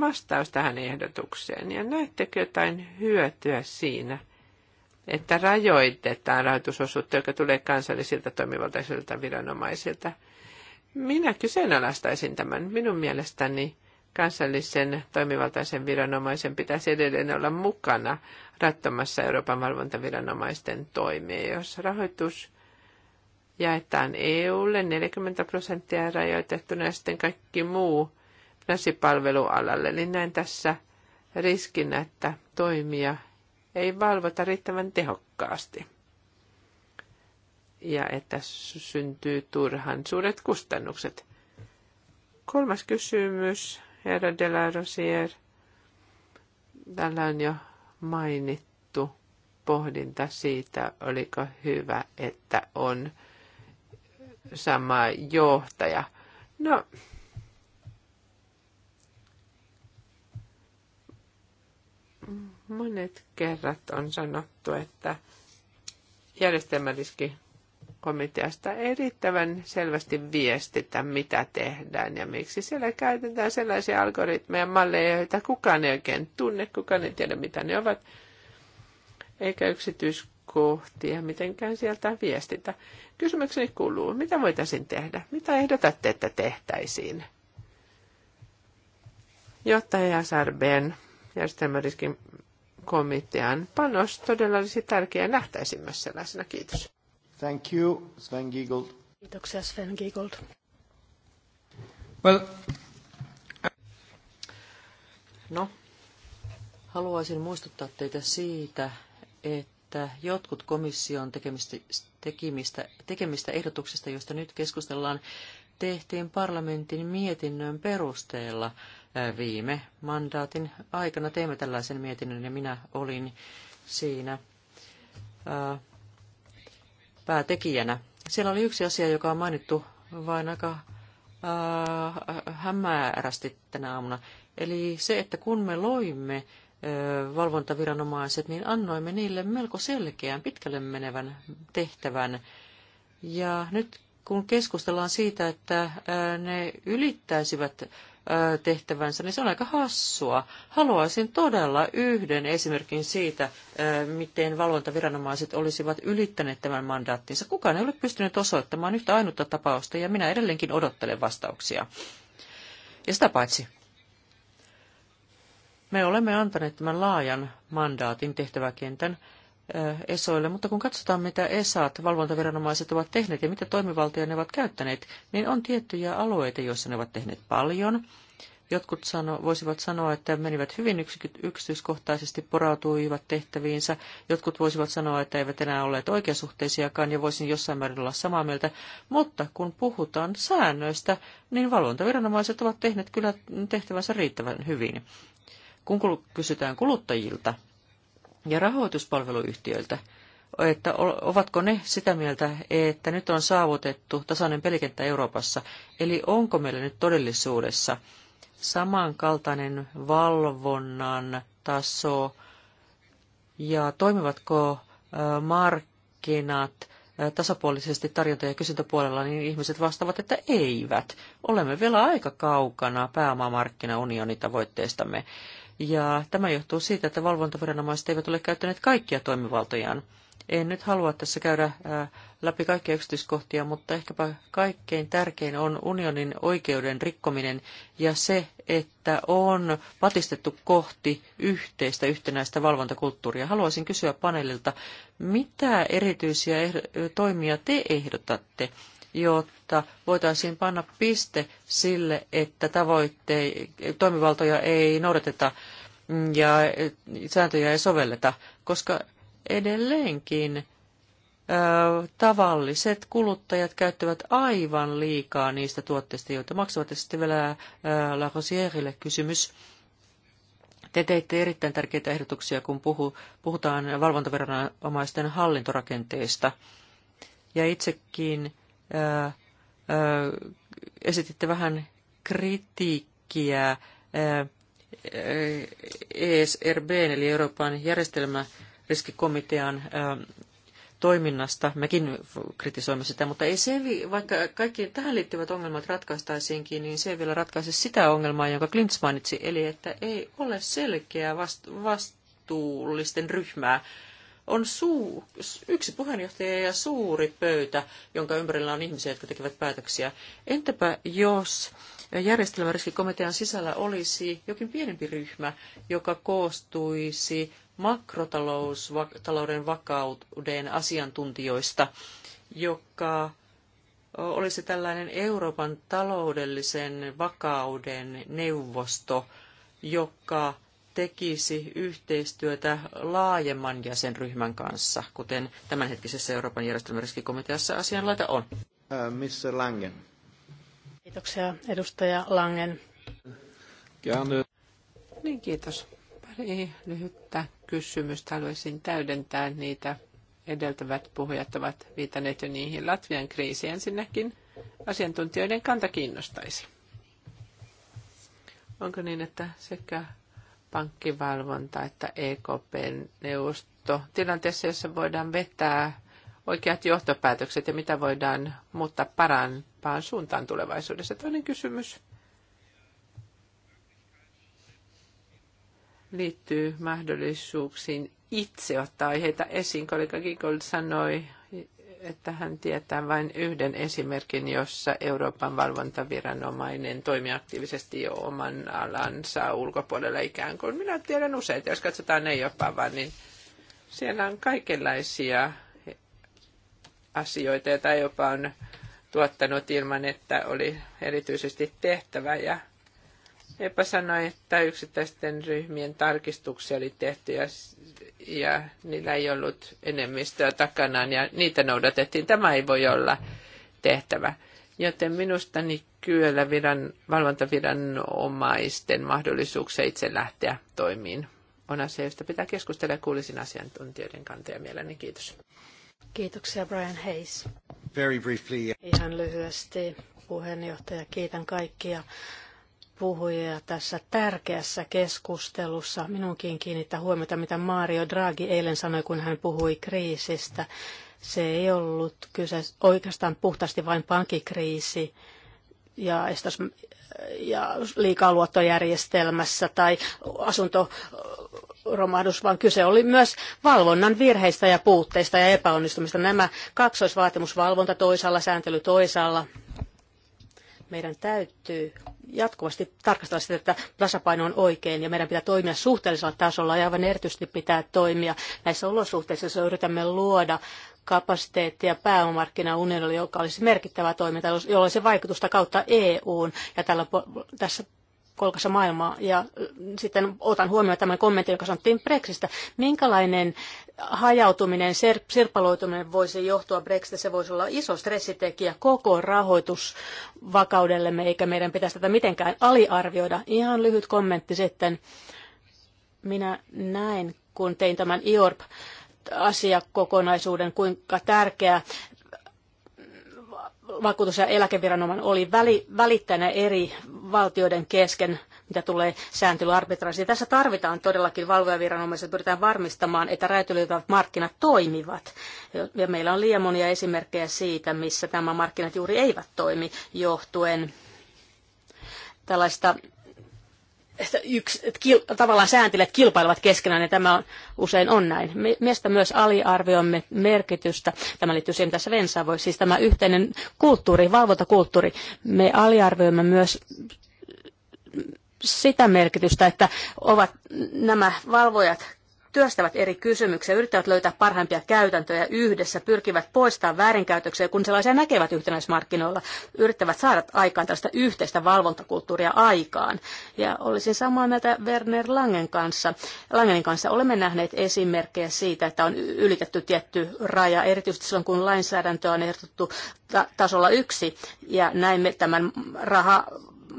vastaus tähän ehdotukseen ja näettekö jotain hyötyä siinä – että rajoitetaan rahoitusosuutta, joka tulee kansallisilta toimivaltaisilta viranomaisilta. Minä kyseenalaistaisin tämän. Minun mielestäni kansallisen toimivaltaisen viranomaisen pitäisi edelleen olla mukana rattomassa Euroopan valvontaviranomaisten toimia. Jos rahoitus jaetaan EUlle 40 prosenttia rajoitettuna ja sitten kaikki muu finanssipalvelualalle, niin näin tässä riskin, että toimia ei valvota riittävän tehokkaasti ja että syntyy turhan suuret kustannukset. Kolmas kysymys, herra de la Rosier. Tällä on jo mainittu pohdinta siitä, oliko hyvä, että on sama johtaja. No, mm Monet kerrat on sanottu, että järjestelmäriski komiteasta ei riittävän selvästi viestitä, mitä tehdään ja miksi siellä käytetään sellaisia algoritmeja malleja, joita kukaan ei oikein tunne, kukaan ei tiedä, mitä ne ovat, eikä yksityiskohtia mitenkään sieltä viestitä. Kysymykseni kuuluu, mitä voitaisiin tehdä? Mitä ehdotatte, että tehtäisiin? Jotta ESRBn järjestelmäriskin komitean panos todella olisi tärkeää nähtäisimme sellaisena. Kiitos. Thank you, Sven Giegold. Kiitoksia Sven Giegold. Well. No, haluaisin muistuttaa teitä siitä, että jotkut komission tekemistä, tekemistä, tekemistä ehdotuksista, joista nyt keskustellaan, tehtiin parlamentin mietinnön perusteella – viime mandaatin aikana teimme tällaisen mietinnön ja minä olin siinä päätekijänä. Siellä oli yksi asia, joka on mainittu vain aika hämärästi tänä aamuna. Eli se, että kun me loimme valvontaviranomaiset, niin annoimme niille melko selkeän, pitkälle menevän tehtävän. Ja nyt kun keskustellaan siitä, että ne ylittäisivät tehtävänsä, niin se on aika hassua. Haluaisin todella yhden esimerkin siitä, miten valvontaviranomaiset olisivat ylittäneet tämän mandaattinsa. Kukaan ei ole pystynyt osoittamaan yhtä ainutta tapausta, ja minä edelleenkin odottelen vastauksia. Ja sitä paitsi, me olemme antaneet tämän laajan mandaatin tehtäväkentän ESOille, mutta kun katsotaan, mitä ESAT, valvontaviranomaiset, ovat tehneet ja mitä toimivaltia ne ovat käyttäneet, niin on tiettyjä alueita, joissa ne ovat tehneet paljon. Jotkut sano, voisivat sanoa, että menivät hyvin yksityiskohtaisesti, porautuivat tehtäviinsä. Jotkut voisivat sanoa, että eivät enää olleet oikeasuhteisiakaan ja voisin jossain määrin olla samaa mieltä. Mutta kun puhutaan säännöistä, niin valvontaviranomaiset ovat tehneet kyllä tehtävänsä riittävän hyvin. Kun kysytään kuluttajilta, ja rahoituspalveluyhtiöiltä, että ovatko ne sitä mieltä, että nyt on saavutettu tasainen pelikenttä Euroopassa, eli onko meillä nyt todellisuudessa samankaltainen valvonnan taso ja toimivatko markkinat tasapuolisesti tarjonta- ja kysyntäpuolella, niin ihmiset vastaavat, että eivät. Olemme vielä aika kaukana pääomamarkkinaunionin tavoitteistamme ja tämä johtuu siitä, että valvontaviranomaiset eivät ole käyttäneet kaikkia toimivaltojaan. En nyt halua tässä käydä äh, läpi kaikkia yksityiskohtia, mutta ehkäpä kaikkein tärkein on unionin oikeuden rikkominen ja se, että on patistettu kohti yhteistä yhtenäistä valvontakulttuuria. Haluaisin kysyä paneelilta, mitä erityisiä toimia te ehdotatte jotta voitaisiin panna piste sille, että tavoitte, toimivaltoja ei noudateta ja sääntöjä ei sovelleta, koska edelleenkin tavalliset kuluttajat käyttävät aivan liikaa niistä tuotteista, joita maksavat. Ja sitten vielä La Rosierille kysymys. Te teitte erittäin tärkeitä ehdotuksia, kun puhu, puhutaan valvontaviranomaisten hallintorakenteesta. Ja itsekin esititte vähän kritiikkiä ESRB, eli Euroopan järjestelmäriskikomitean toiminnasta. Mekin kritisoimme sitä, mutta ei se, vaikka kaikki tähän liittyvät ongelmat ratkaistaisiinkin, niin se ei vielä ratkaise sitä ongelmaa, jonka Klints mainitsi, eli että ei ole selkeää vastuullisten ryhmää on suu, yksi puheenjohtaja ja suuri pöytä, jonka ympärillä on ihmisiä, jotka tekevät päätöksiä. Entäpä jos järjestelmäriskikomitean sisällä olisi jokin pienempi ryhmä, joka koostuisi makrotalouden vakauden asiantuntijoista, joka olisi tällainen Euroopan taloudellisen vakauden neuvosto, joka tekisi yhteistyötä laajemman jäsenryhmän kanssa, kuten tämänhetkisessä Euroopan järjestelmäriskikomiteassa asianlaita on. Uh, Langen. Kiitoksia, edustaja Langen. Gerne. Niin, kiitos. Pari lyhyttä kysymystä haluaisin täydentää niitä. Edeltävät puhujat ovat viitanneet jo niihin Latvian kriisiin ensinnäkin. Asiantuntijoiden kanta kiinnostaisi. Onko niin, että sekä pankkivalvonta että EKP-neuvosto tilanteessa, jossa voidaan vetää oikeat johtopäätökset ja mitä voidaan muuttaa parampaan suuntaan tulevaisuudessa. Toinen kysymys liittyy mahdollisuuksiin itse ottaa aiheita esiin. Kollega Giggold sanoi että hän tietää vain yhden esimerkin, jossa Euroopan valvontaviranomainen toimii aktiivisesti jo oman alansa ulkopuolella ikään kuin. Minä tiedän että jos katsotaan ne jopa niin siellä on kaikenlaisia asioita, joita jopa on tuottanut ilman, että oli erityisesti tehtävä. Ja Epä sanoi, että yksittäisten ryhmien tarkistuksia oli tehty ja, ja niillä ei ollut enemmistöä takanaan ja niitä noudatettiin. Tämä ei voi olla tehtävä. Joten minusta niin kyllä viran, valvontaviranomaisten mahdollisuuksia itse lähteä toimiin on asia, josta pitää keskustella ja kuulisin asiantuntijoiden kantoja mielelläni. Kiitos. Kiitoksia Brian Hayes. Very briefly. Ihan lyhyesti puheenjohtaja, kiitän kaikkia puhujia tässä tärkeässä keskustelussa. Minunkin kiinnittää huomiota, mitä Mario Draghi eilen sanoi, kun hän puhui kriisistä. Se ei ollut kyse oikeastaan puhtaasti vain pankkikriisi ja, estos, ja liikaluottojärjestelmässä tai asunto romahdus, vaan kyse oli myös valvonnan virheistä ja puutteista ja epäonnistumista. Nämä kaksoisvaatimusvalvonta toisaalla, sääntely toisaalla, meidän täytyy jatkuvasti tarkastella sitä, että tasapaino on oikein ja meidän pitää toimia suhteellisella tasolla ja aivan erityisesti pitää toimia näissä olosuhteissa, joissa yritämme luoda kapasiteettia pääomamarkkinaunionille, joka olisi merkittävä toiminta, jolla olisi vaikutusta kautta EUn ja tällä, tässä kolkassa maailmaa. Ja sitten otan huomioon tämän kommentin, joka sanottiin Brexistä. Minkälainen hajautuminen, sirpaloituminen voisi johtua Brexitistä, se voisi olla iso stressitekijä koko rahoitusvakaudellemme, eikä meidän pitäisi tätä mitenkään aliarvioida. Ihan lyhyt kommentti sitten. Minä näin kun tein tämän IORP-asiakokonaisuuden, kuinka tärkeä vakuutus- ja eläkeviranomainen oli välittäjänä eri valtioiden kesken mitä tulee sääntelyarbitraasiin. Tässä tarvitaan todellakin valvojaviranomaisia, pyritään varmistamaan, että räätälöitävät markkinat toimivat. Ja meillä on liian monia esimerkkejä siitä, missä nämä markkinat juuri eivät toimi johtuen tällaista yksi, kil, tavallaan sääntelijät kilpailevat keskenään ja tämä on, usein on näin. Miestä myös aliarvioimme merkitystä. Tämä liittyy siihen, mitä Svensa voi, siis tämä yhteinen kulttuuri, valvontakulttuuri. Me aliarvioimme myös sitä merkitystä, että ovat nämä valvojat työstävät eri kysymyksiä, yrittävät löytää parhaimpia käytäntöjä yhdessä, pyrkivät poistamaan väärinkäytöksiä, kun sellaisia näkevät yhtenäismarkkinoilla, yrittävät saada aikaan tällaista yhteistä valvontakulttuuria aikaan. Ja olisin samaa mieltä Werner Langen kanssa. Langenin kanssa olemme nähneet esimerkkejä siitä, että on ylitetty tietty raja, erityisesti silloin kun lainsäädäntöä on ehdotettu ta- tasolla yksi, ja näimme tämän raha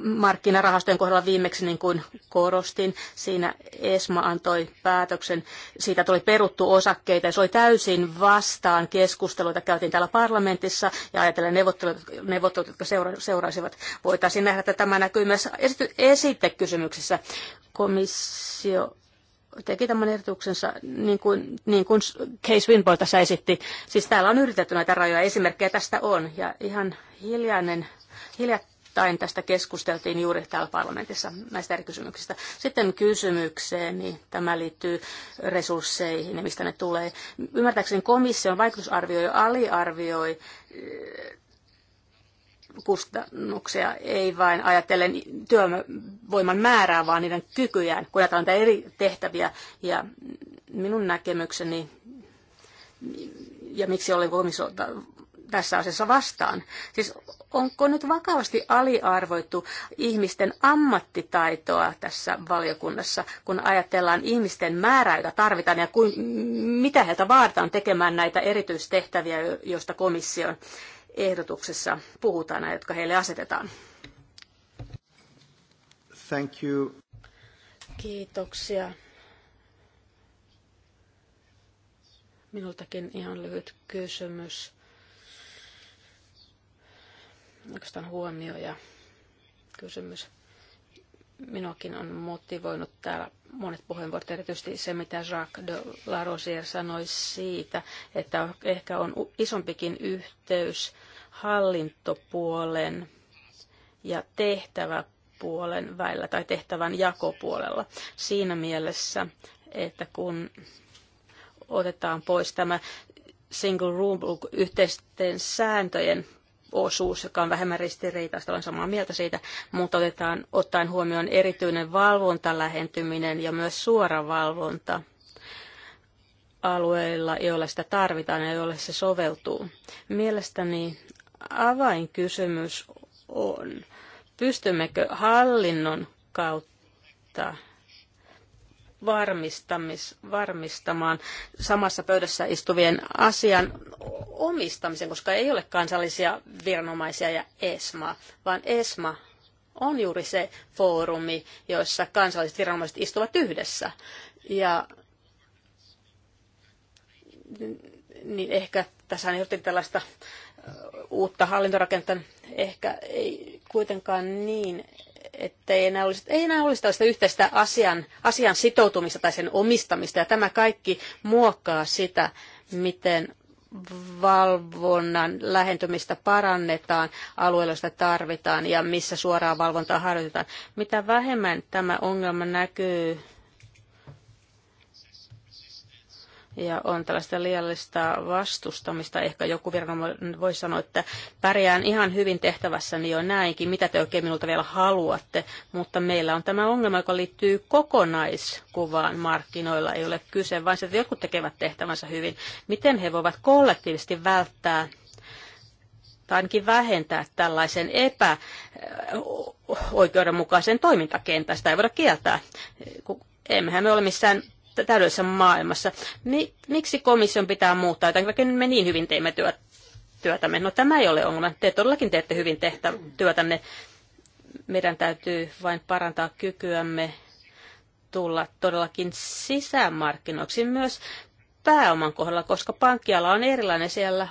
markkinarahastojen kohdalla viimeksi, niin kuin korostin, siinä ESMA antoi päätöksen, siitä tuli peruttu osakkeita ja se oli täysin vastaan keskusteluita käytiin täällä parlamentissa ja ajatellen neuvottelut, neuvottelut jotka seura, Voitaisiin nähdä, että tämä näkyy myös esity, Komissio teki tämän ehdotuksensa, niin kuin, niin kuin Case Winball tässä esitti. Siis täällä on yritetty näitä rajoja, esimerkkejä tästä on. Ja ihan hiljainen, hiljattain Hiljattain tästä keskusteltiin juuri täällä parlamentissa näistä eri kysymyksistä. Sitten kysymykseen, niin tämä liittyy resursseihin ja mistä ne tulee. Ymmärtääkseni komission vaikutusarvioi aliarvioi eh, kustannuksia, ei vain ajatellen työvoiman määrää, vaan niiden kykyjään, kun ajatellaan eri tehtäviä. Ja minun näkemykseni, ja miksi olen komissiota tässä asiassa vastaan. Siis onko nyt vakavasti aliarvoittu ihmisten ammattitaitoa tässä valiokunnassa, kun ajatellaan ihmisten määrää, joita tarvitaan ja kuin, mitä heiltä vaaditaan tekemään näitä erityistehtäviä, joista komission ehdotuksessa puhutaan ja jotka heille asetetaan? Thank you. Kiitoksia. Minultakin ihan lyhyt kysymys oikeastaan huomio ja kysymys. Minuakin on motivoinut täällä monet puheenvuorot, erityisesti se, mitä Jacques de la Rosière sanoi siitä, että ehkä on isompikin yhteys hallintopuolen ja tehtäväpuolen välillä tai tehtävän jakopuolella siinä mielessä, että kun otetaan pois tämä single rule book yhteisten sääntöjen osuus, joka on vähemmän ristiriitaista, olen samaa mieltä siitä, mutta otetaan ottaen huomioon erityinen valvontalähentyminen ja myös suora valvonta alueilla, joilla sitä tarvitaan ja joille se soveltuu. Mielestäni avainkysymys on, pystymmekö hallinnon kautta varmistamaan samassa pöydässä istuvien asian omistamisen, koska ei ole kansallisia viranomaisia ja ESMA, vaan ESMA on juuri se foorumi, jossa kansalliset viranomaiset istuvat yhdessä. Ja niin ehkä tässä on tällaista uutta hallintorakennetta, ehkä ei kuitenkaan niin, ettei enää olisi, ei enää olisi tällaista yhteistä asian, asian sitoutumista tai sen omistamista. Ja tämä kaikki muokkaa sitä, miten valvonnan lähentymistä parannetaan, alueella sitä tarvitaan ja missä suoraa valvontaa harjoitetaan. Mitä vähemmän tämä ongelma näkyy ja on tällaista liiallista vastustamista. Ehkä joku viranomainen voi sanoa, että pärjään ihan hyvin tehtävässäni jo näinkin, mitä te oikein minulta vielä haluatte, mutta meillä on tämä ongelma, joka liittyy kokonaiskuvaan markkinoilla. Ei ole kyse vain siitä, että jotkut tekevät tehtävänsä hyvin. Miten he voivat kollektiivisesti välttää tai ainakin vähentää tällaisen epäoikeudenmukaisen toimintakentän. Sitä ei voida kieltää. Emmehän me ole missään täydellisessä maailmassa. Miksi komission pitää muuttaa jotain, vaikka me niin hyvin teimme työtämme? No tämä ei ole ongelma. Te todellakin teette hyvin tehtä, työtänne. Meidän täytyy vain parantaa kykyämme tulla todellakin sisämarkkinoiksi myös pääoman kohdalla, koska pankkiala on erilainen siellä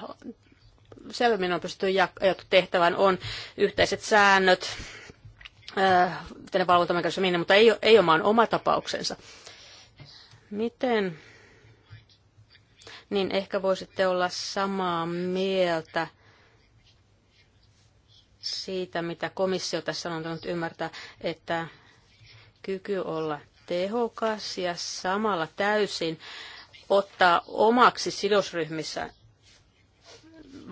selvemmin on pystytty jaettu tehtävän, on yhteiset säännöt, yhteinen valvontamekanismi, niin, mutta ei, ei omaan oma tapauksensa. Miten? Niin ehkä voisitte olla samaa mieltä siitä, mitä komissio tässä on antanut ymmärtää, että kyky olla tehokas ja samalla täysin ottaa omaksi sidosryhmissä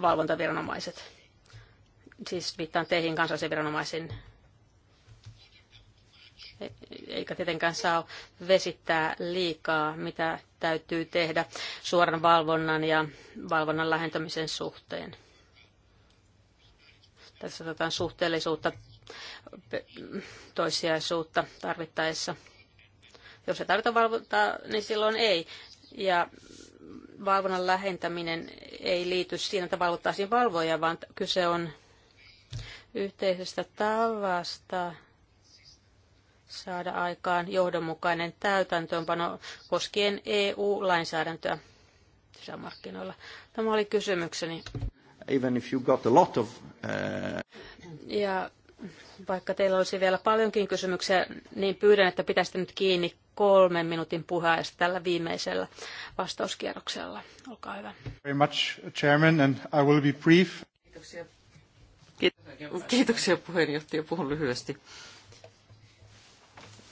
valvontaviranomaiset. Siis viittaan teihin kansallisen viranomaisiin eikä tietenkään saa vesittää liikaa, mitä täytyy tehdä suoran valvonnan ja valvonnan lähentämisen suhteen. Tässä otetaan suhteellisuutta, toissijaisuutta tarvittaessa. Jos ei tarvita valvontaa, niin silloin ei. Ja valvonnan lähentäminen ei liity siihen, että valvottaisiin valvoja, vaan kyse on yhteisestä tavasta saada aikaan johdonmukainen täytäntöönpano koskien EU-lainsäädäntöä sisämarkkinoilla. Tämä oli kysymykseni. Even if you got a lot of, uh... Ja vaikka teillä olisi vielä paljonkin kysymyksiä, niin pyydän, että pitäisitte nyt kiinni kolmen minuutin puheesta tällä viimeisellä vastauskierroksella. Olkaa hyvä. Very much, Chairman, and I will be brief. Kiitoksia. Kiitoksia puheenjohtaja. Puhun lyhyesti.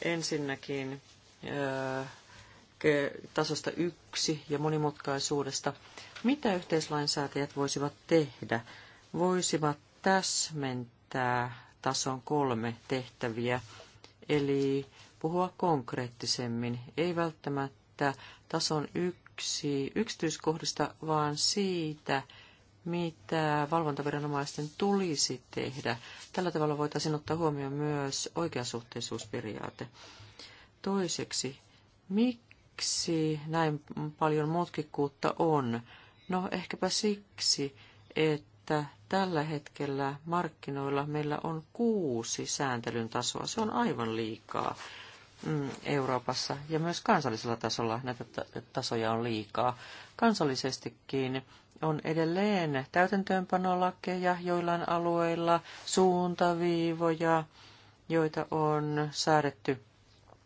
Ensinnäkin tasosta yksi ja monimutkaisuudesta. Mitä yhteislainsäätäjät voisivat tehdä? Voisivat täsmentää tason kolme tehtäviä, eli puhua konkreettisemmin, ei välttämättä tason yksi yksityiskohdista, vaan siitä, mitä valvontaviranomaisten tulisi tehdä. Tällä tavalla voitaisiin ottaa huomioon myös oikeasuhteisuusperiaate. Toiseksi, miksi näin paljon mutkikkuutta on? No ehkäpä siksi, että tällä hetkellä markkinoilla meillä on kuusi sääntelyn tasoa. Se on aivan liikaa mm, Euroopassa ja myös kansallisella tasolla näitä tasoja on liikaa. Kansallisestikin on edelleen täytäntöönpanolakeja joillain alueilla, suuntaviivoja, joita on säädetty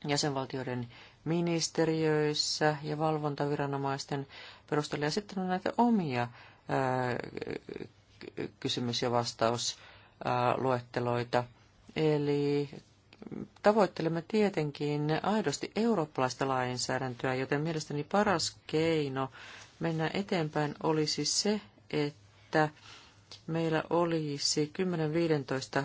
jäsenvaltioiden ministeriöissä ja valvontaviranomaisten perusteella. Ja sitten on näitä omia ää, kysymys- ja vastausluetteloita. Eli tavoittelemme tietenkin aidosti eurooppalaista lainsäädäntöä, joten mielestäni paras keino mennä eteenpäin olisi se, että meillä olisi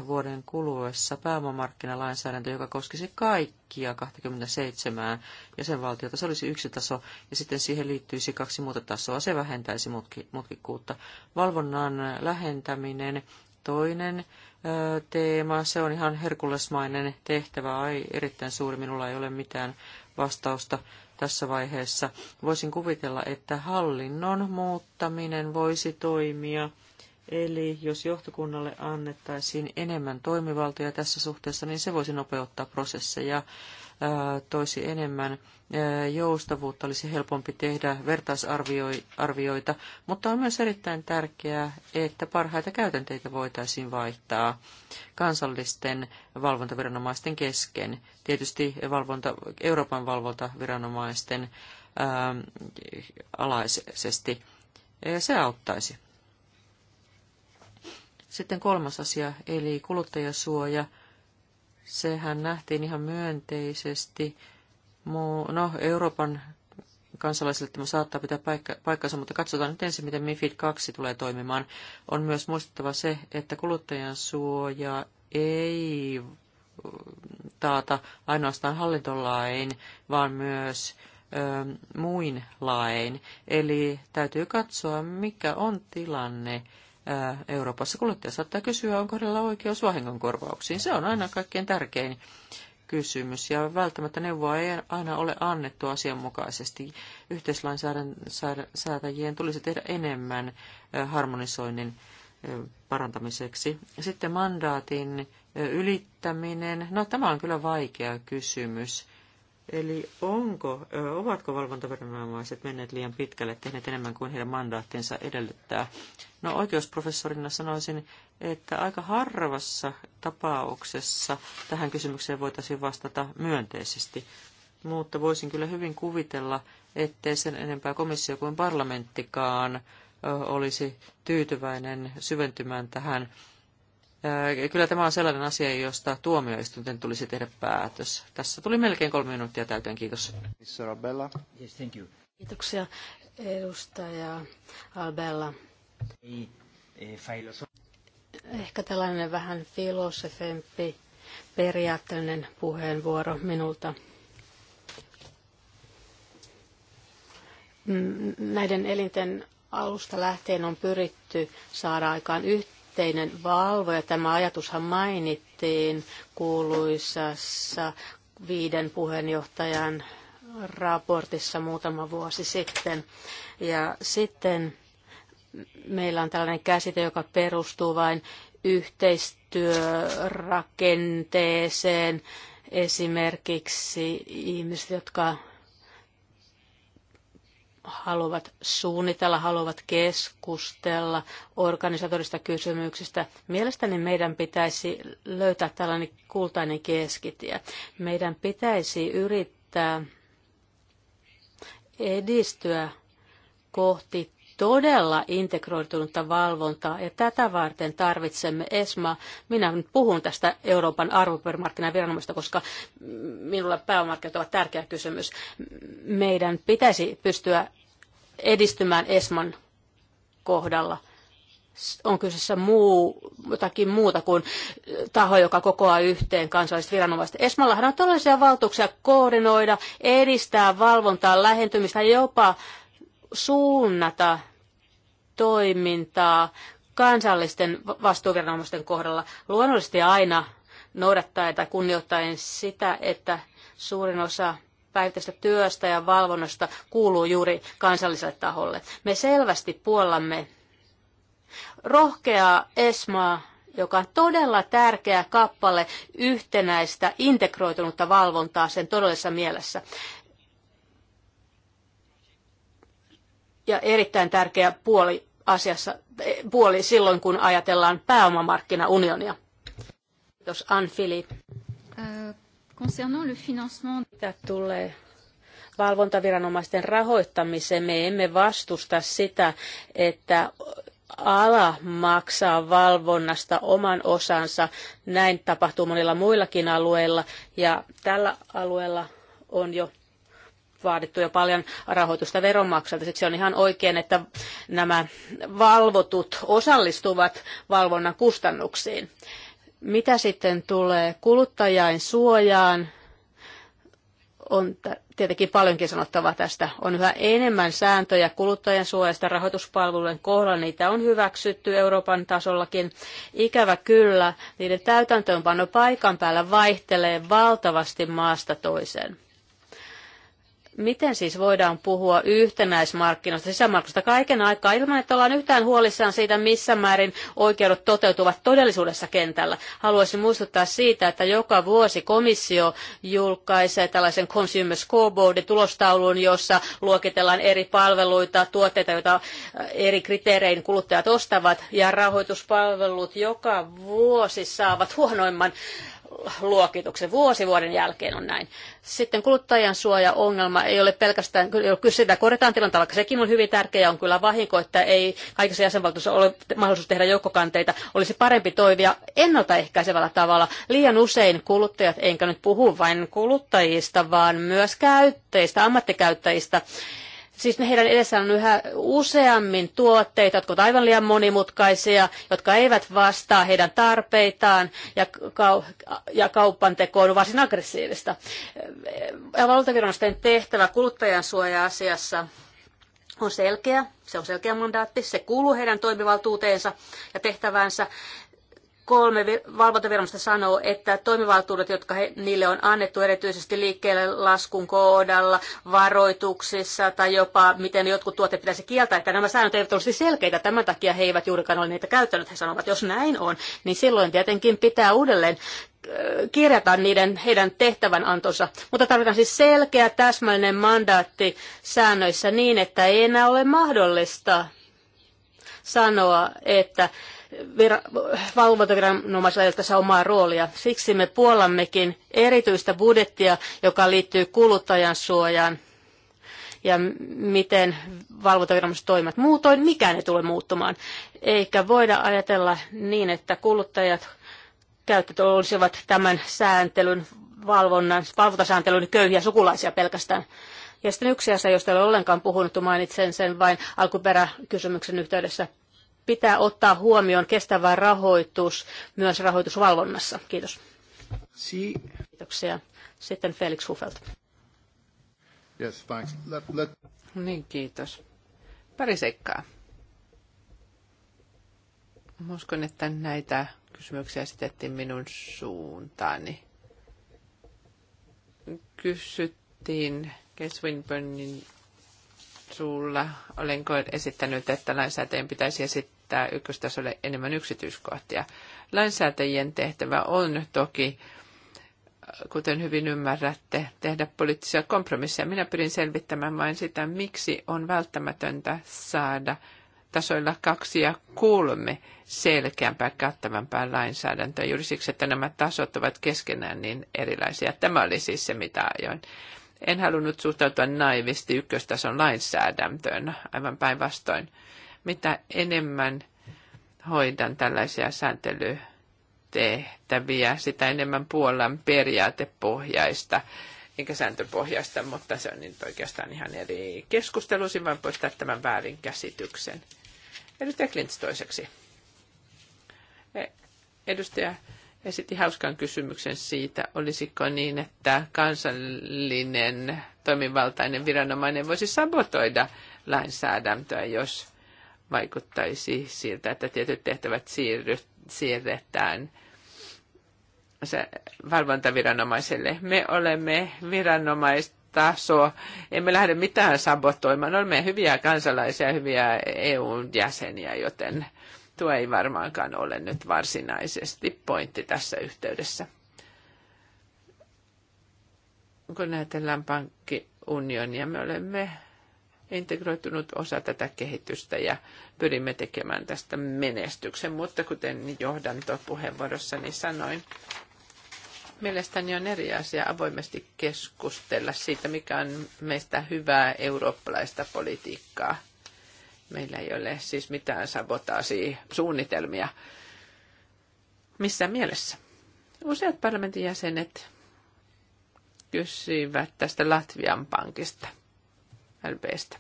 10-15 vuoden kuluessa pääomamarkkinalainsäädäntö, joka koskisi kaikkia 27 jäsenvaltiota. Se olisi yksi taso ja sitten siihen liittyisi kaksi muuta tasoa. Se vähentäisi mutkikkuutta. Valvonnan lähentäminen, toinen teema. Se on ihan herkullesmainen tehtävä, ai erittäin suuri. Minulla ei ole mitään vastausta tässä vaiheessa. Voisin kuvitella, että hallinnon muuttaminen voisi toimia. Eli jos johtokunnalle annettaisiin enemmän toimivaltoja tässä suhteessa, niin se voisi nopeuttaa prosesseja Äh, toisi enemmän äh, joustavuutta, olisi helpompi tehdä vertaisarvioita, mutta on myös erittäin tärkeää, että parhaita käytänteitä voitaisiin vaihtaa kansallisten valvontaviranomaisten kesken. Tietysti valvonta, Euroopan valvontaviranomaisten äh, alaisesti. Se auttaisi. Sitten kolmas asia, eli kuluttajasuoja – sehän nähtiin ihan myönteisesti. No, Euroopan kansalaisille tämä saattaa pitää paikka, paikkansa, mutta katsotaan nyt ensin, miten MIFID 2 tulee toimimaan. On myös muistettava se, että kuluttajan suoja ei taata ainoastaan hallintolain, vaan myös ö, muin lain. Eli täytyy katsoa, mikä on tilanne Euroopassa. Kuluttaja saattaa kysyä, onko hänellä oikeus vahingonkorvauksiin. Se on aina kaikkein tärkein kysymys ja välttämättä neuvoa ei aina ole annettu asianmukaisesti. Yhteislainsäätäjien tulisi tehdä enemmän harmonisoinnin parantamiseksi. Sitten mandaatin ylittäminen. No tämä on kyllä vaikea kysymys. Eli onko, ovatko valvontaviranomaiset menneet liian pitkälle, tehneet enemmän kuin heidän mandaattinsa edellyttää? No oikeusprofessorina sanoisin, että aika harvassa tapauksessa tähän kysymykseen voitaisiin vastata myönteisesti. Mutta voisin kyllä hyvin kuvitella, ettei sen enempää komissio kuin parlamenttikaan olisi tyytyväinen syventymään tähän Kyllä tämä on sellainen asia, josta tuomioistuinten tulisi tehdä päätös. Tässä tuli melkein kolme minuuttia täyteen. Kiitos. Yes, thank you. Kiitoksia edustaja Albella. Eh, Ehkä tällainen vähän filosofempi periaatteellinen puheenvuoro minulta. Mm, näiden elinten alusta lähtien on pyritty saada aikaan yhteyttä yhteinen valvoja. Tämä ajatushan mainittiin kuuluisassa viiden puheenjohtajan raportissa muutama vuosi sitten. Ja sitten meillä on tällainen käsite, joka perustuu vain yhteistyörakenteeseen. Esimerkiksi ihmiset, jotka haluavat suunnitella, haluavat keskustella organisatorista kysymyksistä. Mielestäni meidän pitäisi löytää tällainen kultainen keskitie. Meidän pitäisi yrittää edistyä kohti todella integroitunutta valvontaa ja tätä varten tarvitsemme ESMA. Minä nyt puhun tästä Euroopan arvopaperimarkkinaviranomaisesta, koska minulla pääomarkkinat ovat tärkeä kysymys. Meidän pitäisi pystyä edistymään ESMAn kohdalla – on kyseessä muu, jotakin muuta kuin taho, joka kokoaa yhteen kansalliset viranomaiset. Esmallahan on todellisia valtuuksia koordinoida, edistää valvontaa, lähentymistä, jopa suunnata toimintaa kansallisten vastuuviranomaisten kohdalla luonnollisesti aina noudattaen tai kunnioittaen sitä, että suurin osa päivittäistä työstä ja valvonnasta kuuluu juuri kansalliselle taholle. Me selvästi puollamme rohkeaa ESMAa, joka on todella tärkeä kappale yhtenäistä integroitunutta valvontaa sen todellisessa mielessä. Ja erittäin tärkeä puoli asiassa eh, puoli silloin, kun ajatellaan pääomamarkkinaunionia. Kiitos, Anne-Philippe. Äh, Concernant le financement... Mitä tulee valvontaviranomaisten rahoittamiseen, me emme vastusta sitä, että ala maksaa valvonnasta oman osansa. Näin tapahtuu monilla muillakin alueilla ja tällä alueella on jo vaadittu jo paljon rahoitusta veronmaksajilta. Siksi on ihan oikein, että nämä valvotut osallistuvat valvonnan kustannuksiin. Mitä sitten tulee kuluttajain suojaan? On tietenkin paljonkin sanottavaa tästä. On yhä enemmän sääntöjä kuluttajan suojasta rahoituspalvelujen kohdalla. Niitä on hyväksytty Euroopan tasollakin. Ikävä kyllä, niiden täytäntöönpano paikan päällä vaihtelee valtavasti maasta toiseen Miten siis voidaan puhua yhtenäismarkkinoista, sisämarkkinoista kaiken aikaa ilman, että ollaan yhtään huolissaan siitä, missä määrin oikeudet toteutuvat todellisuudessa kentällä? Haluaisin muistuttaa siitä, että joka vuosi komissio julkaisee tällaisen Consumer Scoreboardin tulostaulun, jossa luokitellaan eri palveluita, tuotteita, joita äh, eri kriteerein kuluttajat ostavat, ja rahoituspalvelut joka vuosi saavat huonoimman luokituksen. Vuosi vuoden jälkeen on näin. Sitten kuluttajan suoja-ongelma ei ole pelkästään, kyllä sitä korjataan tilanteella, vaikka sekin on hyvin tärkeä, on kyllä vahinko, että ei kaikissa jäsenvaltioissa ole mahdollisuus tehdä joukkokanteita. Olisi parempi toivia ennaltaehkäisevällä tavalla. Liian usein kuluttajat, enkä nyt puhu vain kuluttajista, vaan myös käyttäjistä, ammattikäyttäjistä, Siis heidän edessään on yhä useammin tuotteita, jotka ovat aivan liian monimutkaisia, jotka eivät vastaa heidän tarpeitaan ja, kau- ja kaupan on varsin aggressiivista. Valtaviranomaisten tehtävä kuluttajan suoja asiassa on selkeä, se on selkeä mandaatti, se kuuluu heidän toimivaltuuteensa ja tehtävänsä kolme valvontaviranomaista sanoo, että toimivaltuudet, jotka he, niille on annettu erityisesti liikkeelle laskun koodalla, varoituksissa tai jopa miten jotkut tuotteet pitäisi kieltää, että nämä säännöt eivät olisi selkeitä. Tämän takia he eivät juurikaan ole niitä käyttänyt. He sanovat, että jos näin on, niin silloin tietenkin pitää uudelleen äh, kirjata niiden, heidän tehtävänantonsa. Mutta tarvitaan siis selkeä, täsmällinen mandaatti säännöissä niin, että ei enää ole mahdollista sanoa, että vir- valvontaviranomaisilla ei tässä omaa roolia. Siksi me puolammekin erityistä budjettia, joka liittyy kuluttajan suojaan ja miten valvontaviranomaiset toimivat. Muutoin mikään ei tule muuttumaan. Eikä voida ajatella niin, että kuluttajat käyttöt olisivat tämän sääntelyn valvonnan, valvontasääntelyn köyhiä sukulaisia pelkästään. Ja sitten yksi asia, josta ei ole ollenkaan puhunut, mainitsen sen vain alkuperäkysymyksen yhteydessä pitää ottaa huomioon kestävä rahoitus myös rahoitusvalvonnassa. Kiitos. Si- Kiitoksia. Sitten Felix Hufelt. Yes, thanks. Let, let... Niin, kiitos. Pari seikkaa. Uskon, että näitä kysymyksiä esitettiin minun suuntaani. Kysyttiin Case suulla olenko esittänyt, että lainsäätäjien pitäisi esittää ykköstasolle enemmän yksityiskohtia. Lainsäätäjien tehtävä on toki, kuten hyvin ymmärrätte, tehdä poliittisia kompromisseja. Minä pyrin selvittämään vain sitä, miksi on välttämätöntä saada tasoilla kaksi ja kolme selkeämpää, kattavampaa lainsäädäntöä juuri siksi, että nämä tasot ovat keskenään niin erilaisia. Tämä oli siis se, mitä ajoin. En halunnut suhtautua naivisti ykköstason lainsäädäntöön, aivan päinvastoin. Mitä enemmän hoidan tällaisia sääntelytehtäviä, sitä enemmän puolan periaatepohjaista eikä sääntöpohjaista, mutta se on niin oikeastaan ihan eri keskustelu. vaan poistaa tämän väärinkäsityksen. Edustaja Klintz toiseksi. E, edustaja esitti hauskan kysymyksen siitä, olisiko niin, että kansallinen toimivaltainen viranomainen voisi sabotoida lainsäädäntöä, jos vaikuttaisi siltä, että tietyt tehtävät siirretään se valvontaviranomaiselle. Me olemme viranomaistaso, emme lähde mitään sabotoimaan. Olemme hyviä kansalaisia, hyviä EU-jäseniä, joten Tuo ei varmaankaan ole nyt varsinaisesti pointti tässä yhteydessä. Kun ajatellaan pankkiunionia, me olemme integroitunut osa tätä kehitystä ja pyrimme tekemään tästä menestyksen. Mutta kuten puheenvuorossani sanoin, mielestäni on eri asia avoimesti keskustella siitä, mikä on meistä hyvää eurooppalaista politiikkaa – Meillä ei ole siis mitään sabotaasia suunnitelmia. Missä mielessä? Useat parlamentin jäsenet kysyivät tästä Latvian pankista, LBstä.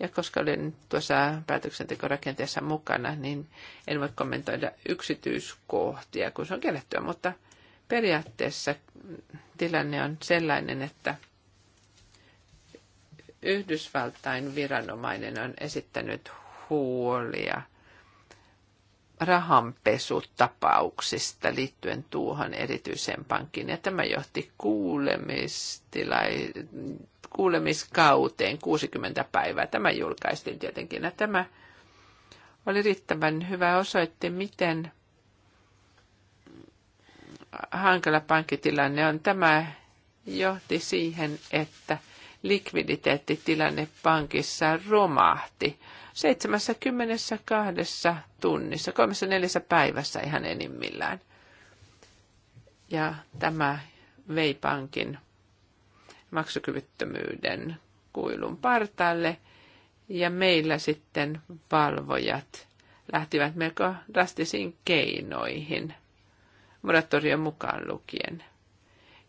Ja koska olin tuossa päätöksentekorakenteessa mukana, niin en voi kommentoida yksityiskohtia, kun se on kiellettyä, mutta periaatteessa tilanne on sellainen, että – Yhdysvaltain viranomainen on esittänyt huolia rahanpesutapauksista liittyen tuohon erityiseen pankkiin. Ja tämä johti kuulemiskauteen 60 päivää. Tämä julkaistiin tietenkin. Ja tämä oli riittävän hyvä osoitti, miten hankala pankkitilanne on. Tämä johti siihen, että – likviditeettitilanne pankissa romahti 72 tunnissa, 34 päivässä ihan enimmillään. Ja tämä vei pankin maksukyvyttömyyden kuilun partaalle ja meillä sitten valvojat lähtivät melko drastisiin keinoihin, moratorion mukaan lukien.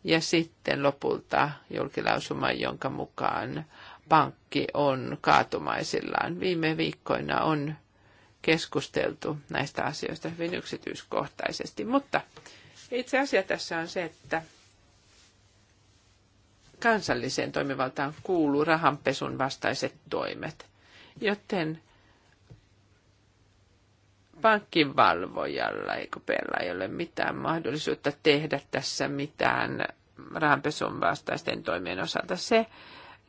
Ja sitten lopulta julkilausuma, jonka mukaan pankki on kaatumaisillaan. Viime viikkoina on keskusteltu näistä asioista hyvin yksityiskohtaisesti, mutta itse asia tässä on se, että kansalliseen toimivaltaan kuuluu rahanpesun vastaiset toimet, joten pankkivalvojalla, Pella ei ole mitään mahdollisuutta tehdä tässä mitään rahanpesun vastaisten toimien osalta. Se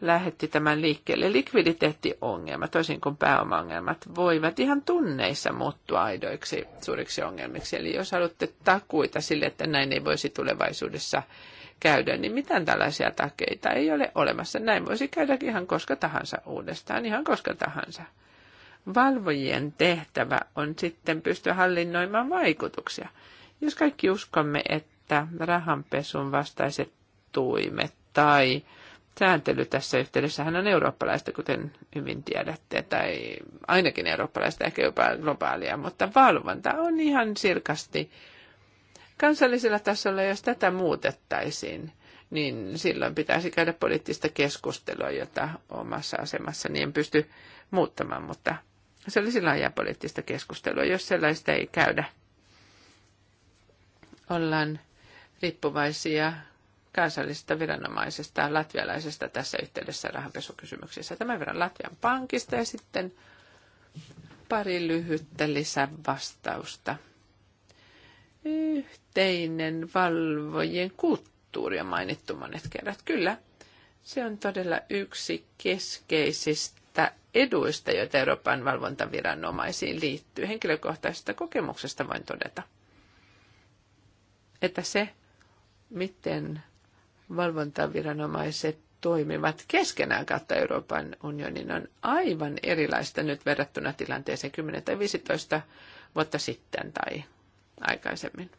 lähetti tämän liikkeelle. Likviditeettiongelma, toisin kuin pääomaongelmat, voivat ihan tunneissa muuttua aidoiksi suuriksi ongelmiksi. Eli jos haluatte takuita sille, että näin ei voisi tulevaisuudessa käydä, niin mitään tällaisia takeita ei ole olemassa. Näin voisi käydä ihan koska tahansa uudestaan, ihan koska tahansa. Valvojien tehtävä on sitten pystyä hallinnoimaan vaikutuksia. Jos kaikki uskomme, että rahanpesun vastaiset tuimet tai sääntely tässä yhteydessähän on eurooppalaista, kuten hyvin tiedätte, tai ainakin eurooppalaista, ehkä jopa globaalia, mutta valvonta on ihan sirkasti kansallisella tasolla, jos tätä muutettaisiin, niin silloin pitäisi käydä poliittista keskustelua, jota omassa niin en pysty muuttamaan, mutta se olisi laajaa poliittista keskustelua, jos sellaista ei käydä. Ollaan riippuvaisia kansallisesta viranomaisesta, latvialaisesta tässä yhteydessä rahanpesukysymyksessä. Tämän verran Latvian pankista ja sitten pari lyhyttä lisävastausta. Yhteinen valvojen kulttuuri on mainittu monet kerrat. Kyllä, se on todella yksi keskeisistä näistä eduista, joita Euroopan valvontaviranomaisiin liittyy. Henkilökohtaisesta kokemuksesta voin todeta, että se, miten valvontaviranomaiset toimivat keskenään kautta Euroopan unionin on aivan erilaista nyt verrattuna tilanteeseen 10 tai 15 vuotta sitten tai aikaisemmin.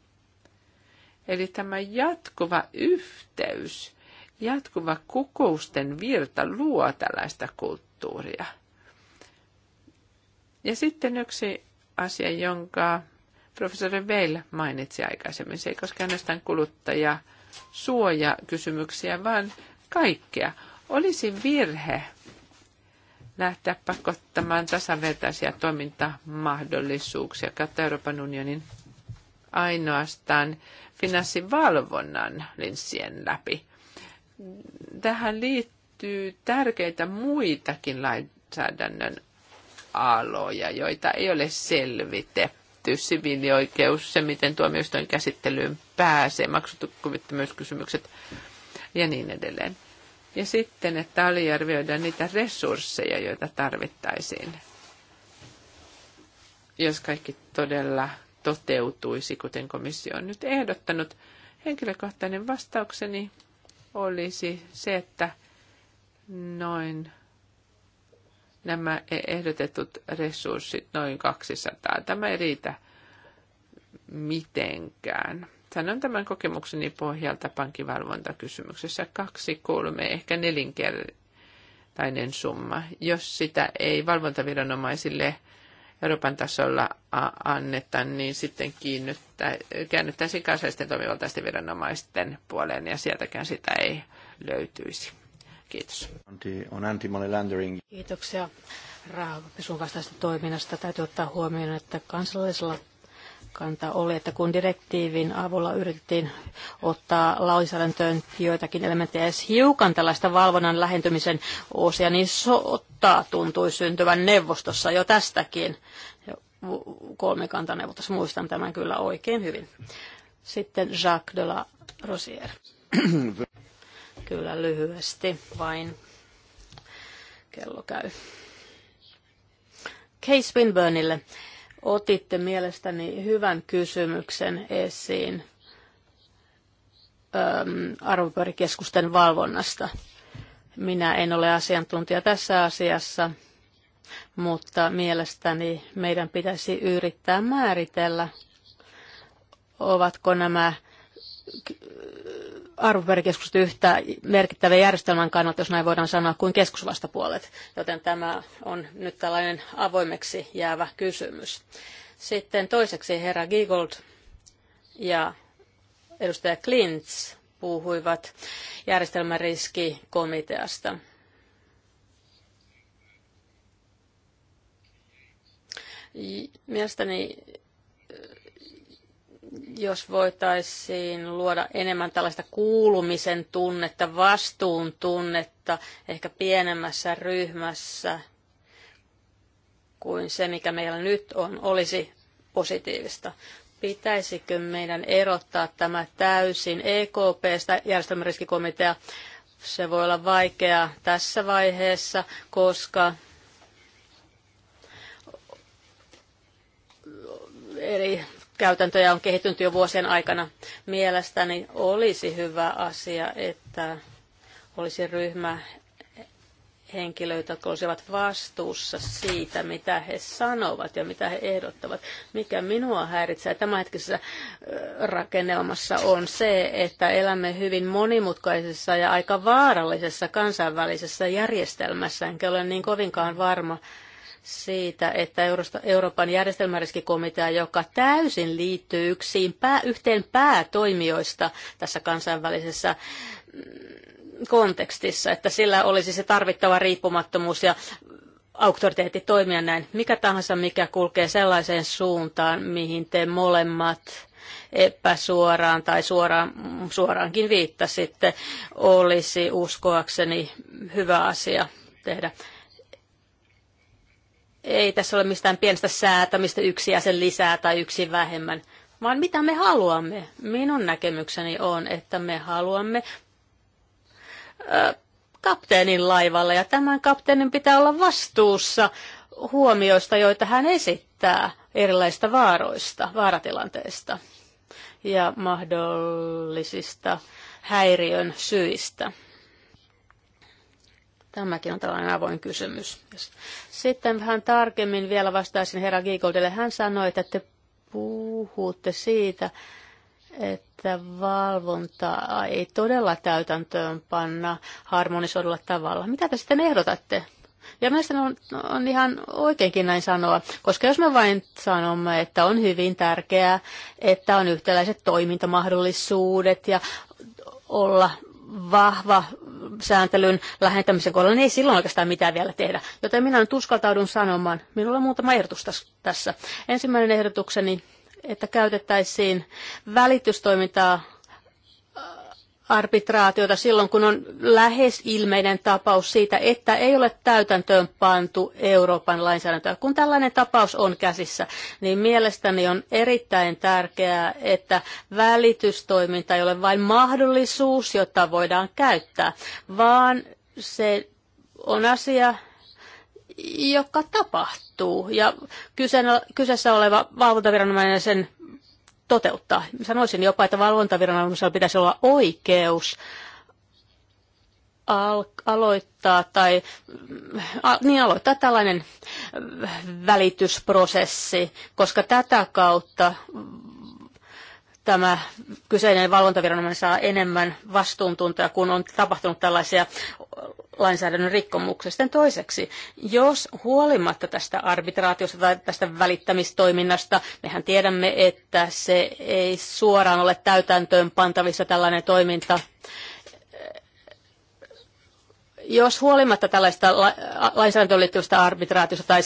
Eli tämä jatkuva yhteys jatkuva kokousten virta luo tällaista kulttuuria. Ja sitten yksi asia, jonka professori Veil mainitsi aikaisemmin, se ei koske ainoastaan kuluttajaa, suojakysymyksiä, vaan kaikkea. Olisi virhe lähteä pakottamaan tasavertaisia toimintamahdollisuuksia kautta Euroopan unionin ainoastaan finanssivalvonnan linssien läpi tähän liittyy tärkeitä muitakin lainsäädännön aloja, joita ei ole selvitetty. Siviilioikeus, se miten tuomioistuin käsittelyyn pääsee, maksutukkuvyttömyyskysymykset ja niin edelleen. Ja sitten, että aliarvioidaan niitä resursseja, joita tarvittaisiin, jos kaikki todella toteutuisi, kuten komissio on nyt ehdottanut. Henkilökohtainen vastaukseni olisi se, että noin nämä e- ehdotetut resurssit, noin 200, tämä ei riitä mitenkään. Sanon tämän kokemukseni pohjalta pankkivalvontakysymyksessä kaksi, kolme, ehkä nelinkertainen summa, jos sitä ei valvontaviranomaisille Euroopan tasolla anneta, niin sitten käännyttäisiin kansallisten toimivaltaisten viranomaisten puoleen ja sieltäkään sitä ei löytyisi. Kiitos. On anti-money laundering. vastaista toiminnasta täytyy ottaa huomioon, että kansallisella kanta oli, että kun direktiivin avulla yritettiin ottaa lainsäädäntöön joitakin elementtejä edes hiukan tällaista valvonnan lähentymisen osia, niin sotaa tuntui syntyvän neuvostossa jo tästäkin. Kolmikantaneuvostossa muistan tämän kyllä oikein hyvin. Sitten Jacques de la Rosière. [CLEARS THROAT] kyllä lyhyesti vain. Kello käy. Case Winburnille. Otitte mielestäni hyvän kysymyksen esiin arvopyörikeskusten valvonnasta. Minä en ole asiantuntija tässä asiassa, mutta mielestäni meidän pitäisi yrittää määritellä, ovatko nämä arvopaperikeskukset yhtä merkittävän järjestelmän kannalta, jos näin voidaan sanoa, kuin keskusvastapuolet. Joten tämä on nyt tällainen avoimeksi jäävä kysymys. Sitten toiseksi herra Giegold ja edustaja Klinz puhuivat järjestelmäriskikomiteasta. Mielestäni jos voitaisiin luoda enemmän tällaista kuulumisen tunnetta, vastuun tunnetta ehkä pienemmässä ryhmässä kuin se, mikä meillä nyt on, olisi positiivista. Pitäisikö meidän erottaa tämä täysin EKPstä, järjestelmäriskikomitea? Se voi olla vaikeaa tässä vaiheessa, koska eri käytäntöjä on kehittynyt jo vuosien aikana. Mielestäni olisi hyvä asia, että olisi ryhmä henkilöitä, jotka olisivat vastuussa siitä, mitä he sanovat ja mitä he ehdottavat. Mikä minua häiritsee tämänhetkisessä rakennelmassa on se, että elämme hyvin monimutkaisessa ja aika vaarallisessa kansainvälisessä järjestelmässä, enkä ole niin kovinkaan varma, siitä, että Euroopan järjestelmäriskikomitea, joka täysin liittyy yksiin pää, yhteen päätoimijoista tässä kansainvälisessä mm, kontekstissa, että sillä olisi se tarvittava riippumattomuus ja auktoriteetti toimia näin. Mikä tahansa, mikä kulkee sellaiseen suuntaan, mihin te molemmat epäsuoraan tai suoraan, suoraankin viittasitte, olisi uskoakseni hyvä asia tehdä. Ei tässä ole mistään pienestä säätämistä yksi jäsen lisää tai yksi vähemmän, vaan mitä me haluamme. Minun näkemykseni on, että me haluamme kapteenin laivalle ja tämän kapteenin pitää olla vastuussa huomioista, joita hän esittää erilaisista vaaroista, vaaratilanteista ja mahdollisista häiriön syistä. Tämäkin on tällainen avoin kysymys. Sitten vähän tarkemmin vielä vastaisin herra Giegoldille. Hän sanoi, että te puhutte siitä, että valvontaa ei todella täytäntöön panna harmonisoidulla tavalla. Mitä te sitten ehdotatte? Ja mielestäni on, on ihan oikeinkin näin sanoa, koska jos me vain sanomme, että on hyvin tärkeää, että on yhtäläiset toimintamahdollisuudet ja olla vahva sääntelyn lähentämisen kohdalla, niin ei silloin oikeastaan mitään vielä tehdä. Joten minä nyt uskaltaudun sanomaan, minulla on muutama ehdotus tässä. Ensimmäinen ehdotukseni, että käytettäisiin välitystoimintaa arbitraatiota silloin, kun on lähes ilmeinen tapaus siitä, että ei ole täytäntöön pantu Euroopan lainsäädäntöä. Kun tällainen tapaus on käsissä, niin mielestäni on erittäin tärkeää, että välitystoiminta ei ole vain mahdollisuus, jota voidaan käyttää, vaan se on asia, joka tapahtuu. Ja kyseessä oleva valvontaviranomainen sen toteuttaa. Sanoisin jopa, että valvontaviranomaisella pitäisi olla oikeus al- aloittaa tai a- niin aloittaa tällainen välitysprosessi, koska tätä kautta tämä kyseinen valvontaviranomainen saa enemmän vastuuntuntoa, kun on tapahtunut tällaisia lainsäädännön rikkomuksia. Sitten toiseksi, jos huolimatta tästä arbitraatiosta tai tästä välittämistoiminnasta, mehän tiedämme, että se ei suoraan ole täytäntöön pantavissa tällainen toiminta, jos huolimatta tällaista lainsäädäntöön liittyvästä arbitraatiosta tai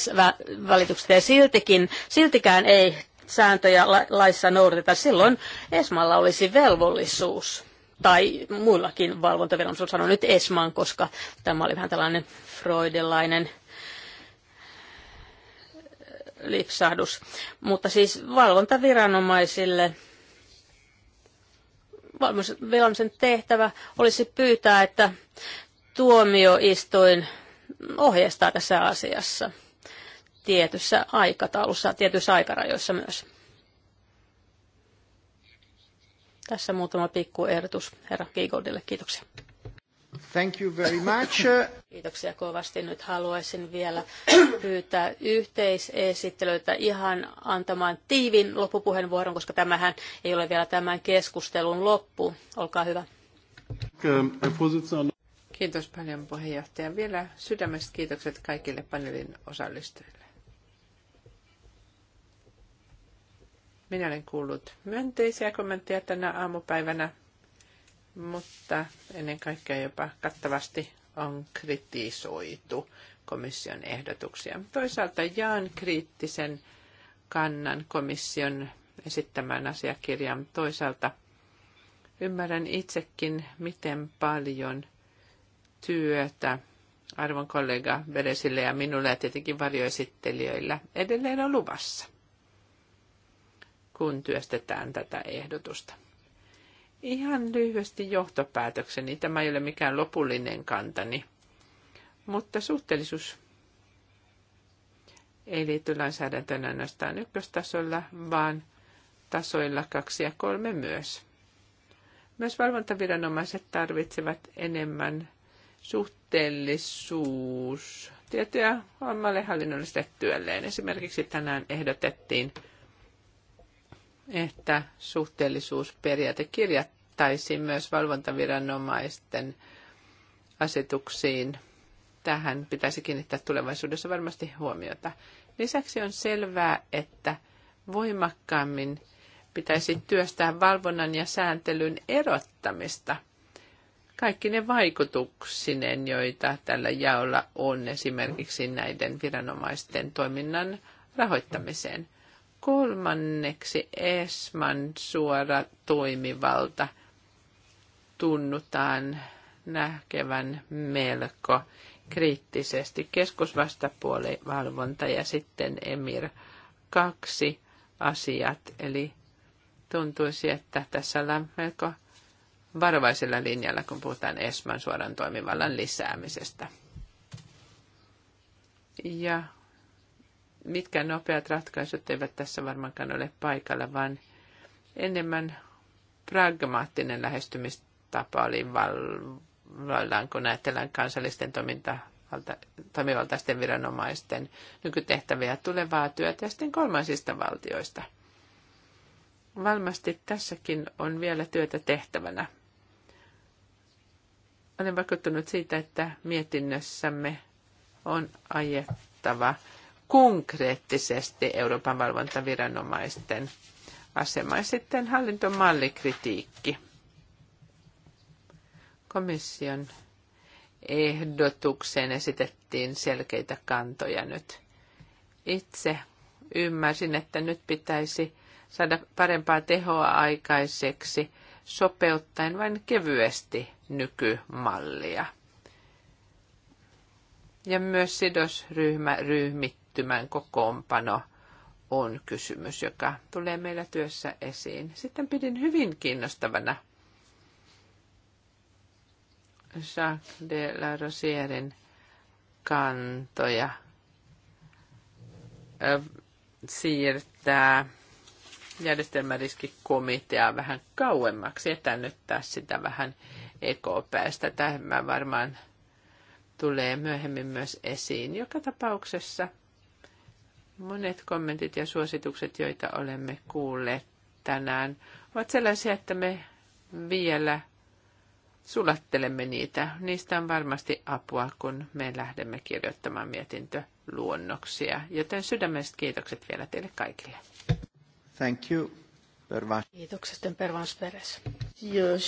välityksestä ja siltikin, siltikään ei sääntöjä laissa noudateta. Silloin Esmalla olisi velvollisuus tai muillakin valvontaviranomaisilla sanon nyt Esman, koska tämä oli vähän tällainen freudilainen äh, lipsahdus. Mutta siis valvontaviranomaisille valvontaviranomaisen tehtävä olisi pyytää, että tuomioistuin ohjeistaa tässä asiassa tietyssä aikataulussa, tietyissä aikarajoissa myös. Tässä muutama pikku ehdotus herra Giegoldille. Kiitoksia. Thank you very much. Kiitoksia kovasti. Nyt haluaisin vielä pyytää yhteisesittelyitä ihan antamaan tiivin loppupuheenvuoron, koska tämähän ei ole vielä tämän keskustelun loppu. Olkaa hyvä. Kiitos paljon puheenjohtaja. Vielä sydämestä kiitokset kaikille panelin osallistujille. Minä olen kuullut myönteisiä kommentteja tänä aamupäivänä, mutta ennen kaikkea jopa kattavasti on kritisoitu komission ehdotuksia. Toisaalta jaan kriittisen kannan komission esittämään asiakirjan. Toisaalta ymmärrän itsekin, miten paljon työtä arvon kollega Beresille ja minulle ja tietenkin varjoesittelijöillä edelleen on luvassa kun työstetään tätä ehdotusta. Ihan lyhyesti johtopäätökseni. Tämä ei ole mikään lopullinen kantani, mutta suhteellisuus ei liity lainsäädäntöön ainoastaan ykköstasolla, vaan tasoilla kaksi ja kolme myös. Myös valvontaviranomaiset tarvitsevat enemmän suhteellisuus tietoja omalle hallinnolliselle työlleen. Esimerkiksi tänään ehdotettiin että suhteellisuusperiaate kirjattaisiin myös valvontaviranomaisten asetuksiin. Tähän pitäisi kiinnittää tulevaisuudessa varmasti huomiota. Lisäksi on selvää, että voimakkaammin pitäisi työstää valvonnan ja sääntelyn erottamista. Kaikki ne vaikutuksinen, joita tällä jaolla on esimerkiksi näiden viranomaisten toiminnan rahoittamiseen – Kolmanneksi ESMAN suora toimivalta tunnutaan näkevän melko kriittisesti. Keskusvastapuolivalvonta ja sitten EMIR kaksi asiat, eli tuntuisi, että tässä ollaan melko varovaisella linjalla, kun puhutaan ESMAn suoran toimivallan lisäämisestä. Ja mitkä nopeat ratkaisut eivät tässä varmaankaan ole paikalla, vaan enemmän pragmaattinen lähestymistapa oli vallan, kun ajatellaan kansallisten toiminta toimivaltaisten viranomaisten nykytehtäviä tulevaa työtä ja sitten kolmansista valtioista. Varmasti tässäkin on vielä työtä tehtävänä. Olen vakuuttunut siitä, että mietinnössämme on ajettava konkreettisesti Euroopan valvontaviranomaisten asema. Ja sitten hallintomallikritiikki. Komission ehdotukseen esitettiin selkeitä kantoja nyt. Itse ymmärsin, että nyt pitäisi saada parempaa tehoa aikaiseksi sopeuttaen vain kevyesti nykymallia. Ja myös sidosryhmäryhmittelyä yhtymän kokoonpano on kysymys, joka tulee meillä työssä esiin. Sitten pidin hyvin kiinnostavana Jacques de la Rosierin kantoja siirtää järjestelmäriskikomitea vähän kauemmaksi, etänyttää sitä vähän ekopäästä. Tämä varmaan tulee myöhemmin myös esiin. Joka tapauksessa – Monet kommentit ja suositukset, joita olemme kuulleet tänään, ovat sellaisia, että me vielä sulattelemme niitä. Niistä on varmasti apua, kun me lähdemme kirjoittamaan mietintöluonnoksia. Joten sydämestä kiitokset vielä teille kaikille. Thank you. Kiitokset, Pervans Peres. Euh,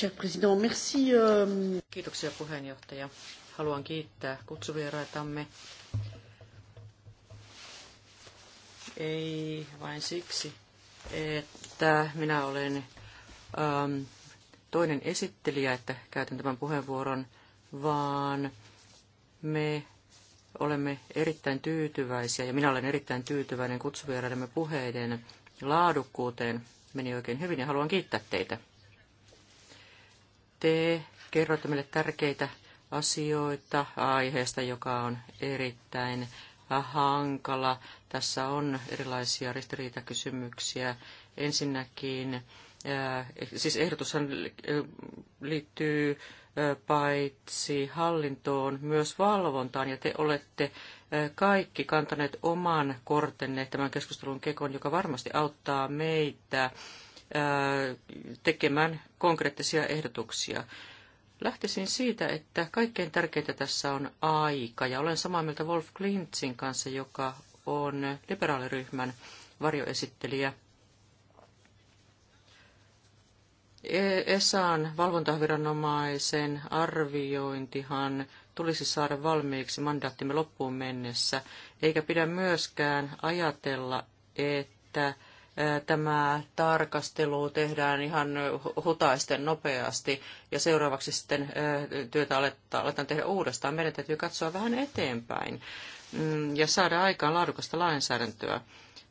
Kiitoksia puheenjohtaja. Haluan kiittää kutsuvieraitamme ei vain siksi, että minä olen ähm, toinen esittelijä, että käytän tämän puheenvuoron, vaan me olemme erittäin tyytyväisiä, ja minä olen erittäin tyytyväinen kutsuvieraidemme puheiden laadukkuuteen. Meni oikein hyvin ja haluan kiittää teitä. Te kerroitte meille tärkeitä asioita aiheesta, joka on erittäin hankala tässä on erilaisia ristiriitakysymyksiä. Ensinnäkin, eh, siis ehdotushan eh, liittyy eh, paitsi hallintoon, myös valvontaan, ja te olette kaikki kantaneet oman kortenne tämän keskustelun kekon, joka varmasti auttaa meitä tekemään konkreettisia ehdotuksia. Lähtisin siitä, että kaikkein tärkeintä tässä on aika, ja olen samaa mieltä Wolf Klintzin kanssa, joka on liberaaliryhmän varjoesittelijä. ESAn e valvontaviranomaisen arviointihan tulisi saada valmiiksi mandaattimme loppuun mennessä, eikä pidä myöskään ajatella, että tämä tarkastelu tehdään ihan hutaisten nopeasti ja seuraavaksi sitten työtä aletaan, tehdä uudestaan. Meidän täytyy katsoa vähän eteenpäin. Mm, ja saada aikaan laadukasta lainsäädäntöä.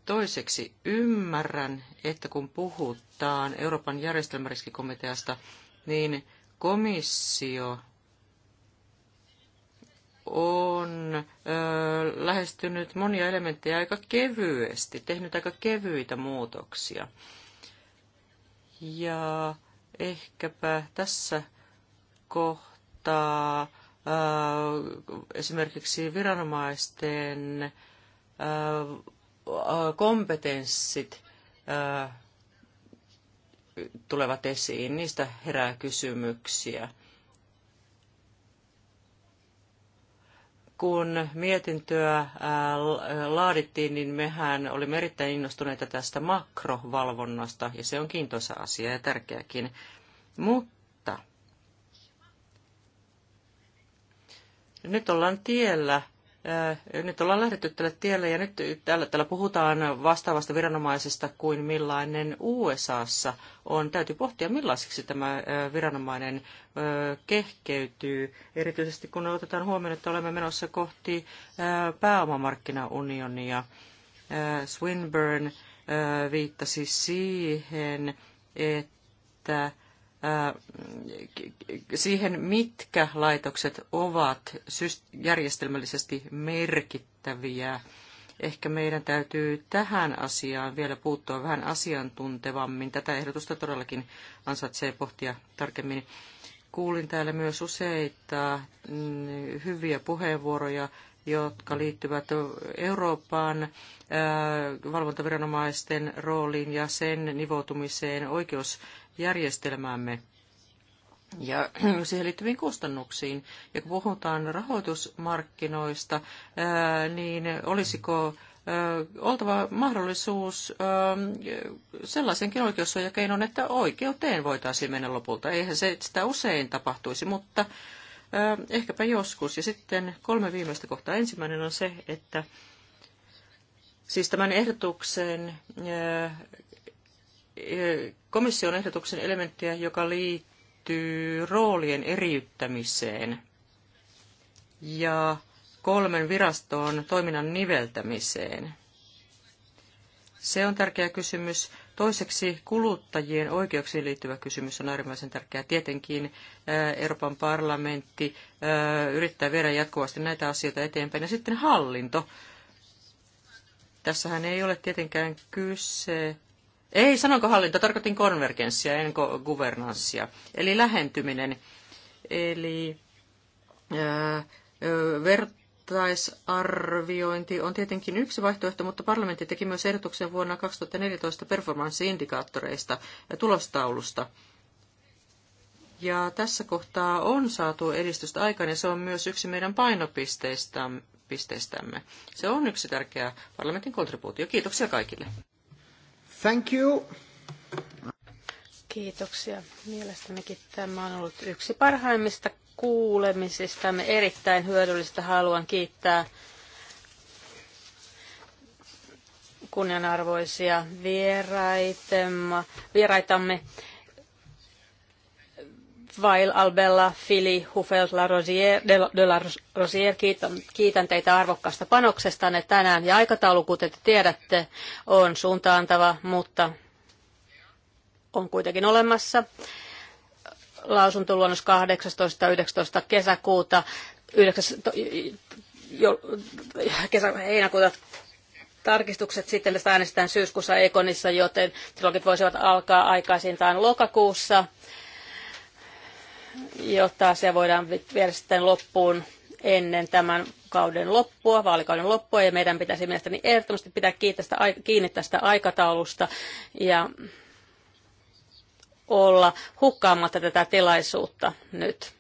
Toiseksi ymmärrän, että kun puhutaan Euroopan järjestelmäriskikomiteasta, niin komissio on ö, lähestynyt monia elementtejä aika kevyesti, tehnyt aika kevyitä muutoksia. Ja ehkäpä tässä kohtaa Äh, esimerkiksi viranomaisten äh, kompetenssit äh, tulevat esiin, niistä herää kysymyksiä. Kun mietintöä laadittiin, niin mehän olimme erittäin innostuneita tästä makrovalvonnasta, ja se on kiintoisa asia ja tärkeäkin. Mutta nyt ollaan tiellä, äh, nyt ollaan lähdetty tälle tielle ja nyt täällä, täällä puhutaan vastaavasta viranomaisesta kuin millainen USAssa on. Täytyy pohtia, millaiseksi tämä äh, viranomainen äh, kehkeytyy, erityisesti kun otetaan huomioon, että olemme menossa kohti pääomamarkkinaunionia. Swinburne viittasi siihen, että siihen, mitkä laitokset ovat järjestelmällisesti merkittäviä. Ehkä meidän täytyy tähän asiaan vielä puuttua vähän asiantuntevammin. Tätä ehdotusta todellakin ansaitsee pohtia tarkemmin. Kuulin täällä myös useita mm, hyviä puheenvuoroja, jotka liittyvät Euroopan valvontaviranomaisten rooliin ja sen nivoutumiseen oikeus järjestelmäämme ja [CLEARS THROAT] siihen liittyviin kustannuksiin. Ja kun puhutaan rahoitusmarkkinoista, niin olisiko oltava mahdollisuus sellaisenkin oikeussuojakeinon, että oikeuteen voitaisiin mennä lopulta. Eihän se sitä usein tapahtuisi, mutta ehkäpä joskus. Ja sitten kolme viimeistä kohtaa. Ensimmäinen on se, että siis tämän ehdotuksen komission ehdotuksen elementtiä, joka liittyy roolien eriyttämiseen ja kolmen viraston toiminnan niveltämiseen. Se on tärkeä kysymys. Toiseksi kuluttajien oikeuksiin liittyvä kysymys on äärimmäisen tärkeä. Tietenkin äh, Euroopan parlamentti äh, yrittää viedä jatkuvasti näitä asioita eteenpäin. Ja sitten hallinto. Tässähän ei ole tietenkään kyse ei, sanonko hallinta, tarkoitin konvergenssia, en guvernanssia. Eli lähentyminen. Eli ää, vertaisarviointi on tietenkin yksi vaihtoehto, mutta parlamentti teki myös ehdotuksen vuonna 2014 performanssiindikaattoreista ja tulostaulusta. Ja tässä kohtaa on saatu edistystä aikaan ja se on myös yksi meidän painopisteistämme. Se on yksi tärkeä parlamentin kontribuutio. Kiitoksia kaikille. Thank you. Kiitoksia. mielestäni tämä on ollut yksi parhaimmista kuulemisistamme. Erittäin hyödyllistä haluan kiittää kunnianarvoisia vieraitemme, vieraitamme Vail, Albella, Fili, Hufeld, La Rosier, de la Rosier, kiitän, kiitän teitä arvokkaasta panoksestanne tänään. Ja aikataulu, kuten te tiedätte, on suuntaantava, mutta on kuitenkin olemassa. Lausuntoluonnos 18.19. kesäkuuta, 9. kesä, heinäkuuta tarkistukset sitten tästä äänestetään syyskuussa Ekonissa, joten trilogit voisivat alkaa aikaisintaan lokakuussa jotta asia voidaan viedä sitten loppuun ennen tämän kauden loppua, vaalikauden loppua, ja meidän pitäisi mielestäni ehdottomasti pitää kiinni tästä aikataulusta ja olla hukkaamatta tätä tilaisuutta nyt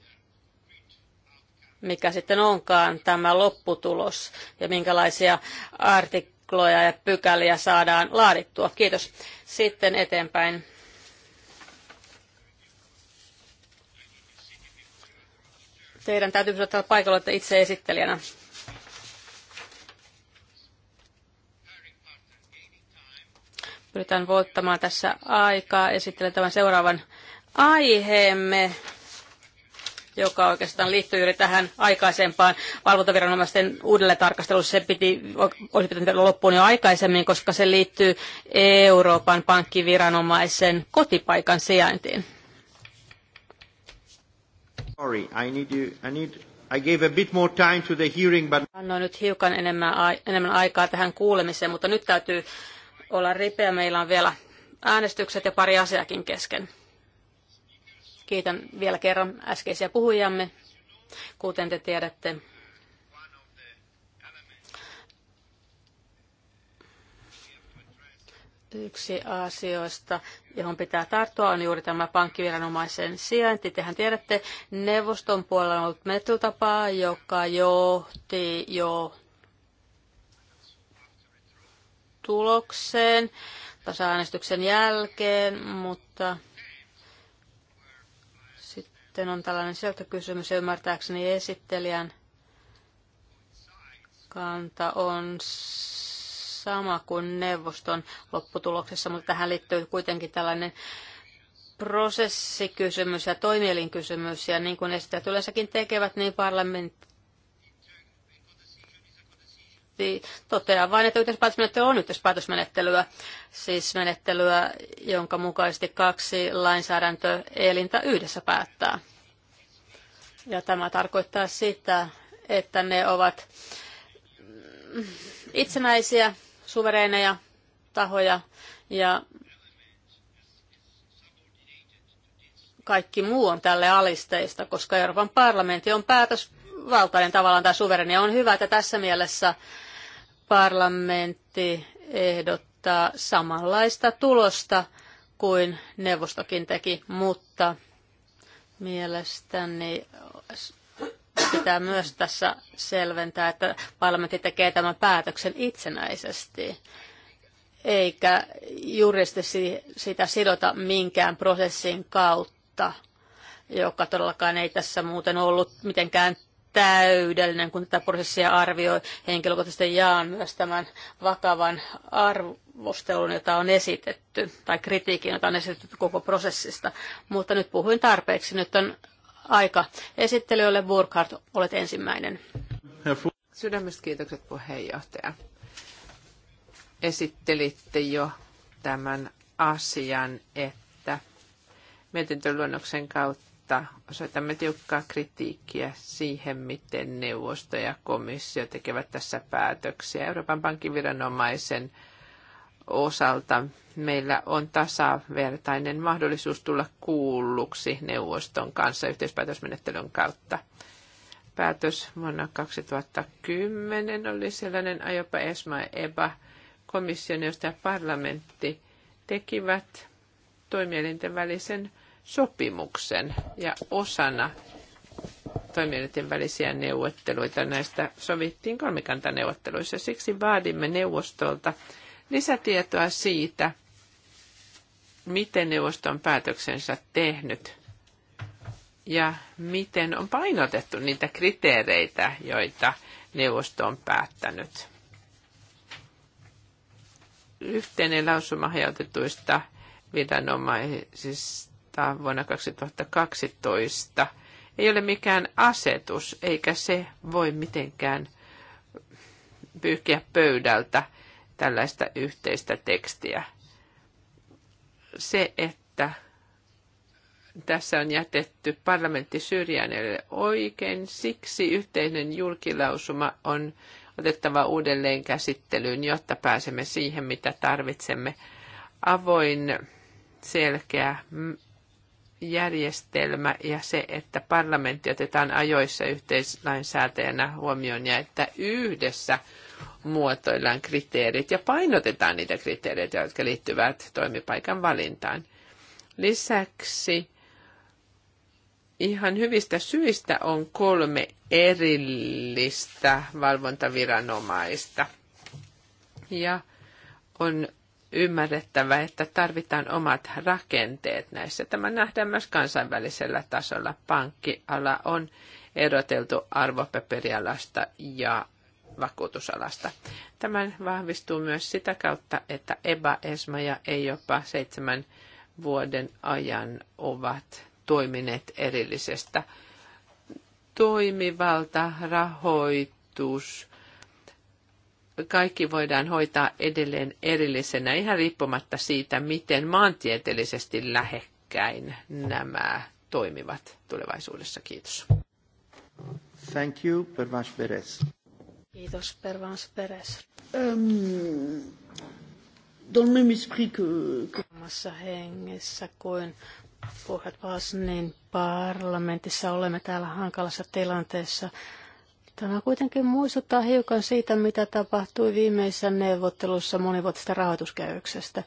mikä sitten onkaan tämä lopputulos ja minkälaisia artikloja ja pykäliä saadaan laadittua. Kiitos. Sitten eteenpäin Teidän täytyy pysyä täällä paikalla, että itse esittelijänä. Pyritään voittamaan tässä aikaa. Esittelen tämän seuraavan aiheemme, joka oikeastaan liittyy juuri tähän aikaisempaan valvontaviranomaisten uudelle tarkastelulle. Se piti, olisi pitänyt tehdä loppuun jo aikaisemmin, koska se liittyy Euroopan pankkiviranomaisen kotipaikan sijaintiin. Sorry, I need you, I need I gave a bit more time to the hearing, but... Annoin nyt hiukan enemmän, enemmän aikaa tähän kuulemiseen, mutta nyt täytyy olla ripeä. Meillä on vielä äänestykset ja pari asiakin kesken. Kiitän vielä kerran äskeisiä puhujamme. Kuten te tiedätte, Yksi asioista, johon pitää tarttua, on juuri tämä pankkiviranomaisen sijainti. Tehän tiedätte, neuvoston puolella on ollut menettelytapaa, joka johti jo tulokseen tasa-äänestyksen jälkeen, mutta sitten on tällainen sieltäkysymys, ja ymmärtääkseni esittelijän kanta on sama kuin neuvoston lopputuloksessa, mutta tähän liittyy kuitenkin tällainen prosessikysymys ja toimielinkysymys, ja niin kuin esittäjät yleensäkin tekevät, niin parlamentti toteaa vain, että yhteispäätösmenettely on yhteispäätösmenettelyä, siis menettelyä, jonka mukaisesti kaksi lainsäädäntöelintä yhdessä päättää. Ja tämä tarkoittaa sitä, että ne ovat itsenäisiä suvereineja tahoja ja kaikki muu on tälle alisteista, koska Euroopan parlamentti on päätösvaltainen tavallaan tämä suvereni. On hyvä, että tässä mielessä parlamentti ehdottaa samanlaista tulosta kuin neuvostokin teki, mutta mielestäni pitää myös tässä selventää, että parlamentti tekee tämän päätöksen itsenäisesti, eikä juristi sitä sidota minkään prosessin kautta, joka todellakaan ei tässä muuten ollut mitenkään täydellinen, kun tätä prosessia arvioi. Henkilökohtaisesti jaan myös tämän vakavan arvostelun, jota on esitetty, tai kritiikin, jota on esitetty koko prosessista. Mutta nyt puhuin tarpeeksi. Nyt on aika. Esittelijöille Burkhardt, olet ensimmäinen. Sydämestä kiitokset puheenjohtaja. Esittelitte jo tämän asian, että mietintöluonnoksen kautta osoitamme tiukkaa kritiikkiä siihen, miten neuvosto ja komissio tekevät tässä päätöksiä. Euroopan pankin viranomaisen osalta meillä on tasavertainen mahdollisuus tulla kuulluksi neuvoston kanssa yhteispäätösmenettelyn kautta. Päätös vuonna 2010 oli sellainen ajopa ESMA ja EBA komission ja parlamentti tekivät toimielinten välisen sopimuksen ja osana toimielinten välisiä neuvotteluita näistä sovittiin kolmikantaneuvotteluissa. Siksi vaadimme neuvostolta lisätietoa siitä, miten neuvosto on päätöksensä tehnyt ja miten on painotettu niitä kriteereitä, joita neuvosto on päättänyt. Yhteinen lausuma hajautetuista viranomaisista vuonna 2012 ei ole mikään asetus, eikä se voi mitenkään pyyhkiä pöydältä – tällaista yhteistä tekstiä. Se, että tässä on jätetty parlamentti syrjäänelle oikein, siksi yhteinen julkilausuma on otettava uudelleen käsittelyyn, jotta pääsemme siihen, mitä tarvitsemme. Avoin, selkeä järjestelmä ja se, että parlamentti otetaan ajoissa yhteislainsäätäjänä huomioon ja että yhdessä muotoillaan kriteerit ja painotetaan niitä kriteereitä, jotka liittyvät toimipaikan valintaan. Lisäksi ihan hyvistä syistä on kolme erillistä valvontaviranomaista. Ja on ymmärrettävä, että tarvitaan omat rakenteet näissä. Tämä nähdään myös kansainvälisellä tasolla. Pankkiala on eroteltu arvopaperialasta ja vakuutusalasta. Tämän vahvistuu myös sitä kautta, että EBA, ESMA ja ei jopa seitsemän vuoden ajan ovat toimineet erillisestä toimivalta rahoitus kaikki voidaan hoitaa edelleen erillisenä ihan riippumatta siitä, miten maantieteellisesti lähekkäin nämä toimivat tulevaisuudessa. Kiitos. Thank you, Pervas Perez. Kiitos, Pervans Perez. Um, dans le même esprit que... Samassa hengessä kuin puhut niin parlamentissa olemme täällä hankalassa tilanteessa Tämä kuitenkin muistuttaa hiukan siitä, mitä tapahtui viimeisessä neuvottelussa monivuotisesta rahoituskehyksestä.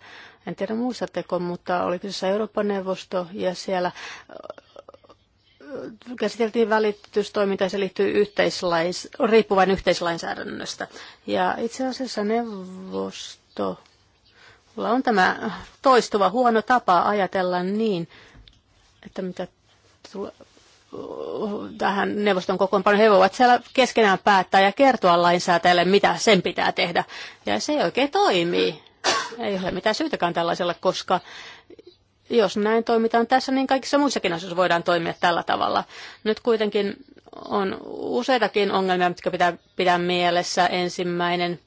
En tiedä muistatteko, mutta oli kyseessä Euroopan neuvosto ja siellä käsiteltiin välitystoimintaa ja se liittyy yhteislais, riippuvain yhteislainsäädännöstä. Ja itse asiassa neuvosto on tämä toistuva huono tapa ajatella niin, että mitä tulee tähän neuvoston kokoonpanoon. He voivat siellä keskenään päättää ja kertoa lainsäätäjälle, mitä sen pitää tehdä. Ja se ei oikein toimii. Ei ole mitään syytäkään tällaisella, koska jos näin toimitaan tässä, niin kaikissa muissakin asioissa voidaan toimia tällä tavalla. Nyt kuitenkin on useitakin ongelmia, jotka pitää pitää mielessä. Ensimmäinen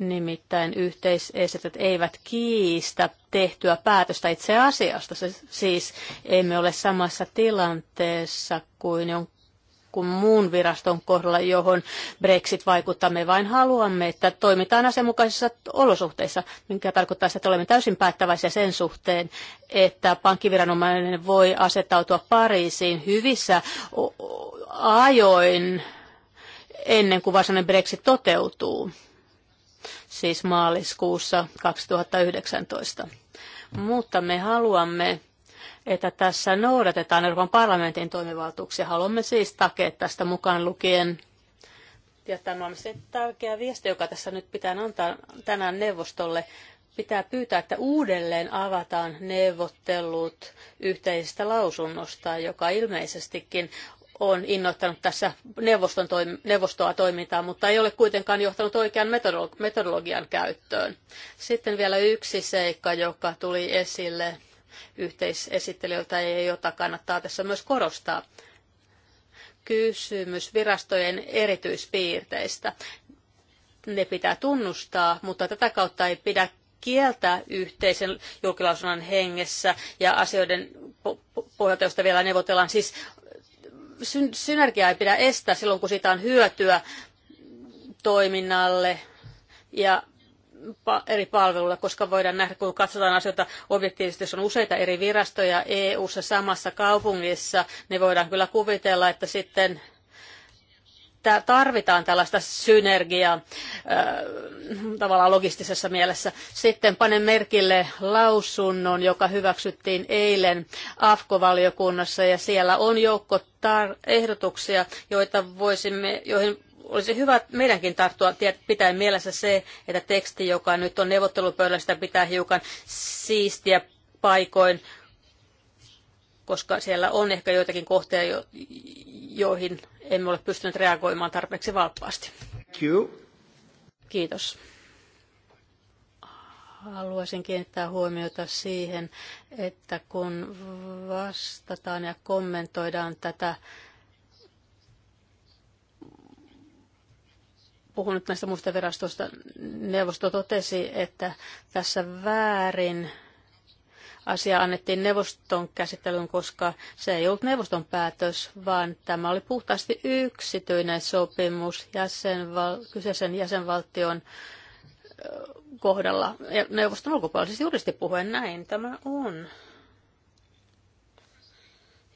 Nimittäin yhteisesitet eivät kiistä tehtyä päätöstä itse asiasta. Se, siis emme ole samassa tilanteessa kuin jonkun muun viraston kohdalla, johon Brexit vaikuttaa. Me vain haluamme, että toimitaan asianmukaisissa olosuhteissa, mikä tarkoittaa sitä, että olemme täysin päättäväisiä sen suhteen, että pankkiviranomainen voi asettautua Pariisiin hyvissä ajoin ennen kuin varsinainen Brexit toteutuu siis maaliskuussa 2019. Mutta me haluamme, että tässä noudatetaan Euroopan parlamentin toimivaltuuksia. Haluamme siis takea tästä mukaan lukien. Ja tämä on se tärkeä viesti, joka tässä nyt pitää antaa tänään neuvostolle pitää pyytää, että uudelleen avataan neuvottelut yhteisestä lausunnosta, joka ilmeisestikin on innoittanut tässä neuvoston toim- neuvostoa toimintaan, mutta ei ole kuitenkaan johtanut oikean metodologian käyttöön. Sitten vielä yksi seikka, joka tuli esille yhteisesittelijöiltä ja jota kannattaa tässä myös korostaa. Kysymys virastojen erityispiirteistä. Ne pitää tunnustaa, mutta tätä kautta ei pidä kieltää yhteisen julkilausunnan hengessä ja asioiden pohjalta, josta vielä neuvotellaan, siis synergiaa ei pidä estää silloin, kun siitä on hyötyä toiminnalle ja eri palveluilla, koska voidaan nähdä, kun katsotaan asioita objektiivisesti, jos on useita eri virastoja EU-ssa samassa kaupungissa, niin voidaan kyllä kuvitella, että sitten tarvitaan tällaista synergiaa äh, tavallaan logistisessa mielessä. Sitten panen merkille lausunnon, joka hyväksyttiin eilen AFKO-valiokunnassa ja siellä on joukko ehdotuksia, joita voisimme, joihin olisi hyvä meidänkin tarttua pitää mielessä se, että teksti, joka nyt on neuvottelupöydästä, pitää hiukan siistiä paikoin, koska siellä on ehkä joitakin kohtia, joihin emme ole pystyneet reagoimaan tarpeeksi valppaasti. Kiitos. Haluaisin kiinnittää huomiota siihen, että kun vastataan ja kommentoidaan tätä puhun nyt näistä muista virastoista, neuvosto totesi, että tässä väärin asia annettiin neuvoston käsittelyyn, koska se ei ollut neuvoston päätös, vaan tämä oli puhtaasti yksityinen sopimus jäsenval- kyseisen jäsenvaltion kohdalla. Ja neuvoston ulkopuolella siis juristi puhuen näin tämä on.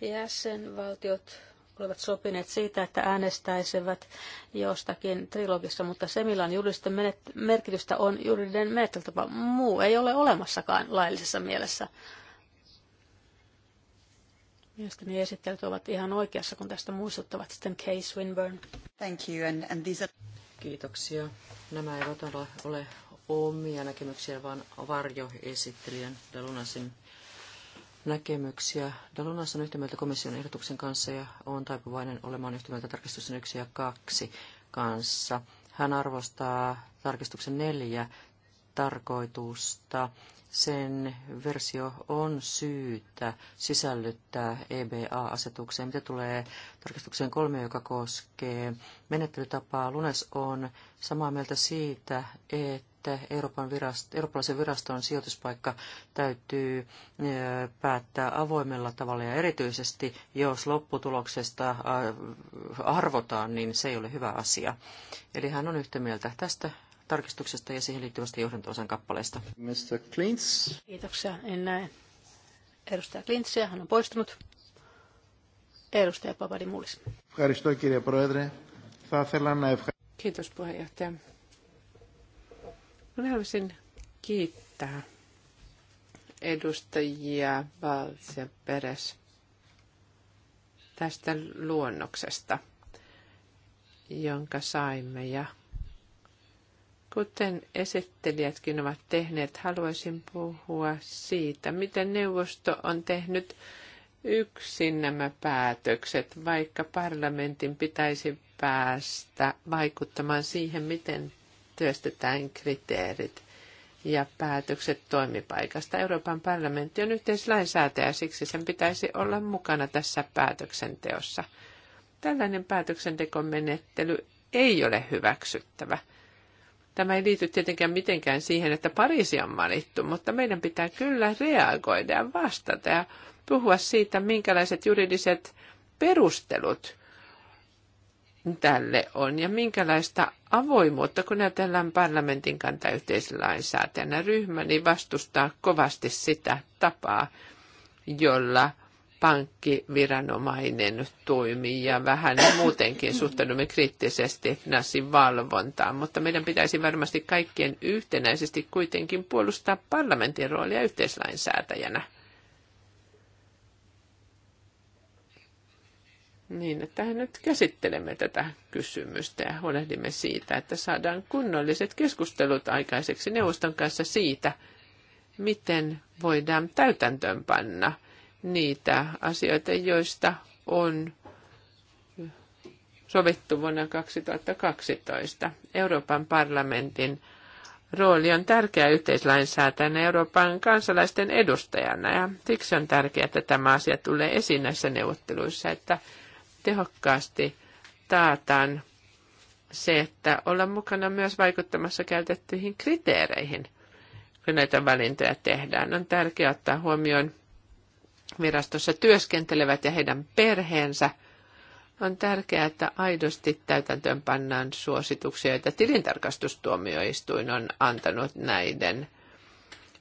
Jäsenvaltiot olivat sopineet siitä, että äänestäisivät jostakin trilogissa, mutta se, millä merkitystä, on juridinen menettelytapa. Muu ei ole olemassakaan laillisessa mielessä. Mielestäni esittelyt ovat ihan oikeassa, kun tästä muistuttavat sitten Kay Swinburne. Thank you, and, and these are... Kiitoksia. Nämä eivät ole, ole omia näkemyksiä, vaan varjoesittelijän Dalunasin näkemyksiä. Dalunas on yhtä mieltä komission ehdotuksen kanssa ja on taipuvainen olemaan yhtä mieltä tarkistuksen 1 ja 2 kanssa. Hän arvostaa tarkistuksen 4 tarkoitusta. Sen versio on syytä sisällyttää EBA-asetukseen. Mitä tulee tarkistukseen kolme, joka koskee menettelytapaa, Lunes on samaa mieltä siitä, että että Euroopan virasto, eurooppalaisen viraston sijoituspaikka täytyy päättää avoimella tavalla ja erityisesti, jos lopputuloksesta arvotaan, niin se ei ole hyvä asia. Eli hän on yhtä mieltä tästä tarkistuksesta ja siihen liittyvästä johdantoosan kappaleesta. Mr. Klintz. Kiitoksia, en näe. Edustaja Klintsiä, hän on poistunut. Edustaja Papadimulis. Kiitos puheenjohtaja. Minä haluaisin kiittää edustajia Valts ja Peres tästä luonnoksesta, jonka saimme. Ja kuten esittelijätkin ovat tehneet, haluaisin puhua siitä, miten neuvosto on tehnyt yksin nämä päätökset, vaikka parlamentin pitäisi päästä vaikuttamaan siihen, miten työstetään kriteerit ja päätökset toimipaikasta. Euroopan parlamentti on yhteislainsäätäjä, siksi sen pitäisi olla mukana tässä päätöksenteossa. Tällainen päätöksentekomenettely ei ole hyväksyttävä. Tämä ei liity tietenkään mitenkään siihen, että Pariisi on valittu, mutta meidän pitää kyllä reagoida ja vastata ja puhua siitä, minkälaiset juridiset perustelut tälle on ja minkälaista avoimuutta, kun ajatellaan parlamentin kanta yhteislainsäätäjänä. Ryhmäni niin vastustaa kovasti sitä tapaa, jolla pankkiviranomainen toimii ja vähän muutenkin suhtaudumme kriittisesti finanssin valvontaan, mutta meidän pitäisi varmasti kaikkien yhtenäisesti kuitenkin puolustaa parlamentin roolia yhteislainsäätäjänä. niin, että nyt käsittelemme tätä kysymystä ja huolehdimme siitä, että saadaan kunnolliset keskustelut aikaiseksi neuvoston kanssa siitä, miten voidaan täytäntöönpanna niitä asioita, joista on sovittu vuonna 2012. Euroopan parlamentin rooli on tärkeä yhteislainsäätäjänä Euroopan kansalaisten edustajana ja siksi on tärkeää, että tämä asia tulee esiin näissä neuvotteluissa, että tehokkaasti taataan se, että olla mukana myös vaikuttamassa käytettyihin kriteereihin, kun näitä valintoja tehdään. On tärkeää ottaa huomioon virastossa työskentelevät ja heidän perheensä. On tärkeää, että aidosti täytäntöön pannaan suosituksia, joita tilintarkastustuomioistuin on antanut näiden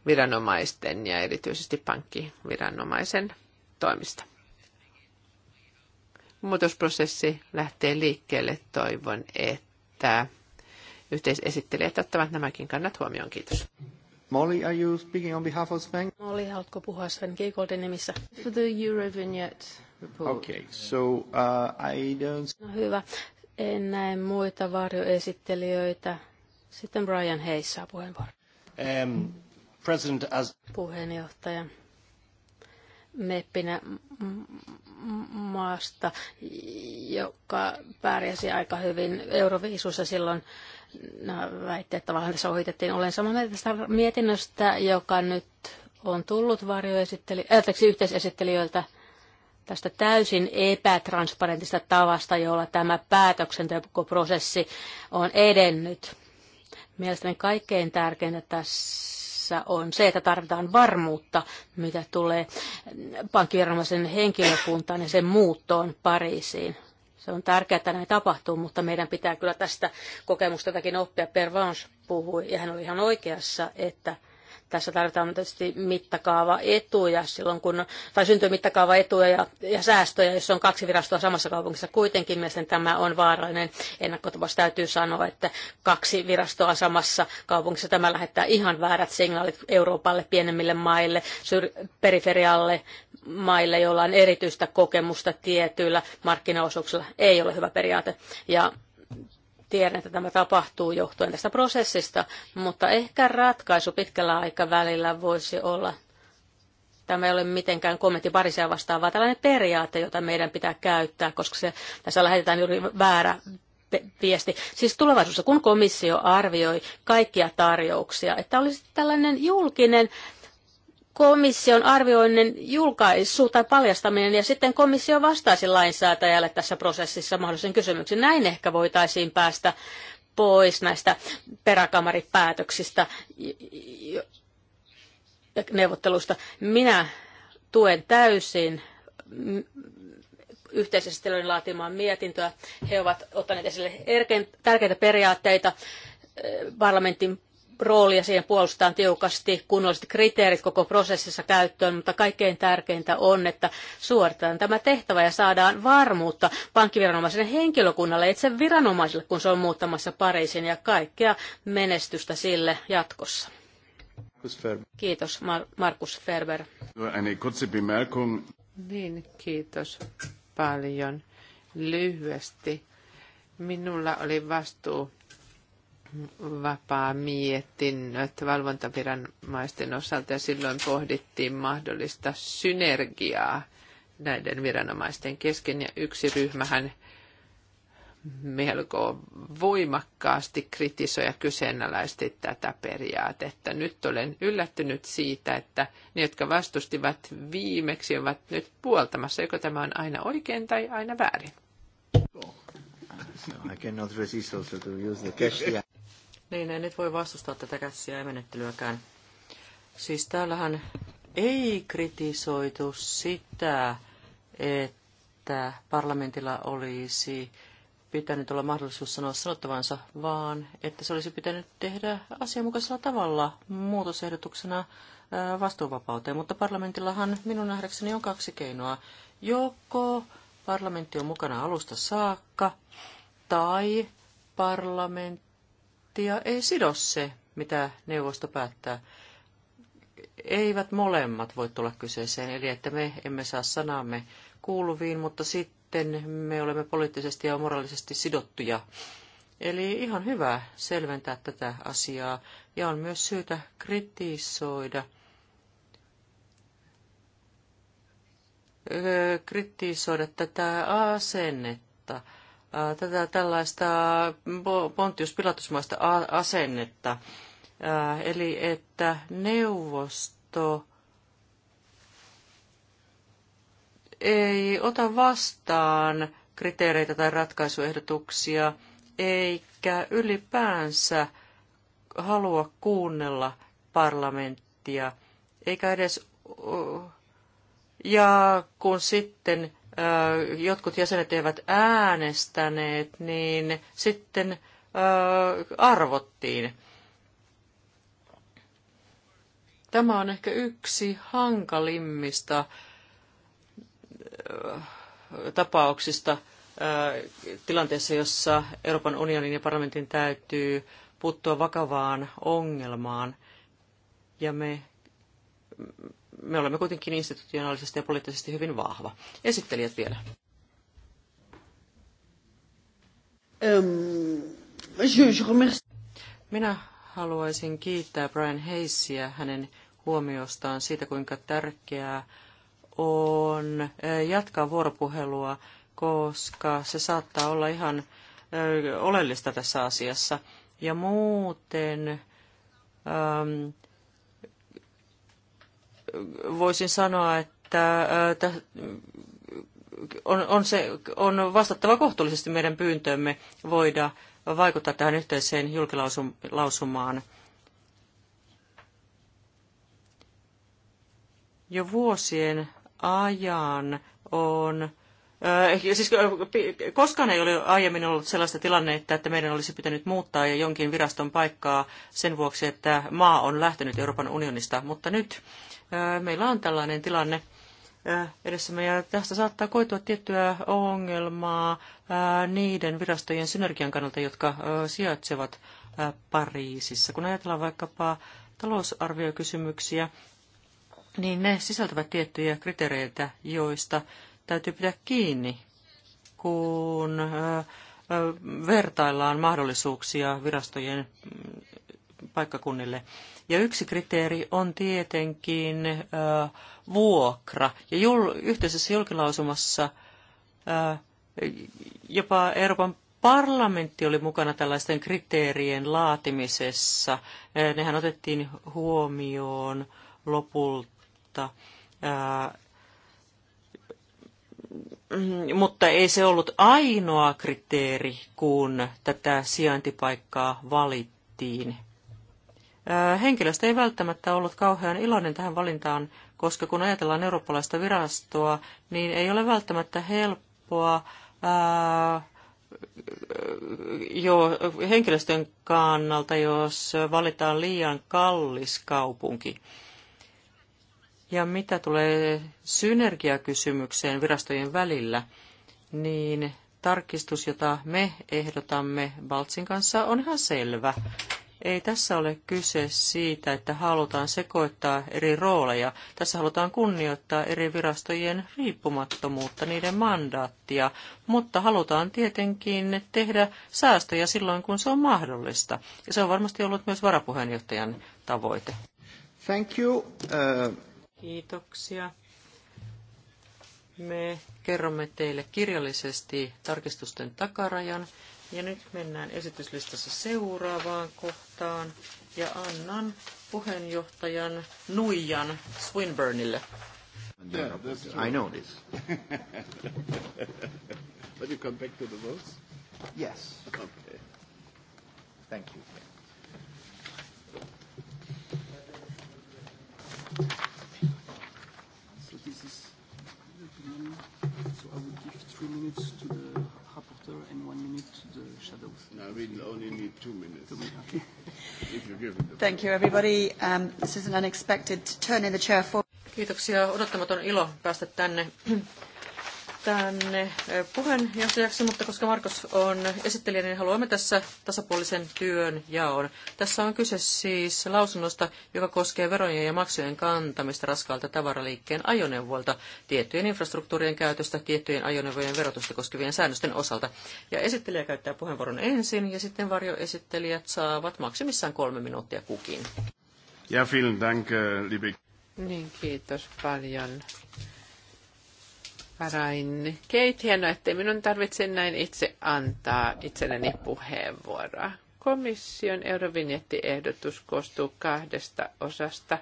viranomaisten ja erityisesti pankkiviranomaisen toimista muutosprosessi lähtee liikkeelle. Toivon, että yhteisesittelijät ottavat nämäkin kannat huomioon. Kiitos. Molly, are you speaking on behalf of Sven? Molly, haluatko puhua Sven Kiekoldin nimissä? For the Eurovignette report. Okay, so uh, I don't... No hyvä. En näe muita varjoesittelijöitä. Sitten Brian Hayes saa puheenvuoron. Um, president as... Puheenjohtaja meppinä maasta, joka pärjäsi aika hyvin Euroviisussa silloin nämä no, väitteet tavallaan tässä ohitettiin. Olen samaa mieltä tästä mietinnöstä, joka nyt on tullut varjoesittelijöiltä, yhteisesittelijöiltä tästä täysin epätransparentista tavasta, jolla tämä päätöksentekoprosessi on edennyt. Mielestäni kaikkein tärkeintä tässä tässä on se, että tarvitaan varmuutta, mitä tulee pankkiviranomaisen henkilökuntaan ja sen muuttoon Pariisiin. Se on tärkeää, että näin tapahtuu, mutta meidän pitää kyllä tästä kokemusta jotakin oppia. Pervanche puhui, ja hän oli ihan oikeassa, että tässä tarvitaan tietysti mittakaava etuja silloin, kun, tai syntyy mittakaava etuja ja, ja säästöjä, jos on kaksi virastoa samassa kaupungissa. Kuitenkin mielestäni tämä on vaarallinen ennakkotapaus. Täytyy sanoa, että kaksi virastoa samassa kaupungissa tämä lähettää ihan väärät signaalit Euroopalle, pienemmille maille, syr- periferialle maille, joilla on erityistä kokemusta tietyillä markkinaosuuksilla. Ei ole hyvä periaate. Ja Tiedän, että tämä tapahtuu johtuen tästä prosessista, mutta ehkä ratkaisu pitkällä aikavälillä voisi olla, tämä ei ole mitenkään kommentti parisia vastaan, vaan tällainen periaate, jota meidän pitää käyttää, koska se, tässä lähetetään juuri väärä viesti. Siis tulevaisuudessa, kun komissio arvioi kaikkia tarjouksia, että olisi tällainen julkinen komission arvioinnin julkaisu tai paljastaminen ja sitten komissio vastaisi lainsäätäjälle tässä prosessissa mahdollisen kysymyksen. Näin ehkä voitaisiin päästä pois näistä peräkamaripäätöksistä ja neuvotteluista. Minä tuen täysin yhteisestelyn laatimaan mietintöä. He ovat ottaneet esille tärkeitä periaatteita eh, parlamentin roolia siihen puolustaan tiukasti, kunnolliset kriteerit koko prosessissa käyttöön, mutta kaikkein tärkeintä on, että suoritetaan tämä tehtävä ja saadaan varmuutta pankkiviranomaisen henkilökunnalle, itse viranomaisille, kun se on muuttamassa Pariisin ja kaikkea menestystä sille jatkossa. Kiitos, Mar- Markus Ferber. Niin, kiitos paljon. Lyhyesti. Minulla oli vastuu vapaa miettinnöt valvontaviranomaisten osalta ja silloin pohdittiin mahdollista synergiaa näiden viranomaisten kesken ja yksi ryhmähän melko voimakkaasti kritisoi ja kyseenalaisti tätä periaatetta. Nyt olen yllättynyt siitä, että ne, jotka vastustivat viimeksi, ovat nyt puoltamassa, joko tämä on aina oikein tai aina väärin. No, I cannot resist also to use the cash. Niin, en nyt voi vastustaa tätä kässiä ja menettelyäkään. Siis täällähän ei kritisoitu sitä, että parlamentilla olisi pitänyt olla mahdollisuus sanoa sanottavansa, vaan että se olisi pitänyt tehdä asianmukaisella tavalla muutosehdotuksena vastuuvapauteen. Mutta parlamentillahan minun nähdäkseni on kaksi keinoa. Joko parlamentti on mukana alusta saakka, tai parlamentti Lattia ei sido se, mitä neuvosto päättää. Eivät molemmat voi tulla kyseeseen, eli että me emme saa sanaamme kuuluviin, mutta sitten me olemme poliittisesti ja moraalisesti sidottuja. Eli ihan hyvä selventää tätä asiaa, ja on myös syytä kritisoida kritisoida tätä asennetta tätä tällaista Pontius Pilatusmaista asennetta, eli että neuvosto ei ota vastaan kriteereitä tai ratkaisuehdotuksia, eikä ylipäänsä halua kuunnella parlamenttia, eikä edes... Ja kun sitten jotkut jäsenet eivät äänestäneet, niin sitten arvottiin. Tämä on ehkä yksi hankalimmista tapauksista tilanteessa, jossa Euroopan unionin ja parlamentin täytyy puuttua vakavaan ongelmaan. Ja me me olemme kuitenkin institutionaalisesti ja poliittisesti hyvin vahva. Esittelijät vielä. Ähm, Minä haluaisin kiittää Brian Haysia hänen huomiostaan siitä, kuinka tärkeää on äh, jatkaa vuoropuhelua, koska se saattaa olla ihan äh, oleellista tässä asiassa. Ja muuten ähm, voisin sanoa, että on, on, se, on vastattava kohtuullisesti meidän pyyntöömme voida vaikuttaa tähän yhteiseen julkilausumaan. Jo vuosien ajan on Äh, eh, siis äh, koskaan ei ole aiemmin ollut sellaista tilannetta, että meidän olisi pitänyt muuttaa ja jonkin viraston paikkaa sen vuoksi, että maa on lähtenyt Euroopan unionista, mutta nyt äh, meillä on tällainen tilanne edessämme ja tästä saattaa koitua tiettyä ongelmaa niiden virastojen synergian kannalta, jotka sijaitsevat Pariisissa. Kun ajatellaan vaikkapa talousarviokysymyksiä, niin ne sisältävät tiettyjä kriteereitä, joista täytyy pitää kiinni, kun vertaillaan mahdollisuuksia virastojen mm, paikkakunnille. Ja yksi kriteeri on tietenkin vuokra. Ja jul, yhteisessä julkilausumassa jopa Euroopan parlamentti oli mukana tällaisten kriteerien laatimisessa. Nehän otettiin huomioon lopulta Mm, mutta ei se ollut ainoa kriteeri, kun tätä sijaintipaikkaa valittiin. Henkilöstö ei välttämättä ollut kauhean iloinen tähän valintaan, koska kun ajatellaan eurooppalaista virastoa, niin ei ole välttämättä helppoa ää, jo, henkilöstön kannalta, jos valitaan liian kallis kaupunki. Ja mitä tulee synergiakysymykseen virastojen välillä, niin tarkistus, jota me ehdotamme Baltsin kanssa, on ihan selvä. Ei tässä ole kyse siitä, että halutaan sekoittaa eri rooleja. Tässä halutaan kunnioittaa eri virastojen riippumattomuutta, niiden mandaattia, mutta halutaan tietenkin tehdä säästöjä silloin, kun se on mahdollista. Ja se on varmasti ollut myös varapuheenjohtajan tavoite. Thank you. Uh... Kiitoksia. Me kerromme teille kirjallisesti tarkistusten takarajan. Ja nyt mennään esityslistassa seuraavaan kohtaan ja annan puheenjohtajan Nuijan Swinburnille. Yeah, I know this. [LAUGHS] But you come back to the votes? Yes. Okay. Thank you. three minutes to the rapporteur and one minute to the shadows. No, we only need two minutes. Two minutes. Okay. [LAUGHS] if you give it the Thank you, everybody. Um, this is an unexpected turn in the chair for... Kiitoksia. Odottamaton ilo päästä tänne tänne puheenjohtajaksi, mutta koska Markus on esittelijä, niin haluamme tässä tasapuolisen työn jaon. Tässä on kyse siis lausunnosta, joka koskee verojen ja maksujen kantamista raskaalta tavaraliikkeen ajoneuvolta, tiettyjen infrastruktuurien käytöstä, tiettyjen ajoneuvojen verotusta koskevien säännösten osalta. Ja esittelijä käyttää puheenvuoron ensin, ja sitten varjoesittelijät saavat maksimissaan kolme minuuttia kukin. Ja vielen dank, äh, liebe... Niin, kiitos paljon varain Kate. Hienoa, ettei minun tarvitse näin itse antaa itselleni puheenvuoroa. Komission eurovinjettiehdotus koostuu kahdesta osasta.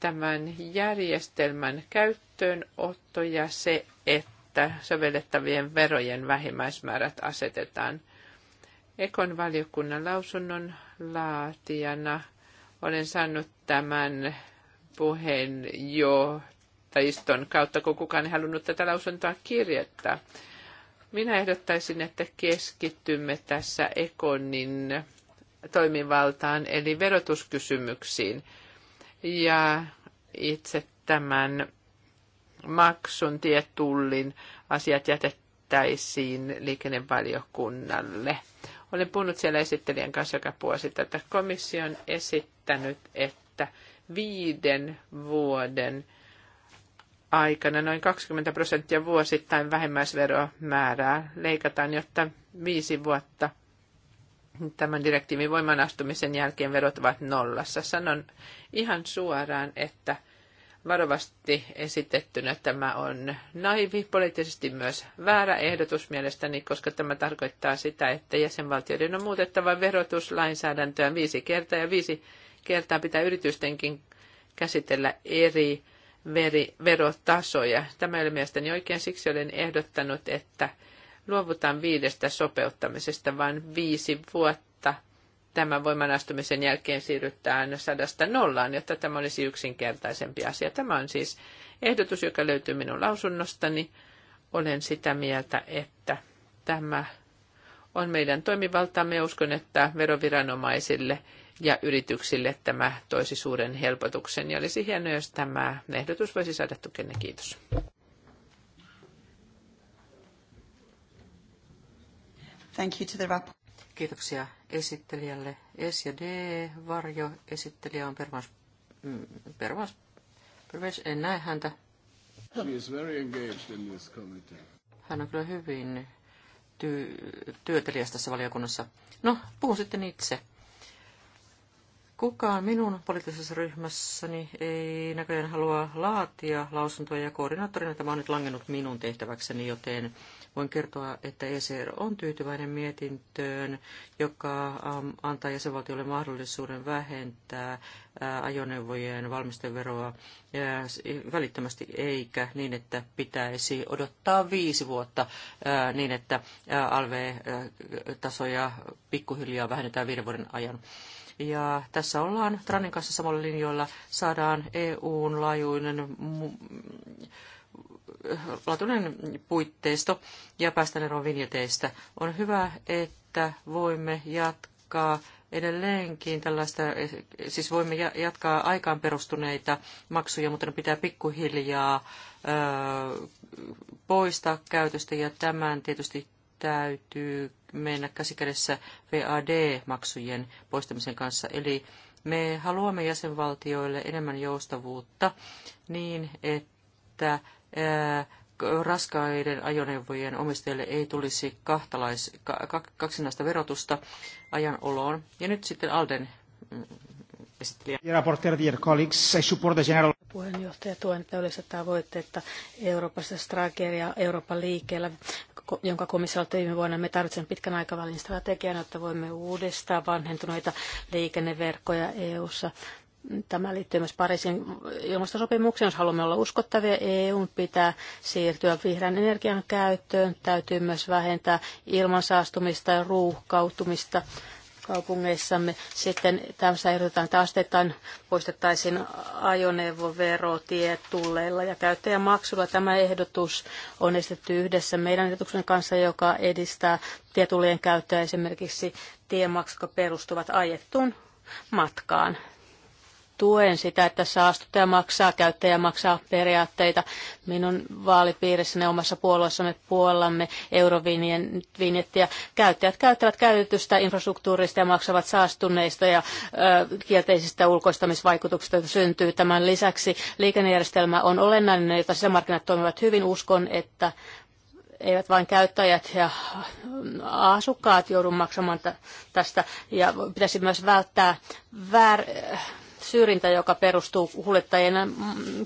Tämän järjestelmän käyttöönotto ja se, että sovellettavien verojen vähimmäismäärät asetetaan. Ekon valiokunnan lausunnon laatijana olen saanut tämän puheen jo kirjoittajiston kautta, kun kukaan ei halunnut tätä lausuntoa kirjoittaa. Minä ehdottaisin, että keskittymme tässä Ekonin toimivaltaan, eli verotuskysymyksiin. Ja itse tämän maksun tietullin asiat jätettäisiin liikennevaliokunnalle. Olen puhunut siellä esittelijän kanssa, joka puosi tätä. Komissio on esittänyt, että viiden vuoden – aikana noin 20 prosenttia vuosittain määrää leikataan, jotta viisi vuotta tämän direktiivin voimaan astumisen jälkeen verot ovat nollassa. Sanon ihan suoraan, että varovasti esitettynä tämä on naivi, poliittisesti myös väärä ehdotus mielestäni, koska tämä tarkoittaa sitä, että jäsenvaltioiden on muutettava verotuslainsäädäntöä viisi kertaa ja viisi kertaa pitää yritystenkin käsitellä eri veri, verotasoja. Tämä ei ole mielestäni oikein, siksi olen ehdottanut, että luovutaan viidestä sopeuttamisesta, vain viisi vuotta tämän voimanastumisen jälkeen siirrytään sadasta nollaan, jotta tämä olisi yksinkertaisempi asia. Tämä on siis ehdotus, joka löytyy minun lausunnostani. Olen sitä mieltä, että tämä on meidän toimivaltaamme. Uskon, että veroviranomaisille – ja yrityksille tämä toisi suuren helpotuksen. Ja olisi hienoa, jos tämä ehdotus voisi saada tukenne. Kiitos. Thank you to the rap- Kiitoksia esittelijälle. S ja D, Varjo, esittelijä on Pervans, mm, Pervans, Pervans, en näe häntä. Hän on kyllä hyvin ty- työtelijäs tässä valiokunnassa. No, puhun sitten itse. Kukaan minun poliittisessa ryhmässäni ei näköjään halua laatia lausuntoja ja koordinaattorina tämä on nyt langennut minun tehtäväkseni, joten voin kertoa, että ECR on tyytyväinen mietintöön, joka ähm, antaa jäsenvaltiolle mahdollisuuden vähentää äh, ajoneuvojen valmisteveroa äh, välittömästi eikä niin, että pitäisi odottaa viisi vuotta äh, niin, että alv-tasoja pikkuhiljaa vähennetään viiden vuoden ajan. Ja tässä ollaan Tranin kanssa samalla linjoilla. Saadaan EUn laajuinen laatuinen puitteisto ja päästään eroon vinjeteistä. On hyvä, että voimme jatkaa edelleenkin tällaista, siis voimme jatkaa aikaan perustuneita maksuja, mutta ne pitää pikkuhiljaa poistaa käytöstä ja tämän tietysti täytyy mennä käsikädessä VAD-maksujen poistamisen kanssa. Eli me haluamme jäsenvaltioille enemmän joustavuutta niin, että raskaiden ajoneuvojen omistajille ei tulisi kahtalais, kaksinaista verotusta ajan oloon. Ja nyt sitten Alden mm, esittelijä. Puheenjohtaja tuen täydelliset tavoitteet, että Euroopassa Strager ja Euroopan liikkeellä jonka komissio viime vuonna. Me tarvitsemme pitkän aikavälin strategian, jotta voimme uudistaa vanhentuneita liikenneverkkoja EU-ssa. Tämä liittyy myös Pariisin ilmastosopimukseen. Jos haluamme olla uskottavia, EU pitää siirtyä vihreän energian käyttöön. Täytyy myös vähentää ilmansaastumista ja ruuhkautumista kaupungeissamme. Sitten tässä ehdotetaan, että asteittain poistettaisiin ajoneuvovero tietulleilla ja käyttäjämaksulla. Tämä ehdotus on esitetty yhdessä meidän ehdotuksen kanssa, joka edistää tietullien käyttöä esimerkiksi tiemaksut, jotka perustuvat ajettuun matkaan tuen sitä, että saastuttaja maksaa, käyttäjä maksaa periaatteita. Minun vaalipiirissäni omassa puolueessamme puollamme eurovinjettiä. Käyttäjät käyttävät käytetystä infrastruktuurista ja maksavat saastuneista ja ö, kielteisistä ulkoistamisvaikutuksista, joita syntyy. Tämän lisäksi liikennejärjestelmä on olennainen, jota sisämarkkinat toimivat hyvin. Uskon, että eivät vain käyttäjät ja asukkaat joudu maksamaan tästä. Ja pitäisi myös välttää väär, syrjintä, joka perustuu kuljettajien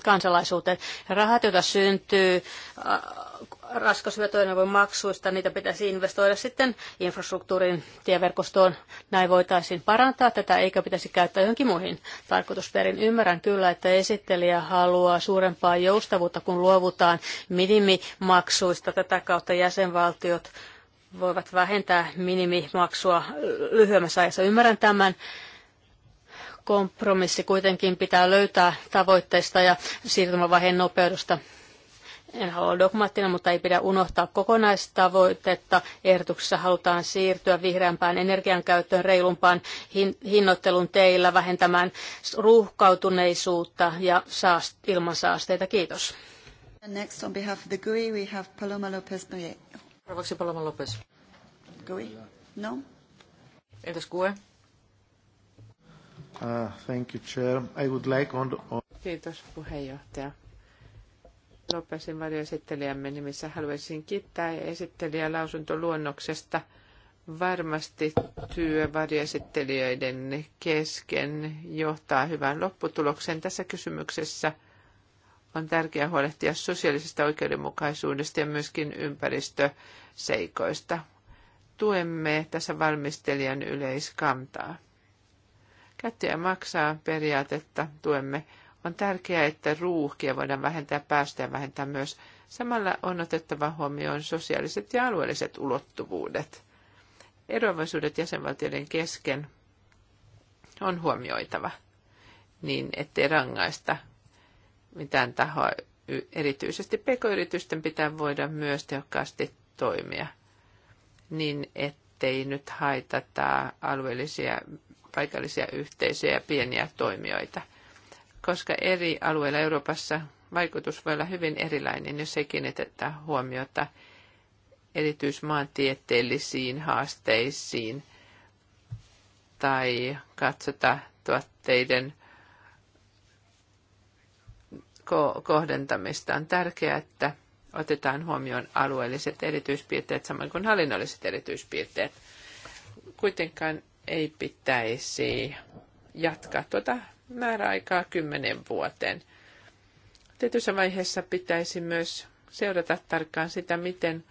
kansalaisuuteen. Rahat, joita syntyy äh, raskashyötyajoneuvon maksuista, niitä pitäisi investoida sitten infrastruktuurin tieverkostoon. Näin voitaisiin parantaa tätä, eikä pitäisi käyttää johonkin muihin tarkoitusperin. Ymmärrän kyllä, että esittelijä haluaa suurempaa joustavuutta, kun luovutaan minimimaksuista. Tätä kautta jäsenvaltiot voivat vähentää minimimaksua lyhyemmässä ajassa. Ymmärrän tämän Kompromissi kuitenkin pitää löytää tavoitteista ja siirtymävaiheen nopeudesta. En halua dogmaattinen, mutta ei pidä unohtaa kokonaistavoitetta. Ehdotuksessa halutaan siirtyä vihreämpään energiankäyttöön, reilumpaan hin- hinnoittelun teillä, vähentämään ruuhkautuneisuutta ja saast- ilmansaasteita. Kiitos. And next on behalf of the GUI we have Paloma Lopez Seuraavaksi Paloma Lopez. GUI? No? Entäs GUE? Uh, thank you, Chair. I would like on, on... Kiitos puheenjohtaja. Lopesin varjoesittelijämme nimissä. Haluaisin kiittää esittelijä lausuntoluonnoksesta. Varmasti työ varjoesittelijöiden kesken johtaa hyvään lopputulokseen tässä kysymyksessä on tärkeää huolehtia sosiaalisesta oikeudenmukaisuudesta ja myöskin ympäristöseikoista. Tuemme tässä valmistelijan yleiskantaa. Käyttäjä maksaa periaatetta tuemme. On tärkeää, että ruuhkia voidaan vähentää päästöjä vähentää myös. Samalla on otettava huomioon sosiaaliset ja alueelliset ulottuvuudet. Eroavaisuudet jäsenvaltioiden kesken on huomioitava niin, ettei rangaista mitään tahoa. Erityisesti pk-yritysten pitää voida myös tehokkaasti toimia niin, ettei nyt haitata alueellisia paikallisia yhteisöjä ja pieniä toimijoita, koska eri alueilla Euroopassa vaikutus voi olla hyvin erilainen, jos ei kiinnitetä huomiota erityismaantieteellisiin haasteisiin tai katsota tuotteiden kohdentamista. On tärkeää, että otetaan huomioon alueelliset erityispiirteet samoin kuin hallinnolliset erityispiirteet. Kuitenkaan ei pitäisi jatkaa tuota määräaikaa kymmenen vuoteen. Tietyssä vaiheessa pitäisi myös seurata tarkkaan sitä, miten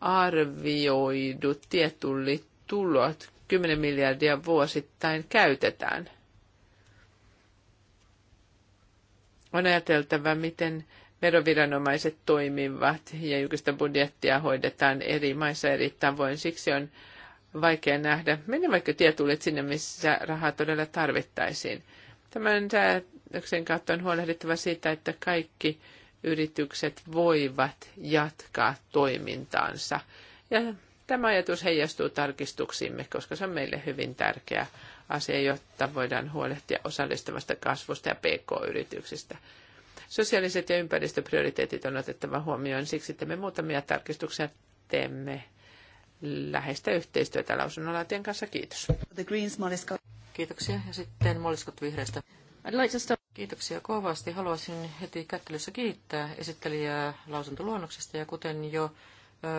arvioidut tulot 10 miljardia vuosittain käytetään. On ajateltava, miten veroviranomaiset toimivat ja julkista budjettia hoidetaan eri maissa eri tavoin. Siksi on vaikea nähdä, menevätkö tietullit sinne, missä rahaa todella tarvittaisiin. Tämän säädöksen kautta on huolehdittava siitä, että kaikki yritykset voivat jatkaa toimintaansa. Ja tämä ajatus heijastuu tarkistuksiimme, koska se on meille hyvin tärkeä asia, jotta voidaan huolehtia osallistavasta kasvusta ja pk-yrityksistä. Sosiaaliset ja ympäristöprioriteetit on otettava huomioon siksi, että me muutamia tarkistuksia teemme läheistä yhteistyötä lausunnonlaatien kanssa. Kiitos. The Greens, Kiitoksia. Ja sitten Moliskot vihreistä. Kiitoksia kovasti. Haluaisin heti kättelyssä kiittää esittelijää lausuntoluonnoksesta ja kuten jo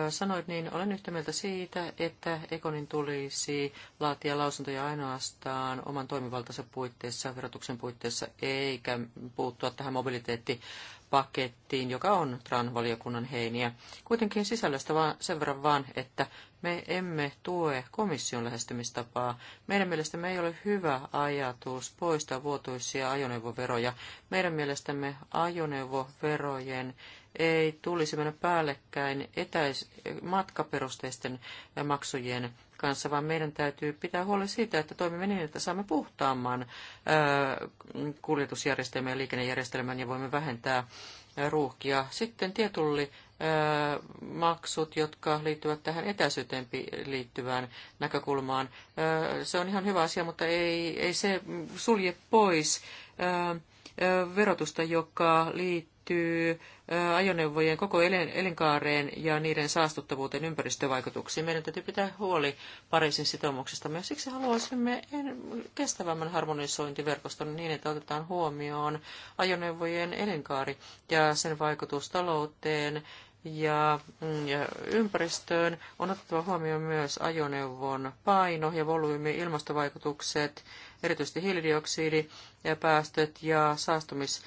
sanoit, niin olen yhtä mieltä siitä, että Ekonin tulisi laatia lausuntoja ainoastaan oman toimivaltansa puitteissa, verotuksen puitteissa, eikä puuttua tähän mobiliteetti pakettiin, joka on TRAN-valiokunnan heiniä. Kuitenkin sisällöstä vaan, sen verran vaan, että me emme tue komission lähestymistapaa. Meidän mielestämme ei ole hyvä ajatus poistaa vuotuisia ajoneuvoveroja. Meidän mielestämme ajoneuvoverojen ei tulisi mennä päällekkäin etäis- matkaperusteisten maksujen kanssa, vaan meidän täytyy pitää huoli siitä, että toimimme niin, että saamme puhtaamman kuljetusjärjestelmän ja liikennejärjestelmän ja voimme vähentää ruuhkia. Sitten tietulli maksut, jotka liittyvät tähän etäisyyteen liittyvään näkökulmaan. Se on ihan hyvä asia, mutta ei, ei se sulje pois verotusta, joka liittyy liittyy ajoneuvojen koko elinkaareen ja niiden saastuttavuuteen ympäristövaikutuksiin. Meidän täytyy pitää huoli Pariisin sitoumuksesta. Me siksi haluaisimme kestävämmän harmonisointiverkoston niin, että otetaan huomioon ajoneuvojen elinkaari ja sen vaikutus talouteen mm, ja, ympäristöön. On otettava huomioon myös ajoneuvon paino ja volyymi, ilmastovaikutukset, erityisesti hiilidioksidi, ja päästöt ja saastumis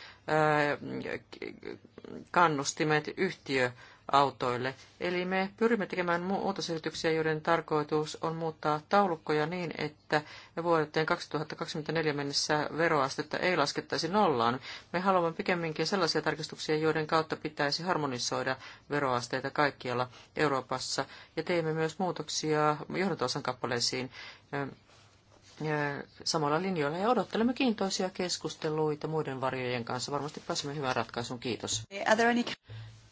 kannustimet yhtiöautoille. Eli me pyrimme tekemään muutosesityksiä, joiden tarkoitus on muuttaa taulukkoja niin, että vuoteen 2024 mennessä veroastetta ei laskettaisi nollaan. Me haluamme pikemminkin sellaisia tarkistuksia, joiden kautta pitäisi harmonisoida veroasteita kaikkialla Euroopassa. Ja teemme myös muutoksia johdantosan kappaleisiin samalla linjoilla ja odottelemme kiintoisia keskusteluita muiden varjojen kanssa. Varmasti pääsemme hyvään ratkaisuun. Kiitos.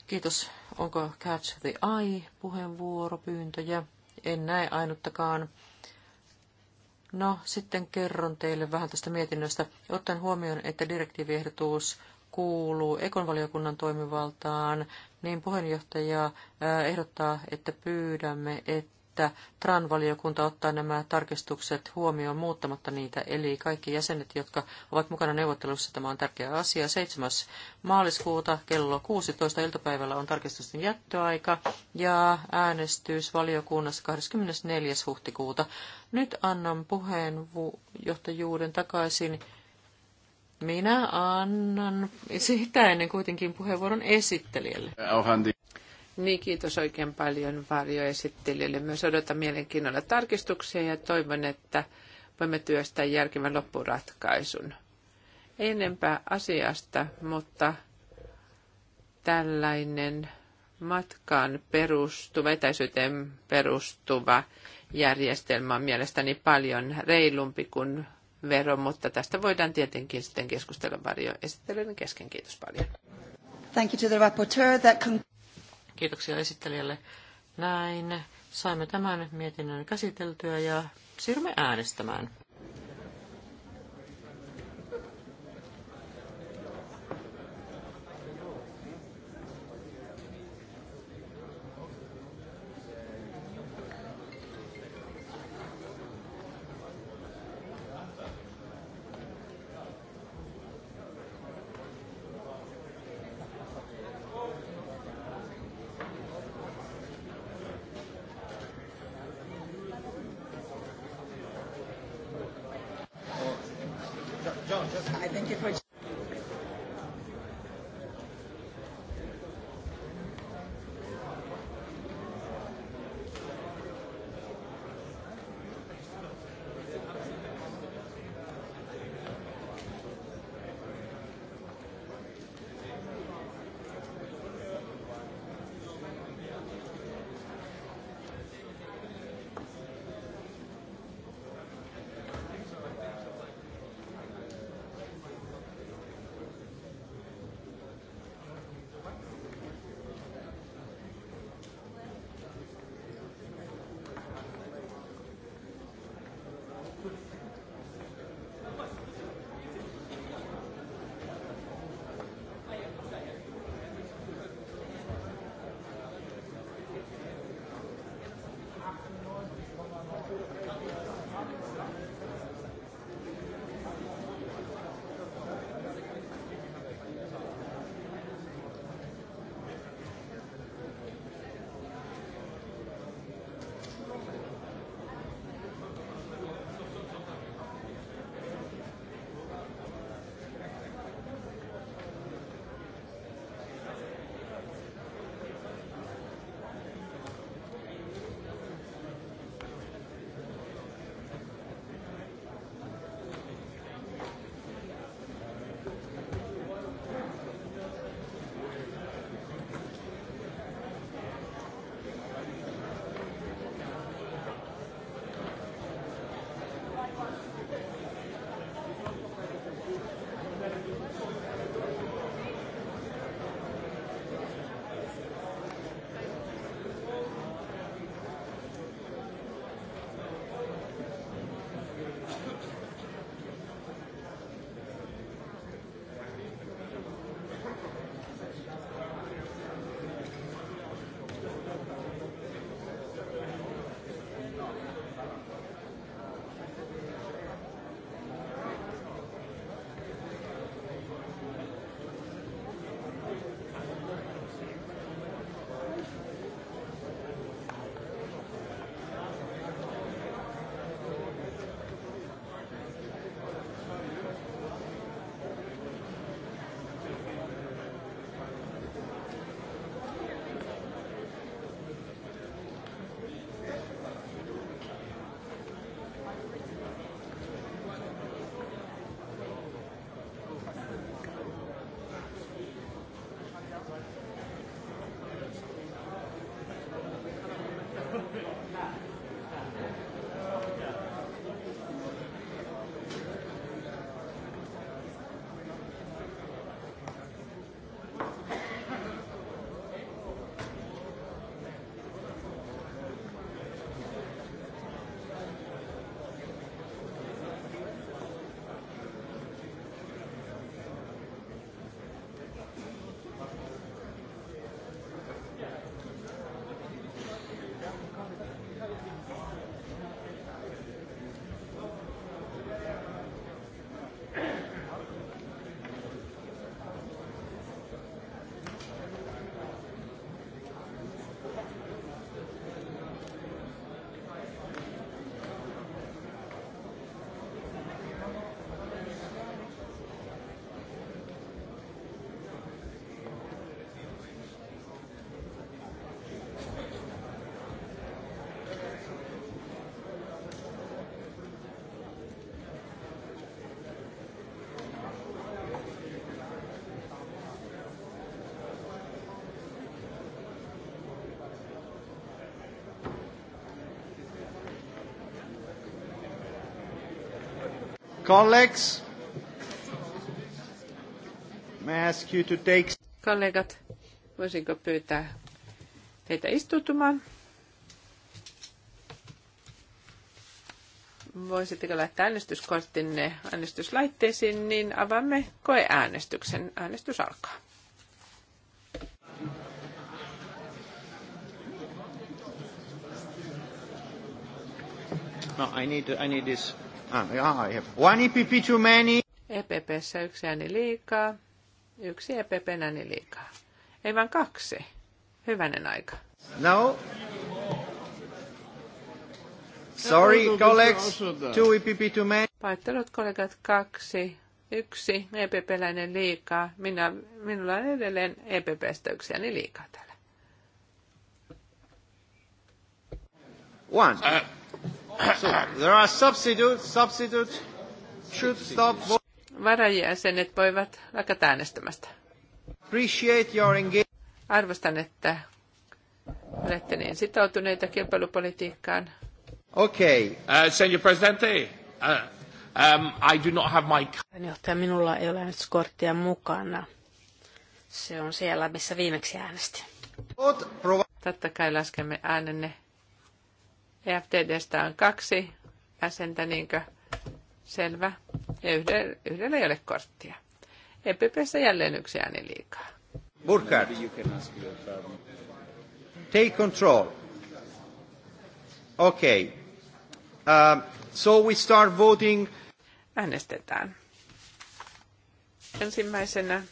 Kiitos. Onko Catch the Eye-puheenvuoropyyntöjä? En näe ainuttakaan. No, sitten kerron teille vähän tästä mietinnöstä. Ottaen huomioon, että direktiiviehdotus kuuluu ekonvaliokunnan toimivaltaan, niin puheenjohtaja ehdottaa, että pyydämme, että että TRAN-valiokunta ottaa nämä tarkistukset huomioon muuttamatta niitä, eli kaikki jäsenet, jotka ovat mukana neuvottelussa, tämä on tärkeä asia. 7. maaliskuuta kello 16 iltapäivällä on tarkistusten jättöaika ja äänestys valiokunnassa 24. huhtikuuta. Nyt annan puheenjohtajuuden takaisin minä annan sitä ennen kuitenkin puheenvuoron esittelijälle. Niin, kiitos oikein paljon varjoesittelijöille. Myös odotan mielenkiinnolla tarkistuksia ja toivon, että voimme työstää järkevän loppuratkaisun. Ei enempää asiasta, mutta tällainen matkaan perustuva, etäisyyteen perustuva järjestelmä on mielestäni paljon reilumpi kuin vero, mutta tästä voidaan tietenkin sitten keskustella varjoesittelyiden kesken. Kiitos paljon. Thank you to the rapporteur. That Kiitoksia esittelijälle. Näin saimme tämän mietinnön käsiteltyä ja siirrymme äänestämään. Colleagues, may I ask you to take... Kollegat, voisinko pyytää teitä istutumaan? Voisitteko laittaa äänestyskorttinne äänestyslaitteisiin, niin avaamme koeäänestyksen. Äänestys alkaa. No, I need, I need this Ah, I have one EPP too many. EPPssä yksi ääni liikaa. Yksi EPP ääni liikaa. Ei vaan kaksi. Hyvänen aika. No. Sorry, colleagues. Two EPP too many. Paittelut kollegat kaksi. Yksi EPP-läinen liikaa. Minä, minulla on edelleen EPPstä yksi ääni liikaa täällä. One. Uh, there are substitutes, substitutes should stop Varajäsenet voivat vaikka äänestämästä. Appreciate your Arvostan, että olette niin sitoutuneita kilpailupolitiikkaan. Okay, uh, senior presidente, uh, um, I do not have my... Johtaja, minulla ei ole äänestyskorttia mukana. Se on siellä, missä viimeksi äänestin. Totta kai laskemme äänenne FTDstä on kaksi jäsentä, niinkö? Selvä. Ja yhdellä, yhdellä ei ole korttia. EPPssä jälleen yksi ääni liikaa. Burkhard. Um, take control. Okay. Uh, so we start voting. Äänestetään. Ensimmäisenä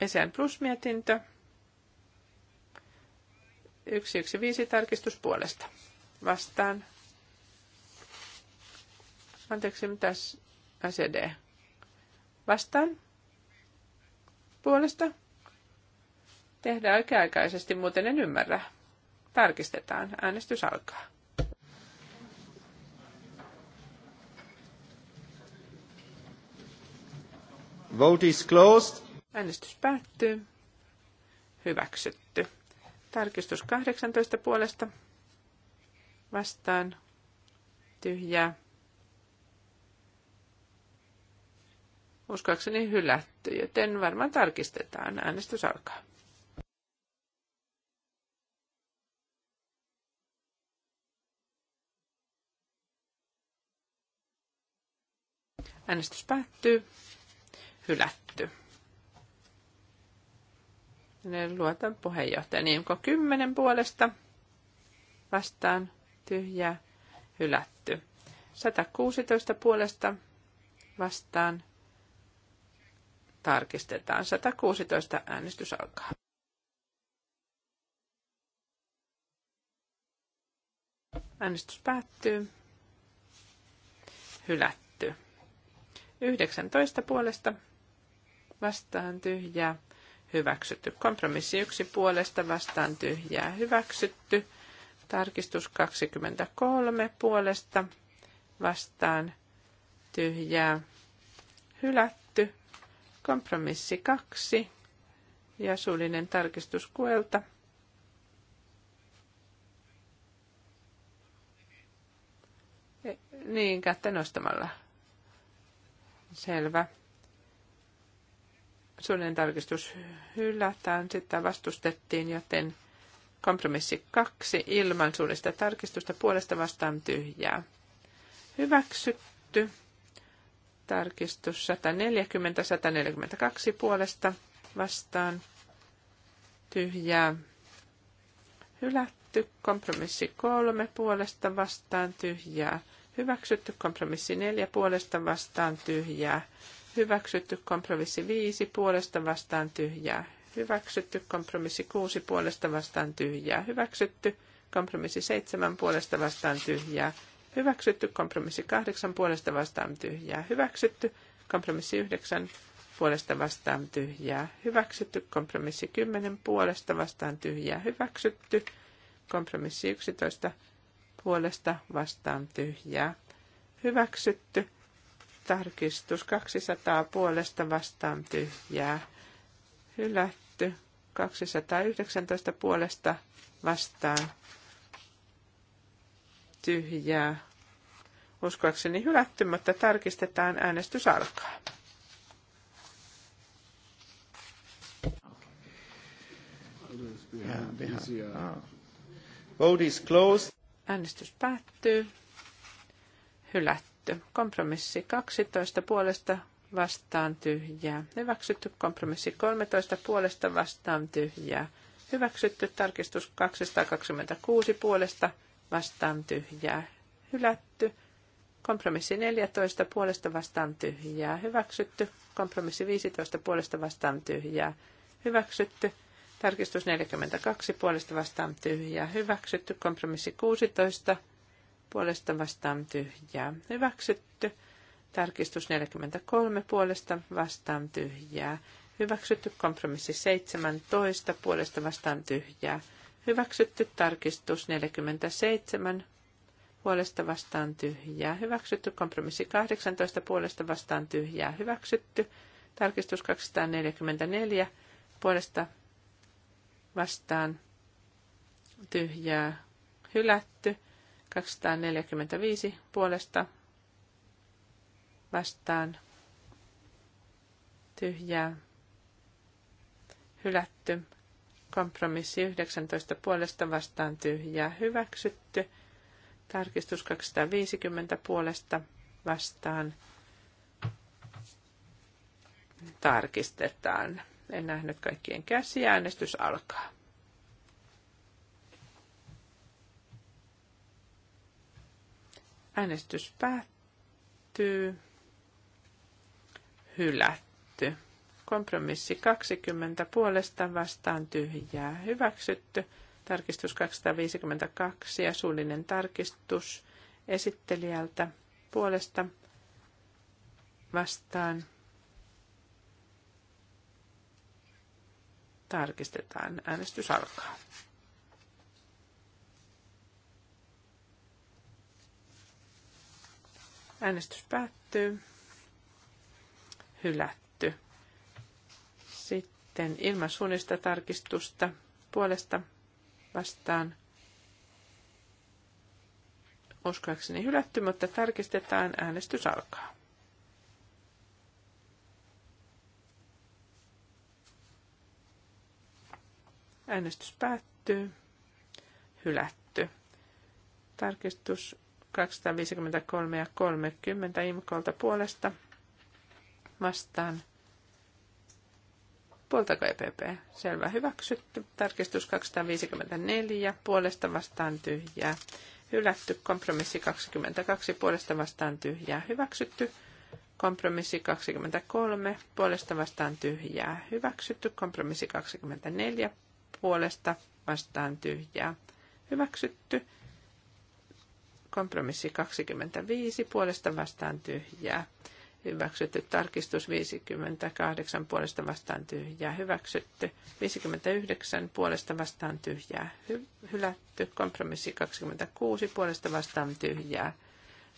Esean plus-mietintö. 115 tarkistus puolesta. Vastaan. Anteeksi, mitäs ACD? Vastaan. Puolesta. Tehdään oikea-aikaisesti, muuten en ymmärrä. Tarkistetaan. Äänestys alkaa. Vote is closed. Äänestys päättyy. Hyväksytty. Tarkistus 18 puolesta vastaan tyhjää. Uskoakseni hylätty, joten varmaan tarkistetaan. Äänestys alkaa. Äänestys päättyy. Hylätty luotan puheenjohtajan IMKO 10 puolesta vastaan tyhjä, hylätty. 116 puolesta vastaan tarkistetaan. 116 äänestys alkaa. Äänestys päättyy. Hylätty. 19 puolesta vastaan tyhjää hyväksytty. Kompromissi yksi puolesta vastaan tyhjää hyväksytty. Tarkistus 23 puolesta vastaan tyhjää hylätty. Kompromissi kaksi ja suullinen tarkistus kuelta. E, niin, kättä nostamalla. Selvä suunnilleen tarkistus hylätään, sitä vastustettiin, joten kompromissi kaksi ilman suunnista tarkistusta puolesta vastaan tyhjää. Hyväksytty. Tarkistus 140-142 puolesta vastaan tyhjää. Hylätty kompromissi kolme puolesta vastaan tyhjää. Hyväksytty kompromissi neljä puolesta vastaan tyhjää. Hyväksytty kompromissi 5 puolesta vastaan tyhjää. Hyväksytty kompromissi 6 puolesta vastaan tyhjää. Hyväksytty kompromissi 7 puolesta vastaan tyhjää. Hyväksytty kompromissi 8 puolesta vastaan tyhjää. Hyväksytty kompromissi 9 puolesta vastaan tyhjää. Hyväksytty kompromissi 10 puolesta vastaan tyhjää. Hyväksytty kompromissi 11 puolesta vastaan tyhjää. Hyväksytty Tarkistus 200 puolesta vastaan tyhjää. Hylätty 219 puolesta vastaan tyhjää. Uskoakseni hylätty, mutta tarkistetaan äänestys alkaa. Vote is closed. Äänestys päättyy. Hylätty hyväksytty. Kompromissi 12 puolesta vastaan tyhjää. Hyväksytty kompromissi 13 puolesta vastaan tyhjää. Hyväksytty tarkistus 226 puolesta vastaan tyhjää. Hylätty. Kompromissi 14 puolesta vastaan tyhjää. Hyväksytty. Kompromissi 15 puolesta vastaan tyhjää. Hyväksytty. Tarkistus 42 puolesta vastaan tyhjää. Hyväksytty. Kompromissi 16 puolesta vastaan tyhjää. Hyväksytty. Tarkistus 43 puolesta vastaan tyhjää. Hyväksytty kompromissi 17 puolesta vastaan tyhjää. Hyväksytty tarkistus 47 puolesta vastaan tyhjää. Hyväksytty kompromissi 18 puolesta vastaan tyhjää. Hyväksytty tarkistus 244 puolesta vastaan tyhjää. Hylätty 245 puolesta vastaan tyhjää hylätty. Kompromissi 19 puolesta vastaan tyhjää hyväksytty. Tarkistus 250 puolesta vastaan tarkistetaan. En nähnyt kaikkien käsiä. Äänestys alkaa. Äänestys päättyy. Hylätty. Kompromissi 20 puolesta vastaan tyhjää hyväksytty. Tarkistus 252 ja suullinen tarkistus esittelijältä puolesta vastaan. Tarkistetaan. Äänestys alkaa. Äänestys päättyy. Hylätty. Sitten ilman suunnista tarkistusta puolesta vastaan. Uskoakseni hylätty, mutta tarkistetaan. Äänestys alkaa. Äänestys päättyy. Hylätty. Tarkistus 253 ja 30 imkolta puolesta vastaan. Puoltako EPP? Selvä hyväksytty. Tarkistus 254 puolesta vastaan tyhjää. Hylätty kompromissi 22 puolesta vastaan tyhjää. Hyväksytty kompromissi 23 puolesta vastaan tyhjää. Hyväksytty kompromissi 24 puolesta vastaan tyhjää. Hyväksytty Kompromissi 25 puolesta vastaan tyhjää. Hyväksytty tarkistus 58 puolesta vastaan tyhjää. Hyväksytty 59 puolesta vastaan tyhjää. Hy- hylätty kompromissi 26 puolesta vastaan tyhjää.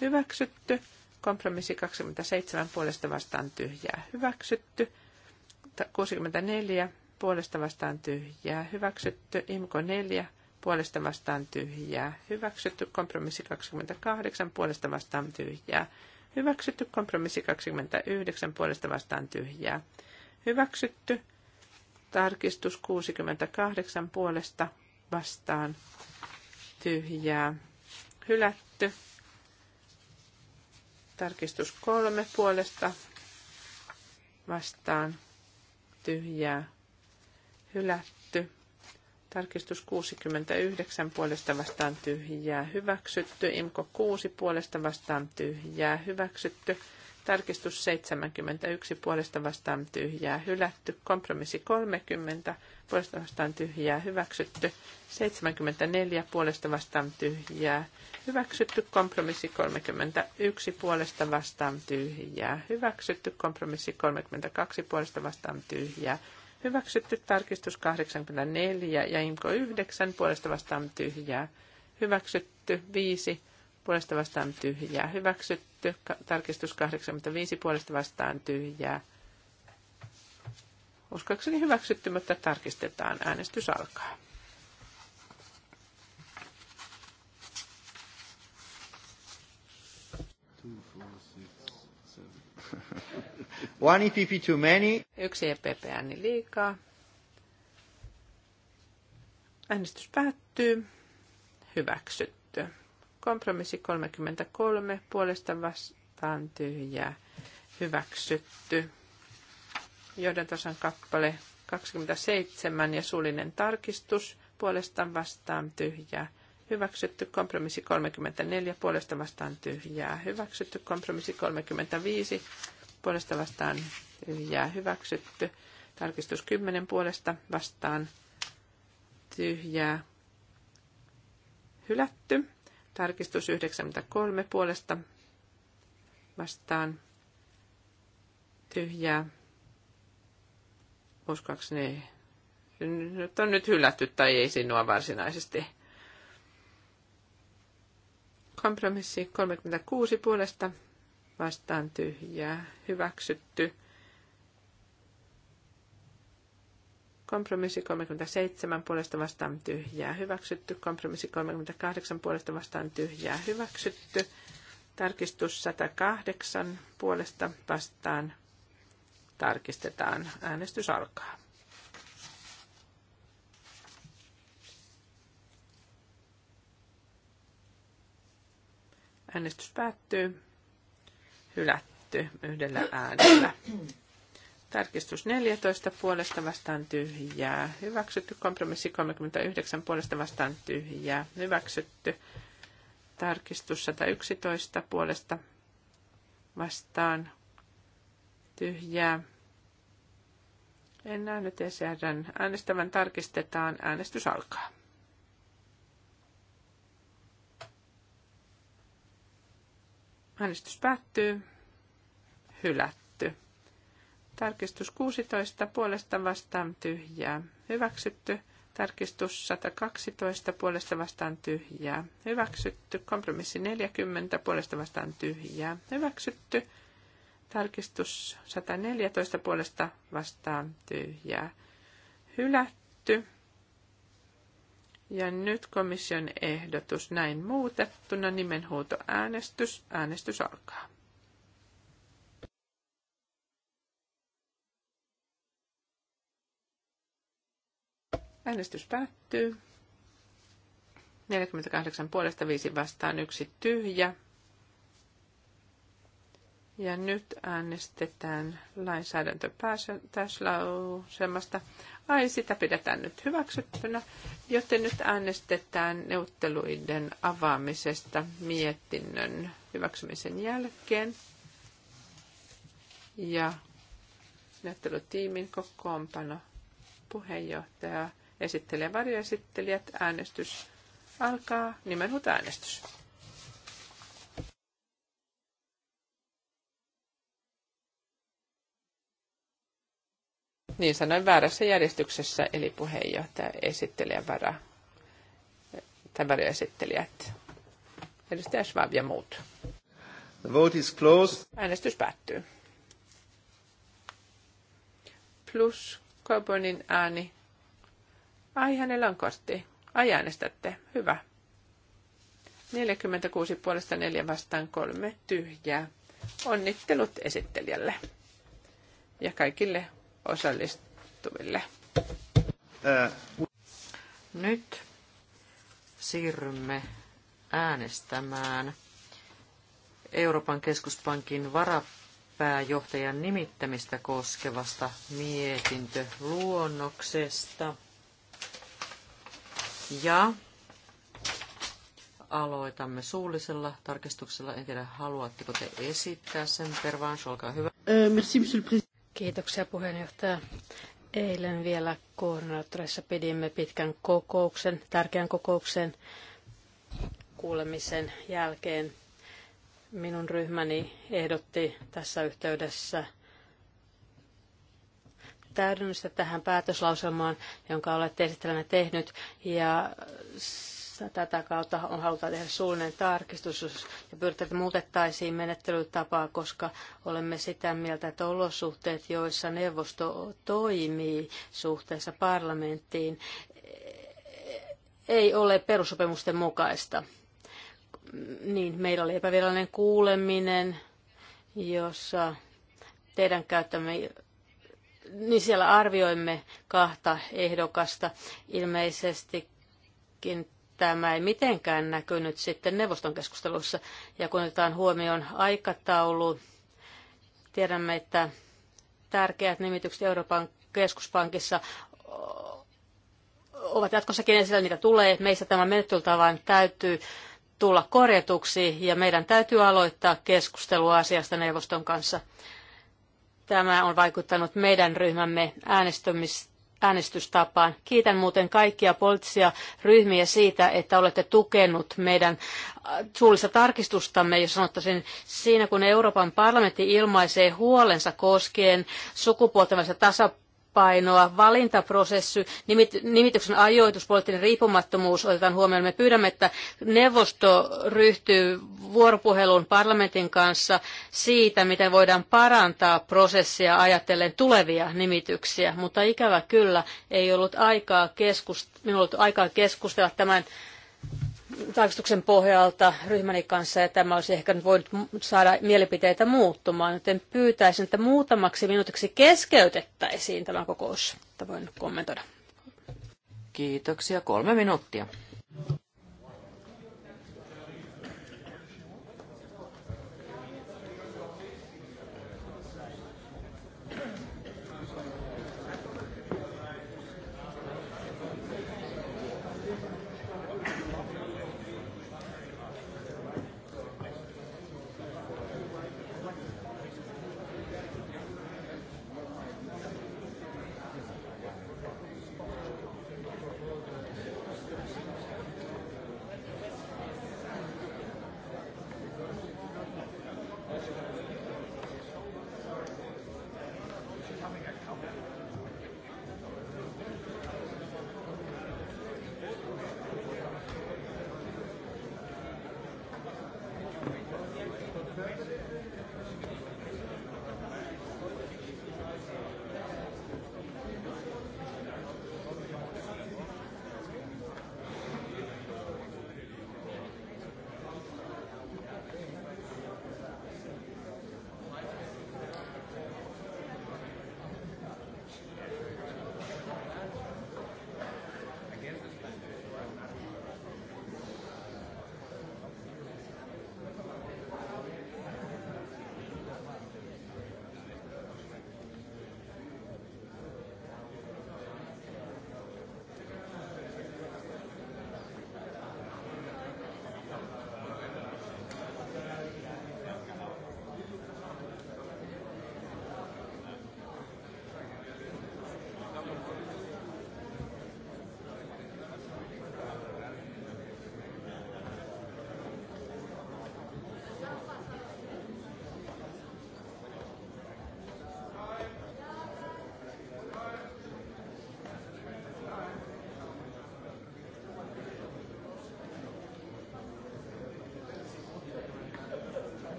Hyväksytty kompromissi 27 puolesta vastaan tyhjää. Hyväksytty 64 puolesta vastaan tyhjää. Hyväksytty imko 4 puolesta vastaan tyhjää. Hyväksytty kompromissi 28, puolesta vastaan tyhjää. Hyväksytty kompromissi 29, puolesta vastaan tyhjää. Hyväksytty tarkistus 68, puolesta vastaan tyhjää. Hylätty tarkistus 3, puolesta vastaan tyhjää. Hylätty Tarkistus 69 puolesta vastaan tyhjää hyväksytty. Imko 6 puolesta vastaan tyhjää hyväksytty. Tarkistus 71 puolesta vastaan tyhjää hylätty. Kompromissi 30 puolesta vastaan tyhjää hyväksytty. 74 puolesta vastaan tyhjää hyväksytty. Kompromissi 31 puolesta vastaan tyhjää hyväksytty. Kompromissi 32 puolesta vastaan tyhjää Hyväksytty tarkistus 84 ja IMKO 9 puolesta vastaan tyhjää. Hyväksytty 5 puolesta vastaan tyhjää. Hyväksytty tarkistus 85 puolesta vastaan tyhjää. Uskoakseni hyväksytty, mutta tarkistetaan. Äänestys alkaa. One EPP too many. Yksi EPP ääni liikaa. Äänestys päättyy. Hyväksytty. Kompromissi 33 puolesta vastaan tyhjää. Hyväksytty. Joiden tasan kappale 27 ja suullinen tarkistus puolesta vastaan tyhjää. Hyväksytty kompromissi 34 puolesta vastaan tyhjää. Hyväksytty kompromissi 35 puolesta vastaan tyhjää hyväksytty. Tarkistus 10 puolesta vastaan tyhjää hylätty. Tarkistus 93 puolesta vastaan tyhjää. Uskoakseni nyt on nyt hylätty tai ei sinua varsinaisesti. Kompromissi 36 puolesta vastaan tyhjää hyväksytty. Kompromissi 37 puolesta vastaan tyhjää hyväksytty. Kompromissi 38 puolesta vastaan tyhjää hyväksytty. Tarkistus 108 puolesta vastaan tarkistetaan. Äänestys alkaa. Äänestys päättyy hylätty yhdellä äänellä. Tarkistus 14 puolesta vastaan tyhjää. Hyväksytty kompromissi 39 puolesta vastaan tyhjää. Hyväksytty tarkistus 111 puolesta vastaan tyhjää. En nyt ECRn äänestävän tarkistetaan. Äänestys alkaa. Äänestys päättyy. Hylätty. Tarkistus 16 puolesta vastaan tyhjää. Hyväksytty. Tarkistus 112 puolesta vastaan tyhjää. Hyväksytty. Kompromissi 40 puolesta vastaan tyhjää. Hyväksytty. Tarkistus 114 puolesta vastaan tyhjää. Hylätty. Ja nyt komission ehdotus näin muutettuna nimenhuutoäänestys. Äänestys alkaa. Äänestys päättyy. 48 puolesta 5 vastaan yksi tyhjä. Ja nyt äänestetään lainsäädäntöpäätöslausemasta. Ai, sitä pidetään nyt hyväksyttynä, joten nyt äänestetään neuvotteluiden avaamisesta mietinnön hyväksymisen jälkeen. Ja neuvottelutiimin kokoonpano puheenjohtaja esittelee varjoesittelijät. Äänestys alkaa nimenhuutoäänestys. äänestys. Niin sanoin väärässä järjestyksessä, eli puheenjohtaja, esittelijä, varaa tämän esittelijät, edustaja Schwab ja muut. The vote is closed. Äänestys päättyy. Plus Coburnin ääni. Ai, hänellä on kortti. Ai, äänestätte. Hyvä. 46 puolesta 4 vastaan 3 tyhjää. Onnittelut esittelijälle ja kaikille osallistuville. Nyt siirrymme äänestämään Euroopan keskuspankin varapääjohtajan nimittämistä koskevasta mietintöluonnoksesta. Ja aloitamme suullisella tarkistuksella. En tiedä, haluatteko te esittää sen, Pervans, olkaa hyvä. Merci, monsieur le Kiitoksia puheenjohtaja. Eilen vielä koordinaattoreissa pidimme pitkän kokouksen, tärkeän kokouksen kuulemisen jälkeen. Minun ryhmäni ehdotti tässä yhteydessä täydennystä tähän päätöslauselmaan, jonka olette esittelemään tehnyt, ja Tätä kautta on halutaan tehdä suullinen tarkistus ja pyritään, että muutettaisiin menettelytapaa, koska olemme sitä mieltä, että olosuhteet, joissa neuvosto toimii suhteessa parlamenttiin, ei ole perussopimusten mukaista. Niin, meillä oli epävirallinen kuuleminen, jossa teidän käyttämme niin siellä arvioimme kahta ehdokasta. Ilmeisestikin tämä ei mitenkään näkynyt sitten neuvoston keskustelussa. Ja kun otetaan huomioon aikataulu, tiedämme, että tärkeät nimitykset Euroopan keskuspankissa ovat jatkossakin esillä, niitä tulee. Meistä tämä menettelytavan täytyy tulla korjatuksi ja meidän täytyy aloittaa keskustelu asiasta neuvoston kanssa. Tämä on vaikuttanut meidän ryhmämme äänestämis äänestystapaan. Kiitän muuten kaikkia poliittisia ryhmiä siitä, että olette tukenut meidän äh, suullista tarkistustamme, jos sanottaisin siinä, kun Euroopan parlamentti ilmaisee huolensa koskien sukupuolten tasa tasapainoa, valintaprosessi, nimityksen ajoitus, poliittinen riippumattomuus otetaan huomioon. Me pyydämme, että neuvosto ryhtyy vuoropuheluun parlamentin kanssa siitä, miten voidaan parantaa prosessia ajatellen tulevia nimityksiä, mutta ikävä kyllä ei ollut aikaa, keskust- minulla ollut aikaa keskustella tämän tarkistuksen pohjalta ryhmäni kanssa ja tämä olisi ehkä nyt voinut saada mielipiteitä muuttumaan, joten pyytäisin, että muutamaksi minuutiksi keskeytettäisiin tämä kokous, että voin kommentoida. Kiitoksia. Kolme minuuttia.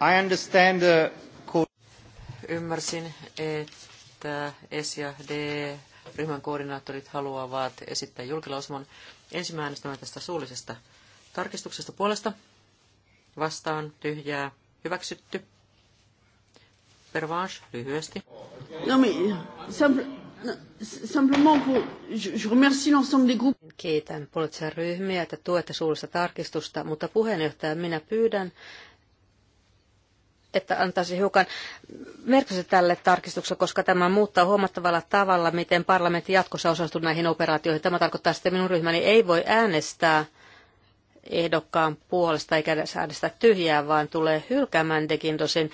I understand the... Ymmärsin, että S ja D ryhmän koordinaattorit haluavat esittää julkilausuman. Ensin äänestämme tästä suullisesta tarkistuksesta puolesta. Vastaan tyhjää hyväksytty. Pervanche lyhyesti. No, mais, simple, simplement pour, je, remercie l'ensemble des groupes. Kiitän poliittisia ryhmiä, että tuette suullista tarkistusta, mutta puheenjohtaja, minä pyydän, että antaisi hiukan merkitystä tälle tarkistukselle, koska tämä muuttaa huomattavalla tavalla, miten parlamentti jatkossa osallistuu näihin operaatioihin. Tämä tarkoittaa, että minun ryhmäni ei voi äänestää ehdokkaan puolesta eikä äänestää tyhjää, vaan tulee hylkäämään tosin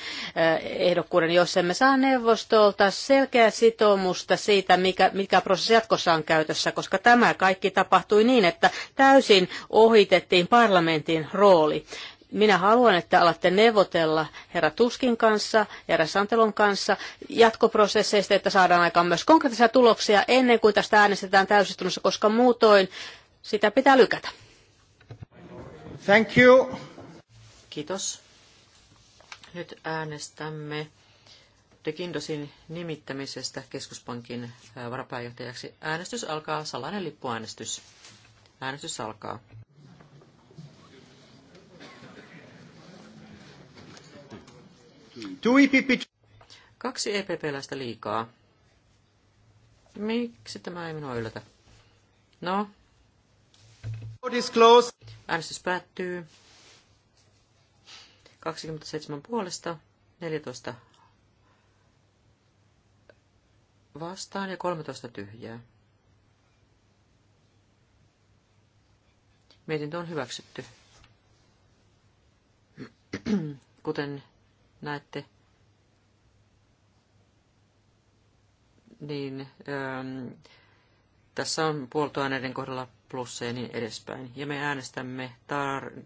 eh, ehdokkuuden, jos emme saa neuvostolta selkeää sitoumusta siitä, mikä, mikä prosessi jatkossa on käytössä, koska tämä kaikki tapahtui niin, että täysin ohitettiin parlamentin rooli minä haluan, että alatte neuvotella herra Tuskin kanssa, herra Santelon kanssa jatkoprosesseista, että saadaan aikaan myös konkreettisia tuloksia ennen kuin tästä äänestetään täysistunnossa, koska muutoin sitä pitää lykätä. Thank you. Kiitos. Nyt äänestämme De Kindosin nimittämisestä keskuspankin äh, varapääjohtajaksi. Äänestys alkaa, salainen lippuäänestys. Äänestys alkaa. E Kaksi EPP-läistä liikaa. Miksi tämä ei minua yllätä? No. Äänestys päättyy. 27 puolesta, 14 vastaan ja 13 tyhjää. Mietintö on hyväksytty. Kuten näette, niin ähm, tässä on puoltoaineiden kohdalla plusseja ja niin edespäin. Ja me äänestämme tar-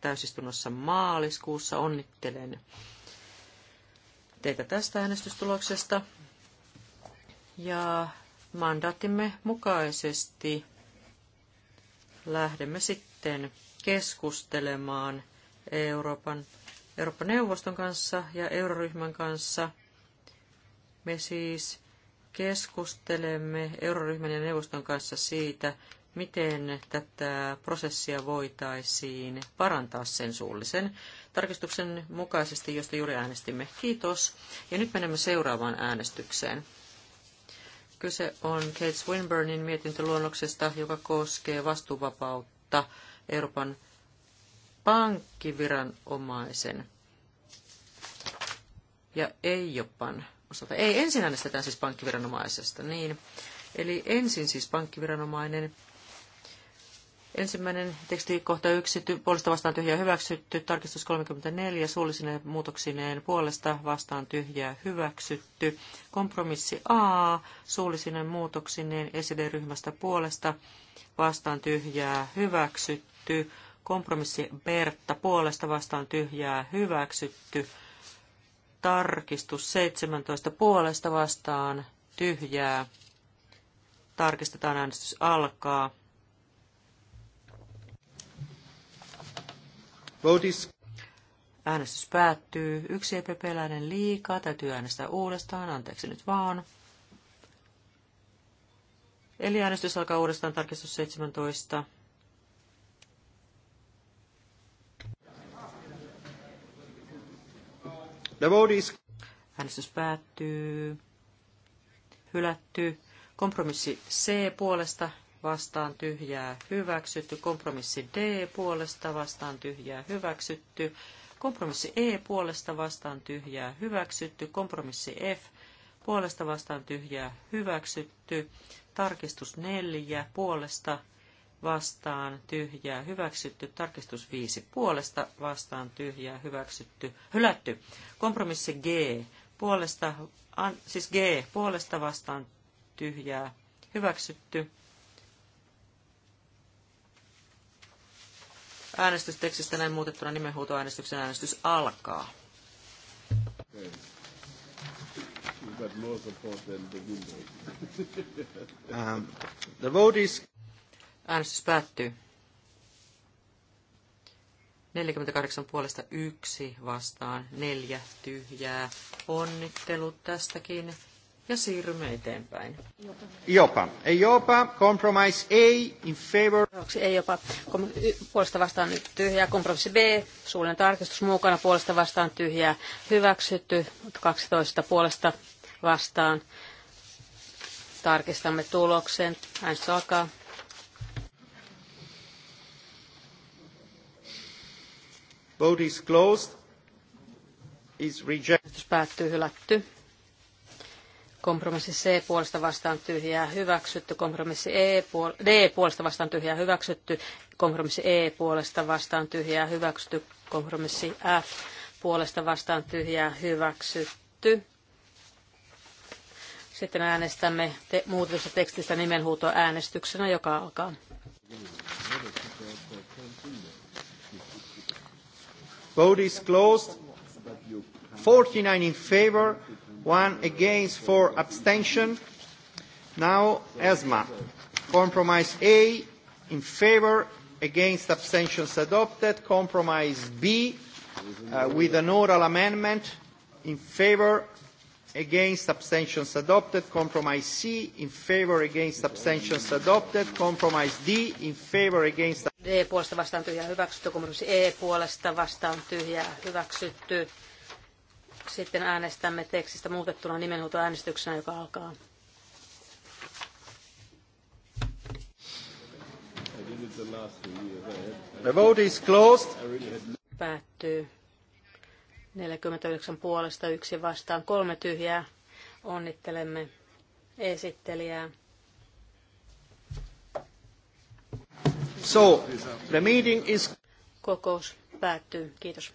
täysistunnossa maaliskuussa. Onnittelen teitä tästä äänestystuloksesta. Ja mandaattimme mukaisesti lähdemme sitten keskustelemaan Euroopan Eurooppa-neuvoston kanssa ja euroryhmän kanssa. Me siis keskustelemme euroryhmän ja neuvoston kanssa siitä, miten tätä prosessia voitaisiin parantaa sen suullisen tarkistuksen mukaisesti, josta juuri äänestimme. Kiitos. Ja nyt menemme seuraavaan äänestykseen. Kyse on Kate Swinburnin mietintöluonnoksesta, joka koskee vastuuvapautta Euroopan pankkiviranomaisen ja ei jopan osalta. Ei, ensin äänestetään siis pankkiviranomaisesta, niin. Eli ensin siis pankkiviranomainen. Ensimmäinen teksti kohta yksi, puolesta vastaan tyhjää hyväksytty, tarkistus 34, suullisine muutoksineen puolesta vastaan tyhjää hyväksytty, kompromissi A, suullisine muutoksineen esideryhmästä puolesta vastaan tyhjää hyväksytty, Kompromissi Bertta puolesta vastaan tyhjää hyväksytty. Tarkistus 17 puolesta vastaan tyhjää. Tarkistetaan äänestys alkaa. Votis. Äänestys päättyy. Yksi EPP-läinen liikaa. Täytyy äänestää uudestaan. Anteeksi nyt vaan. Eli äänestys alkaa uudestaan tarkistus 17. The vote is... Äänestys päättyy. Hylätty. Kompromissi C puolesta vastaan tyhjää hyväksytty. Kompromissi D puolesta vastaan tyhjää hyväksytty. Kompromissi E puolesta vastaan tyhjää hyväksytty. Kompromissi F puolesta vastaan tyhjää hyväksytty. Tarkistus 4 puolesta vastaan tyhjää hyväksytty, tarkistus 5 puolesta vastaan tyhjää hyväksytty, hylätty. Kompromissi G puolesta, an, siis G puolesta vastaan tyhjää hyväksytty. Äänestystekstistä näin muutettuna nimenhuutoäänestyksen äänestys alkaa. Okay. Um, the vote is Äänestys päättyy. 48 puolesta yksi vastaan, neljä tyhjää. Onnittelut tästäkin ja siirrymme eteenpäin. Jopa. Jopa, compromise A in favor. Ei jopa, puolesta vastaan tyhjää, kompromissi B, suullinen tarkistus mukana, puolesta vastaan tyhjää, hyväksytty, 12 puolesta vastaan. Tarkistamme tuloksen. Äänestys alkaa. Vote is closed. Is rejected. päättyy hylätty. Kompromissi C puolesta vastaan tyhjää hyväksytty. Kompromissi e puol- D puolesta vastaan tyhjää hyväksytty. Kompromissi E puolesta vastaan tyhjää hyväksytty. Kompromissi F puolesta vastaan tyhjää hyväksytty. Sitten äänestämme te- muutetusta tekstistä äänestyksenä, joka alkaa. Vote is closed. 49 in favor, one against, four abstention. Now ESMA. Compromise A in favor, against abstentions adopted. Compromise B uh, with an oral amendment in favor, against abstentions adopted. Compromise C in favor, against abstentions adopted. Compromise D in favor, against D puolesta vastaan tyhjää hyväksytty, kompromissi E puolesta vastaan tyhjää hyväksytty. Sitten äänestämme tekstistä muutettuna nimenhuutoäänestyksenä, joka alkaa. The vote is closed. Päättyy. 49 puolesta, yksi vastaan, kolme tyhjää. Onnittelemme esittelijää. So, the meeting is... Kokous päättyy. Kiitos.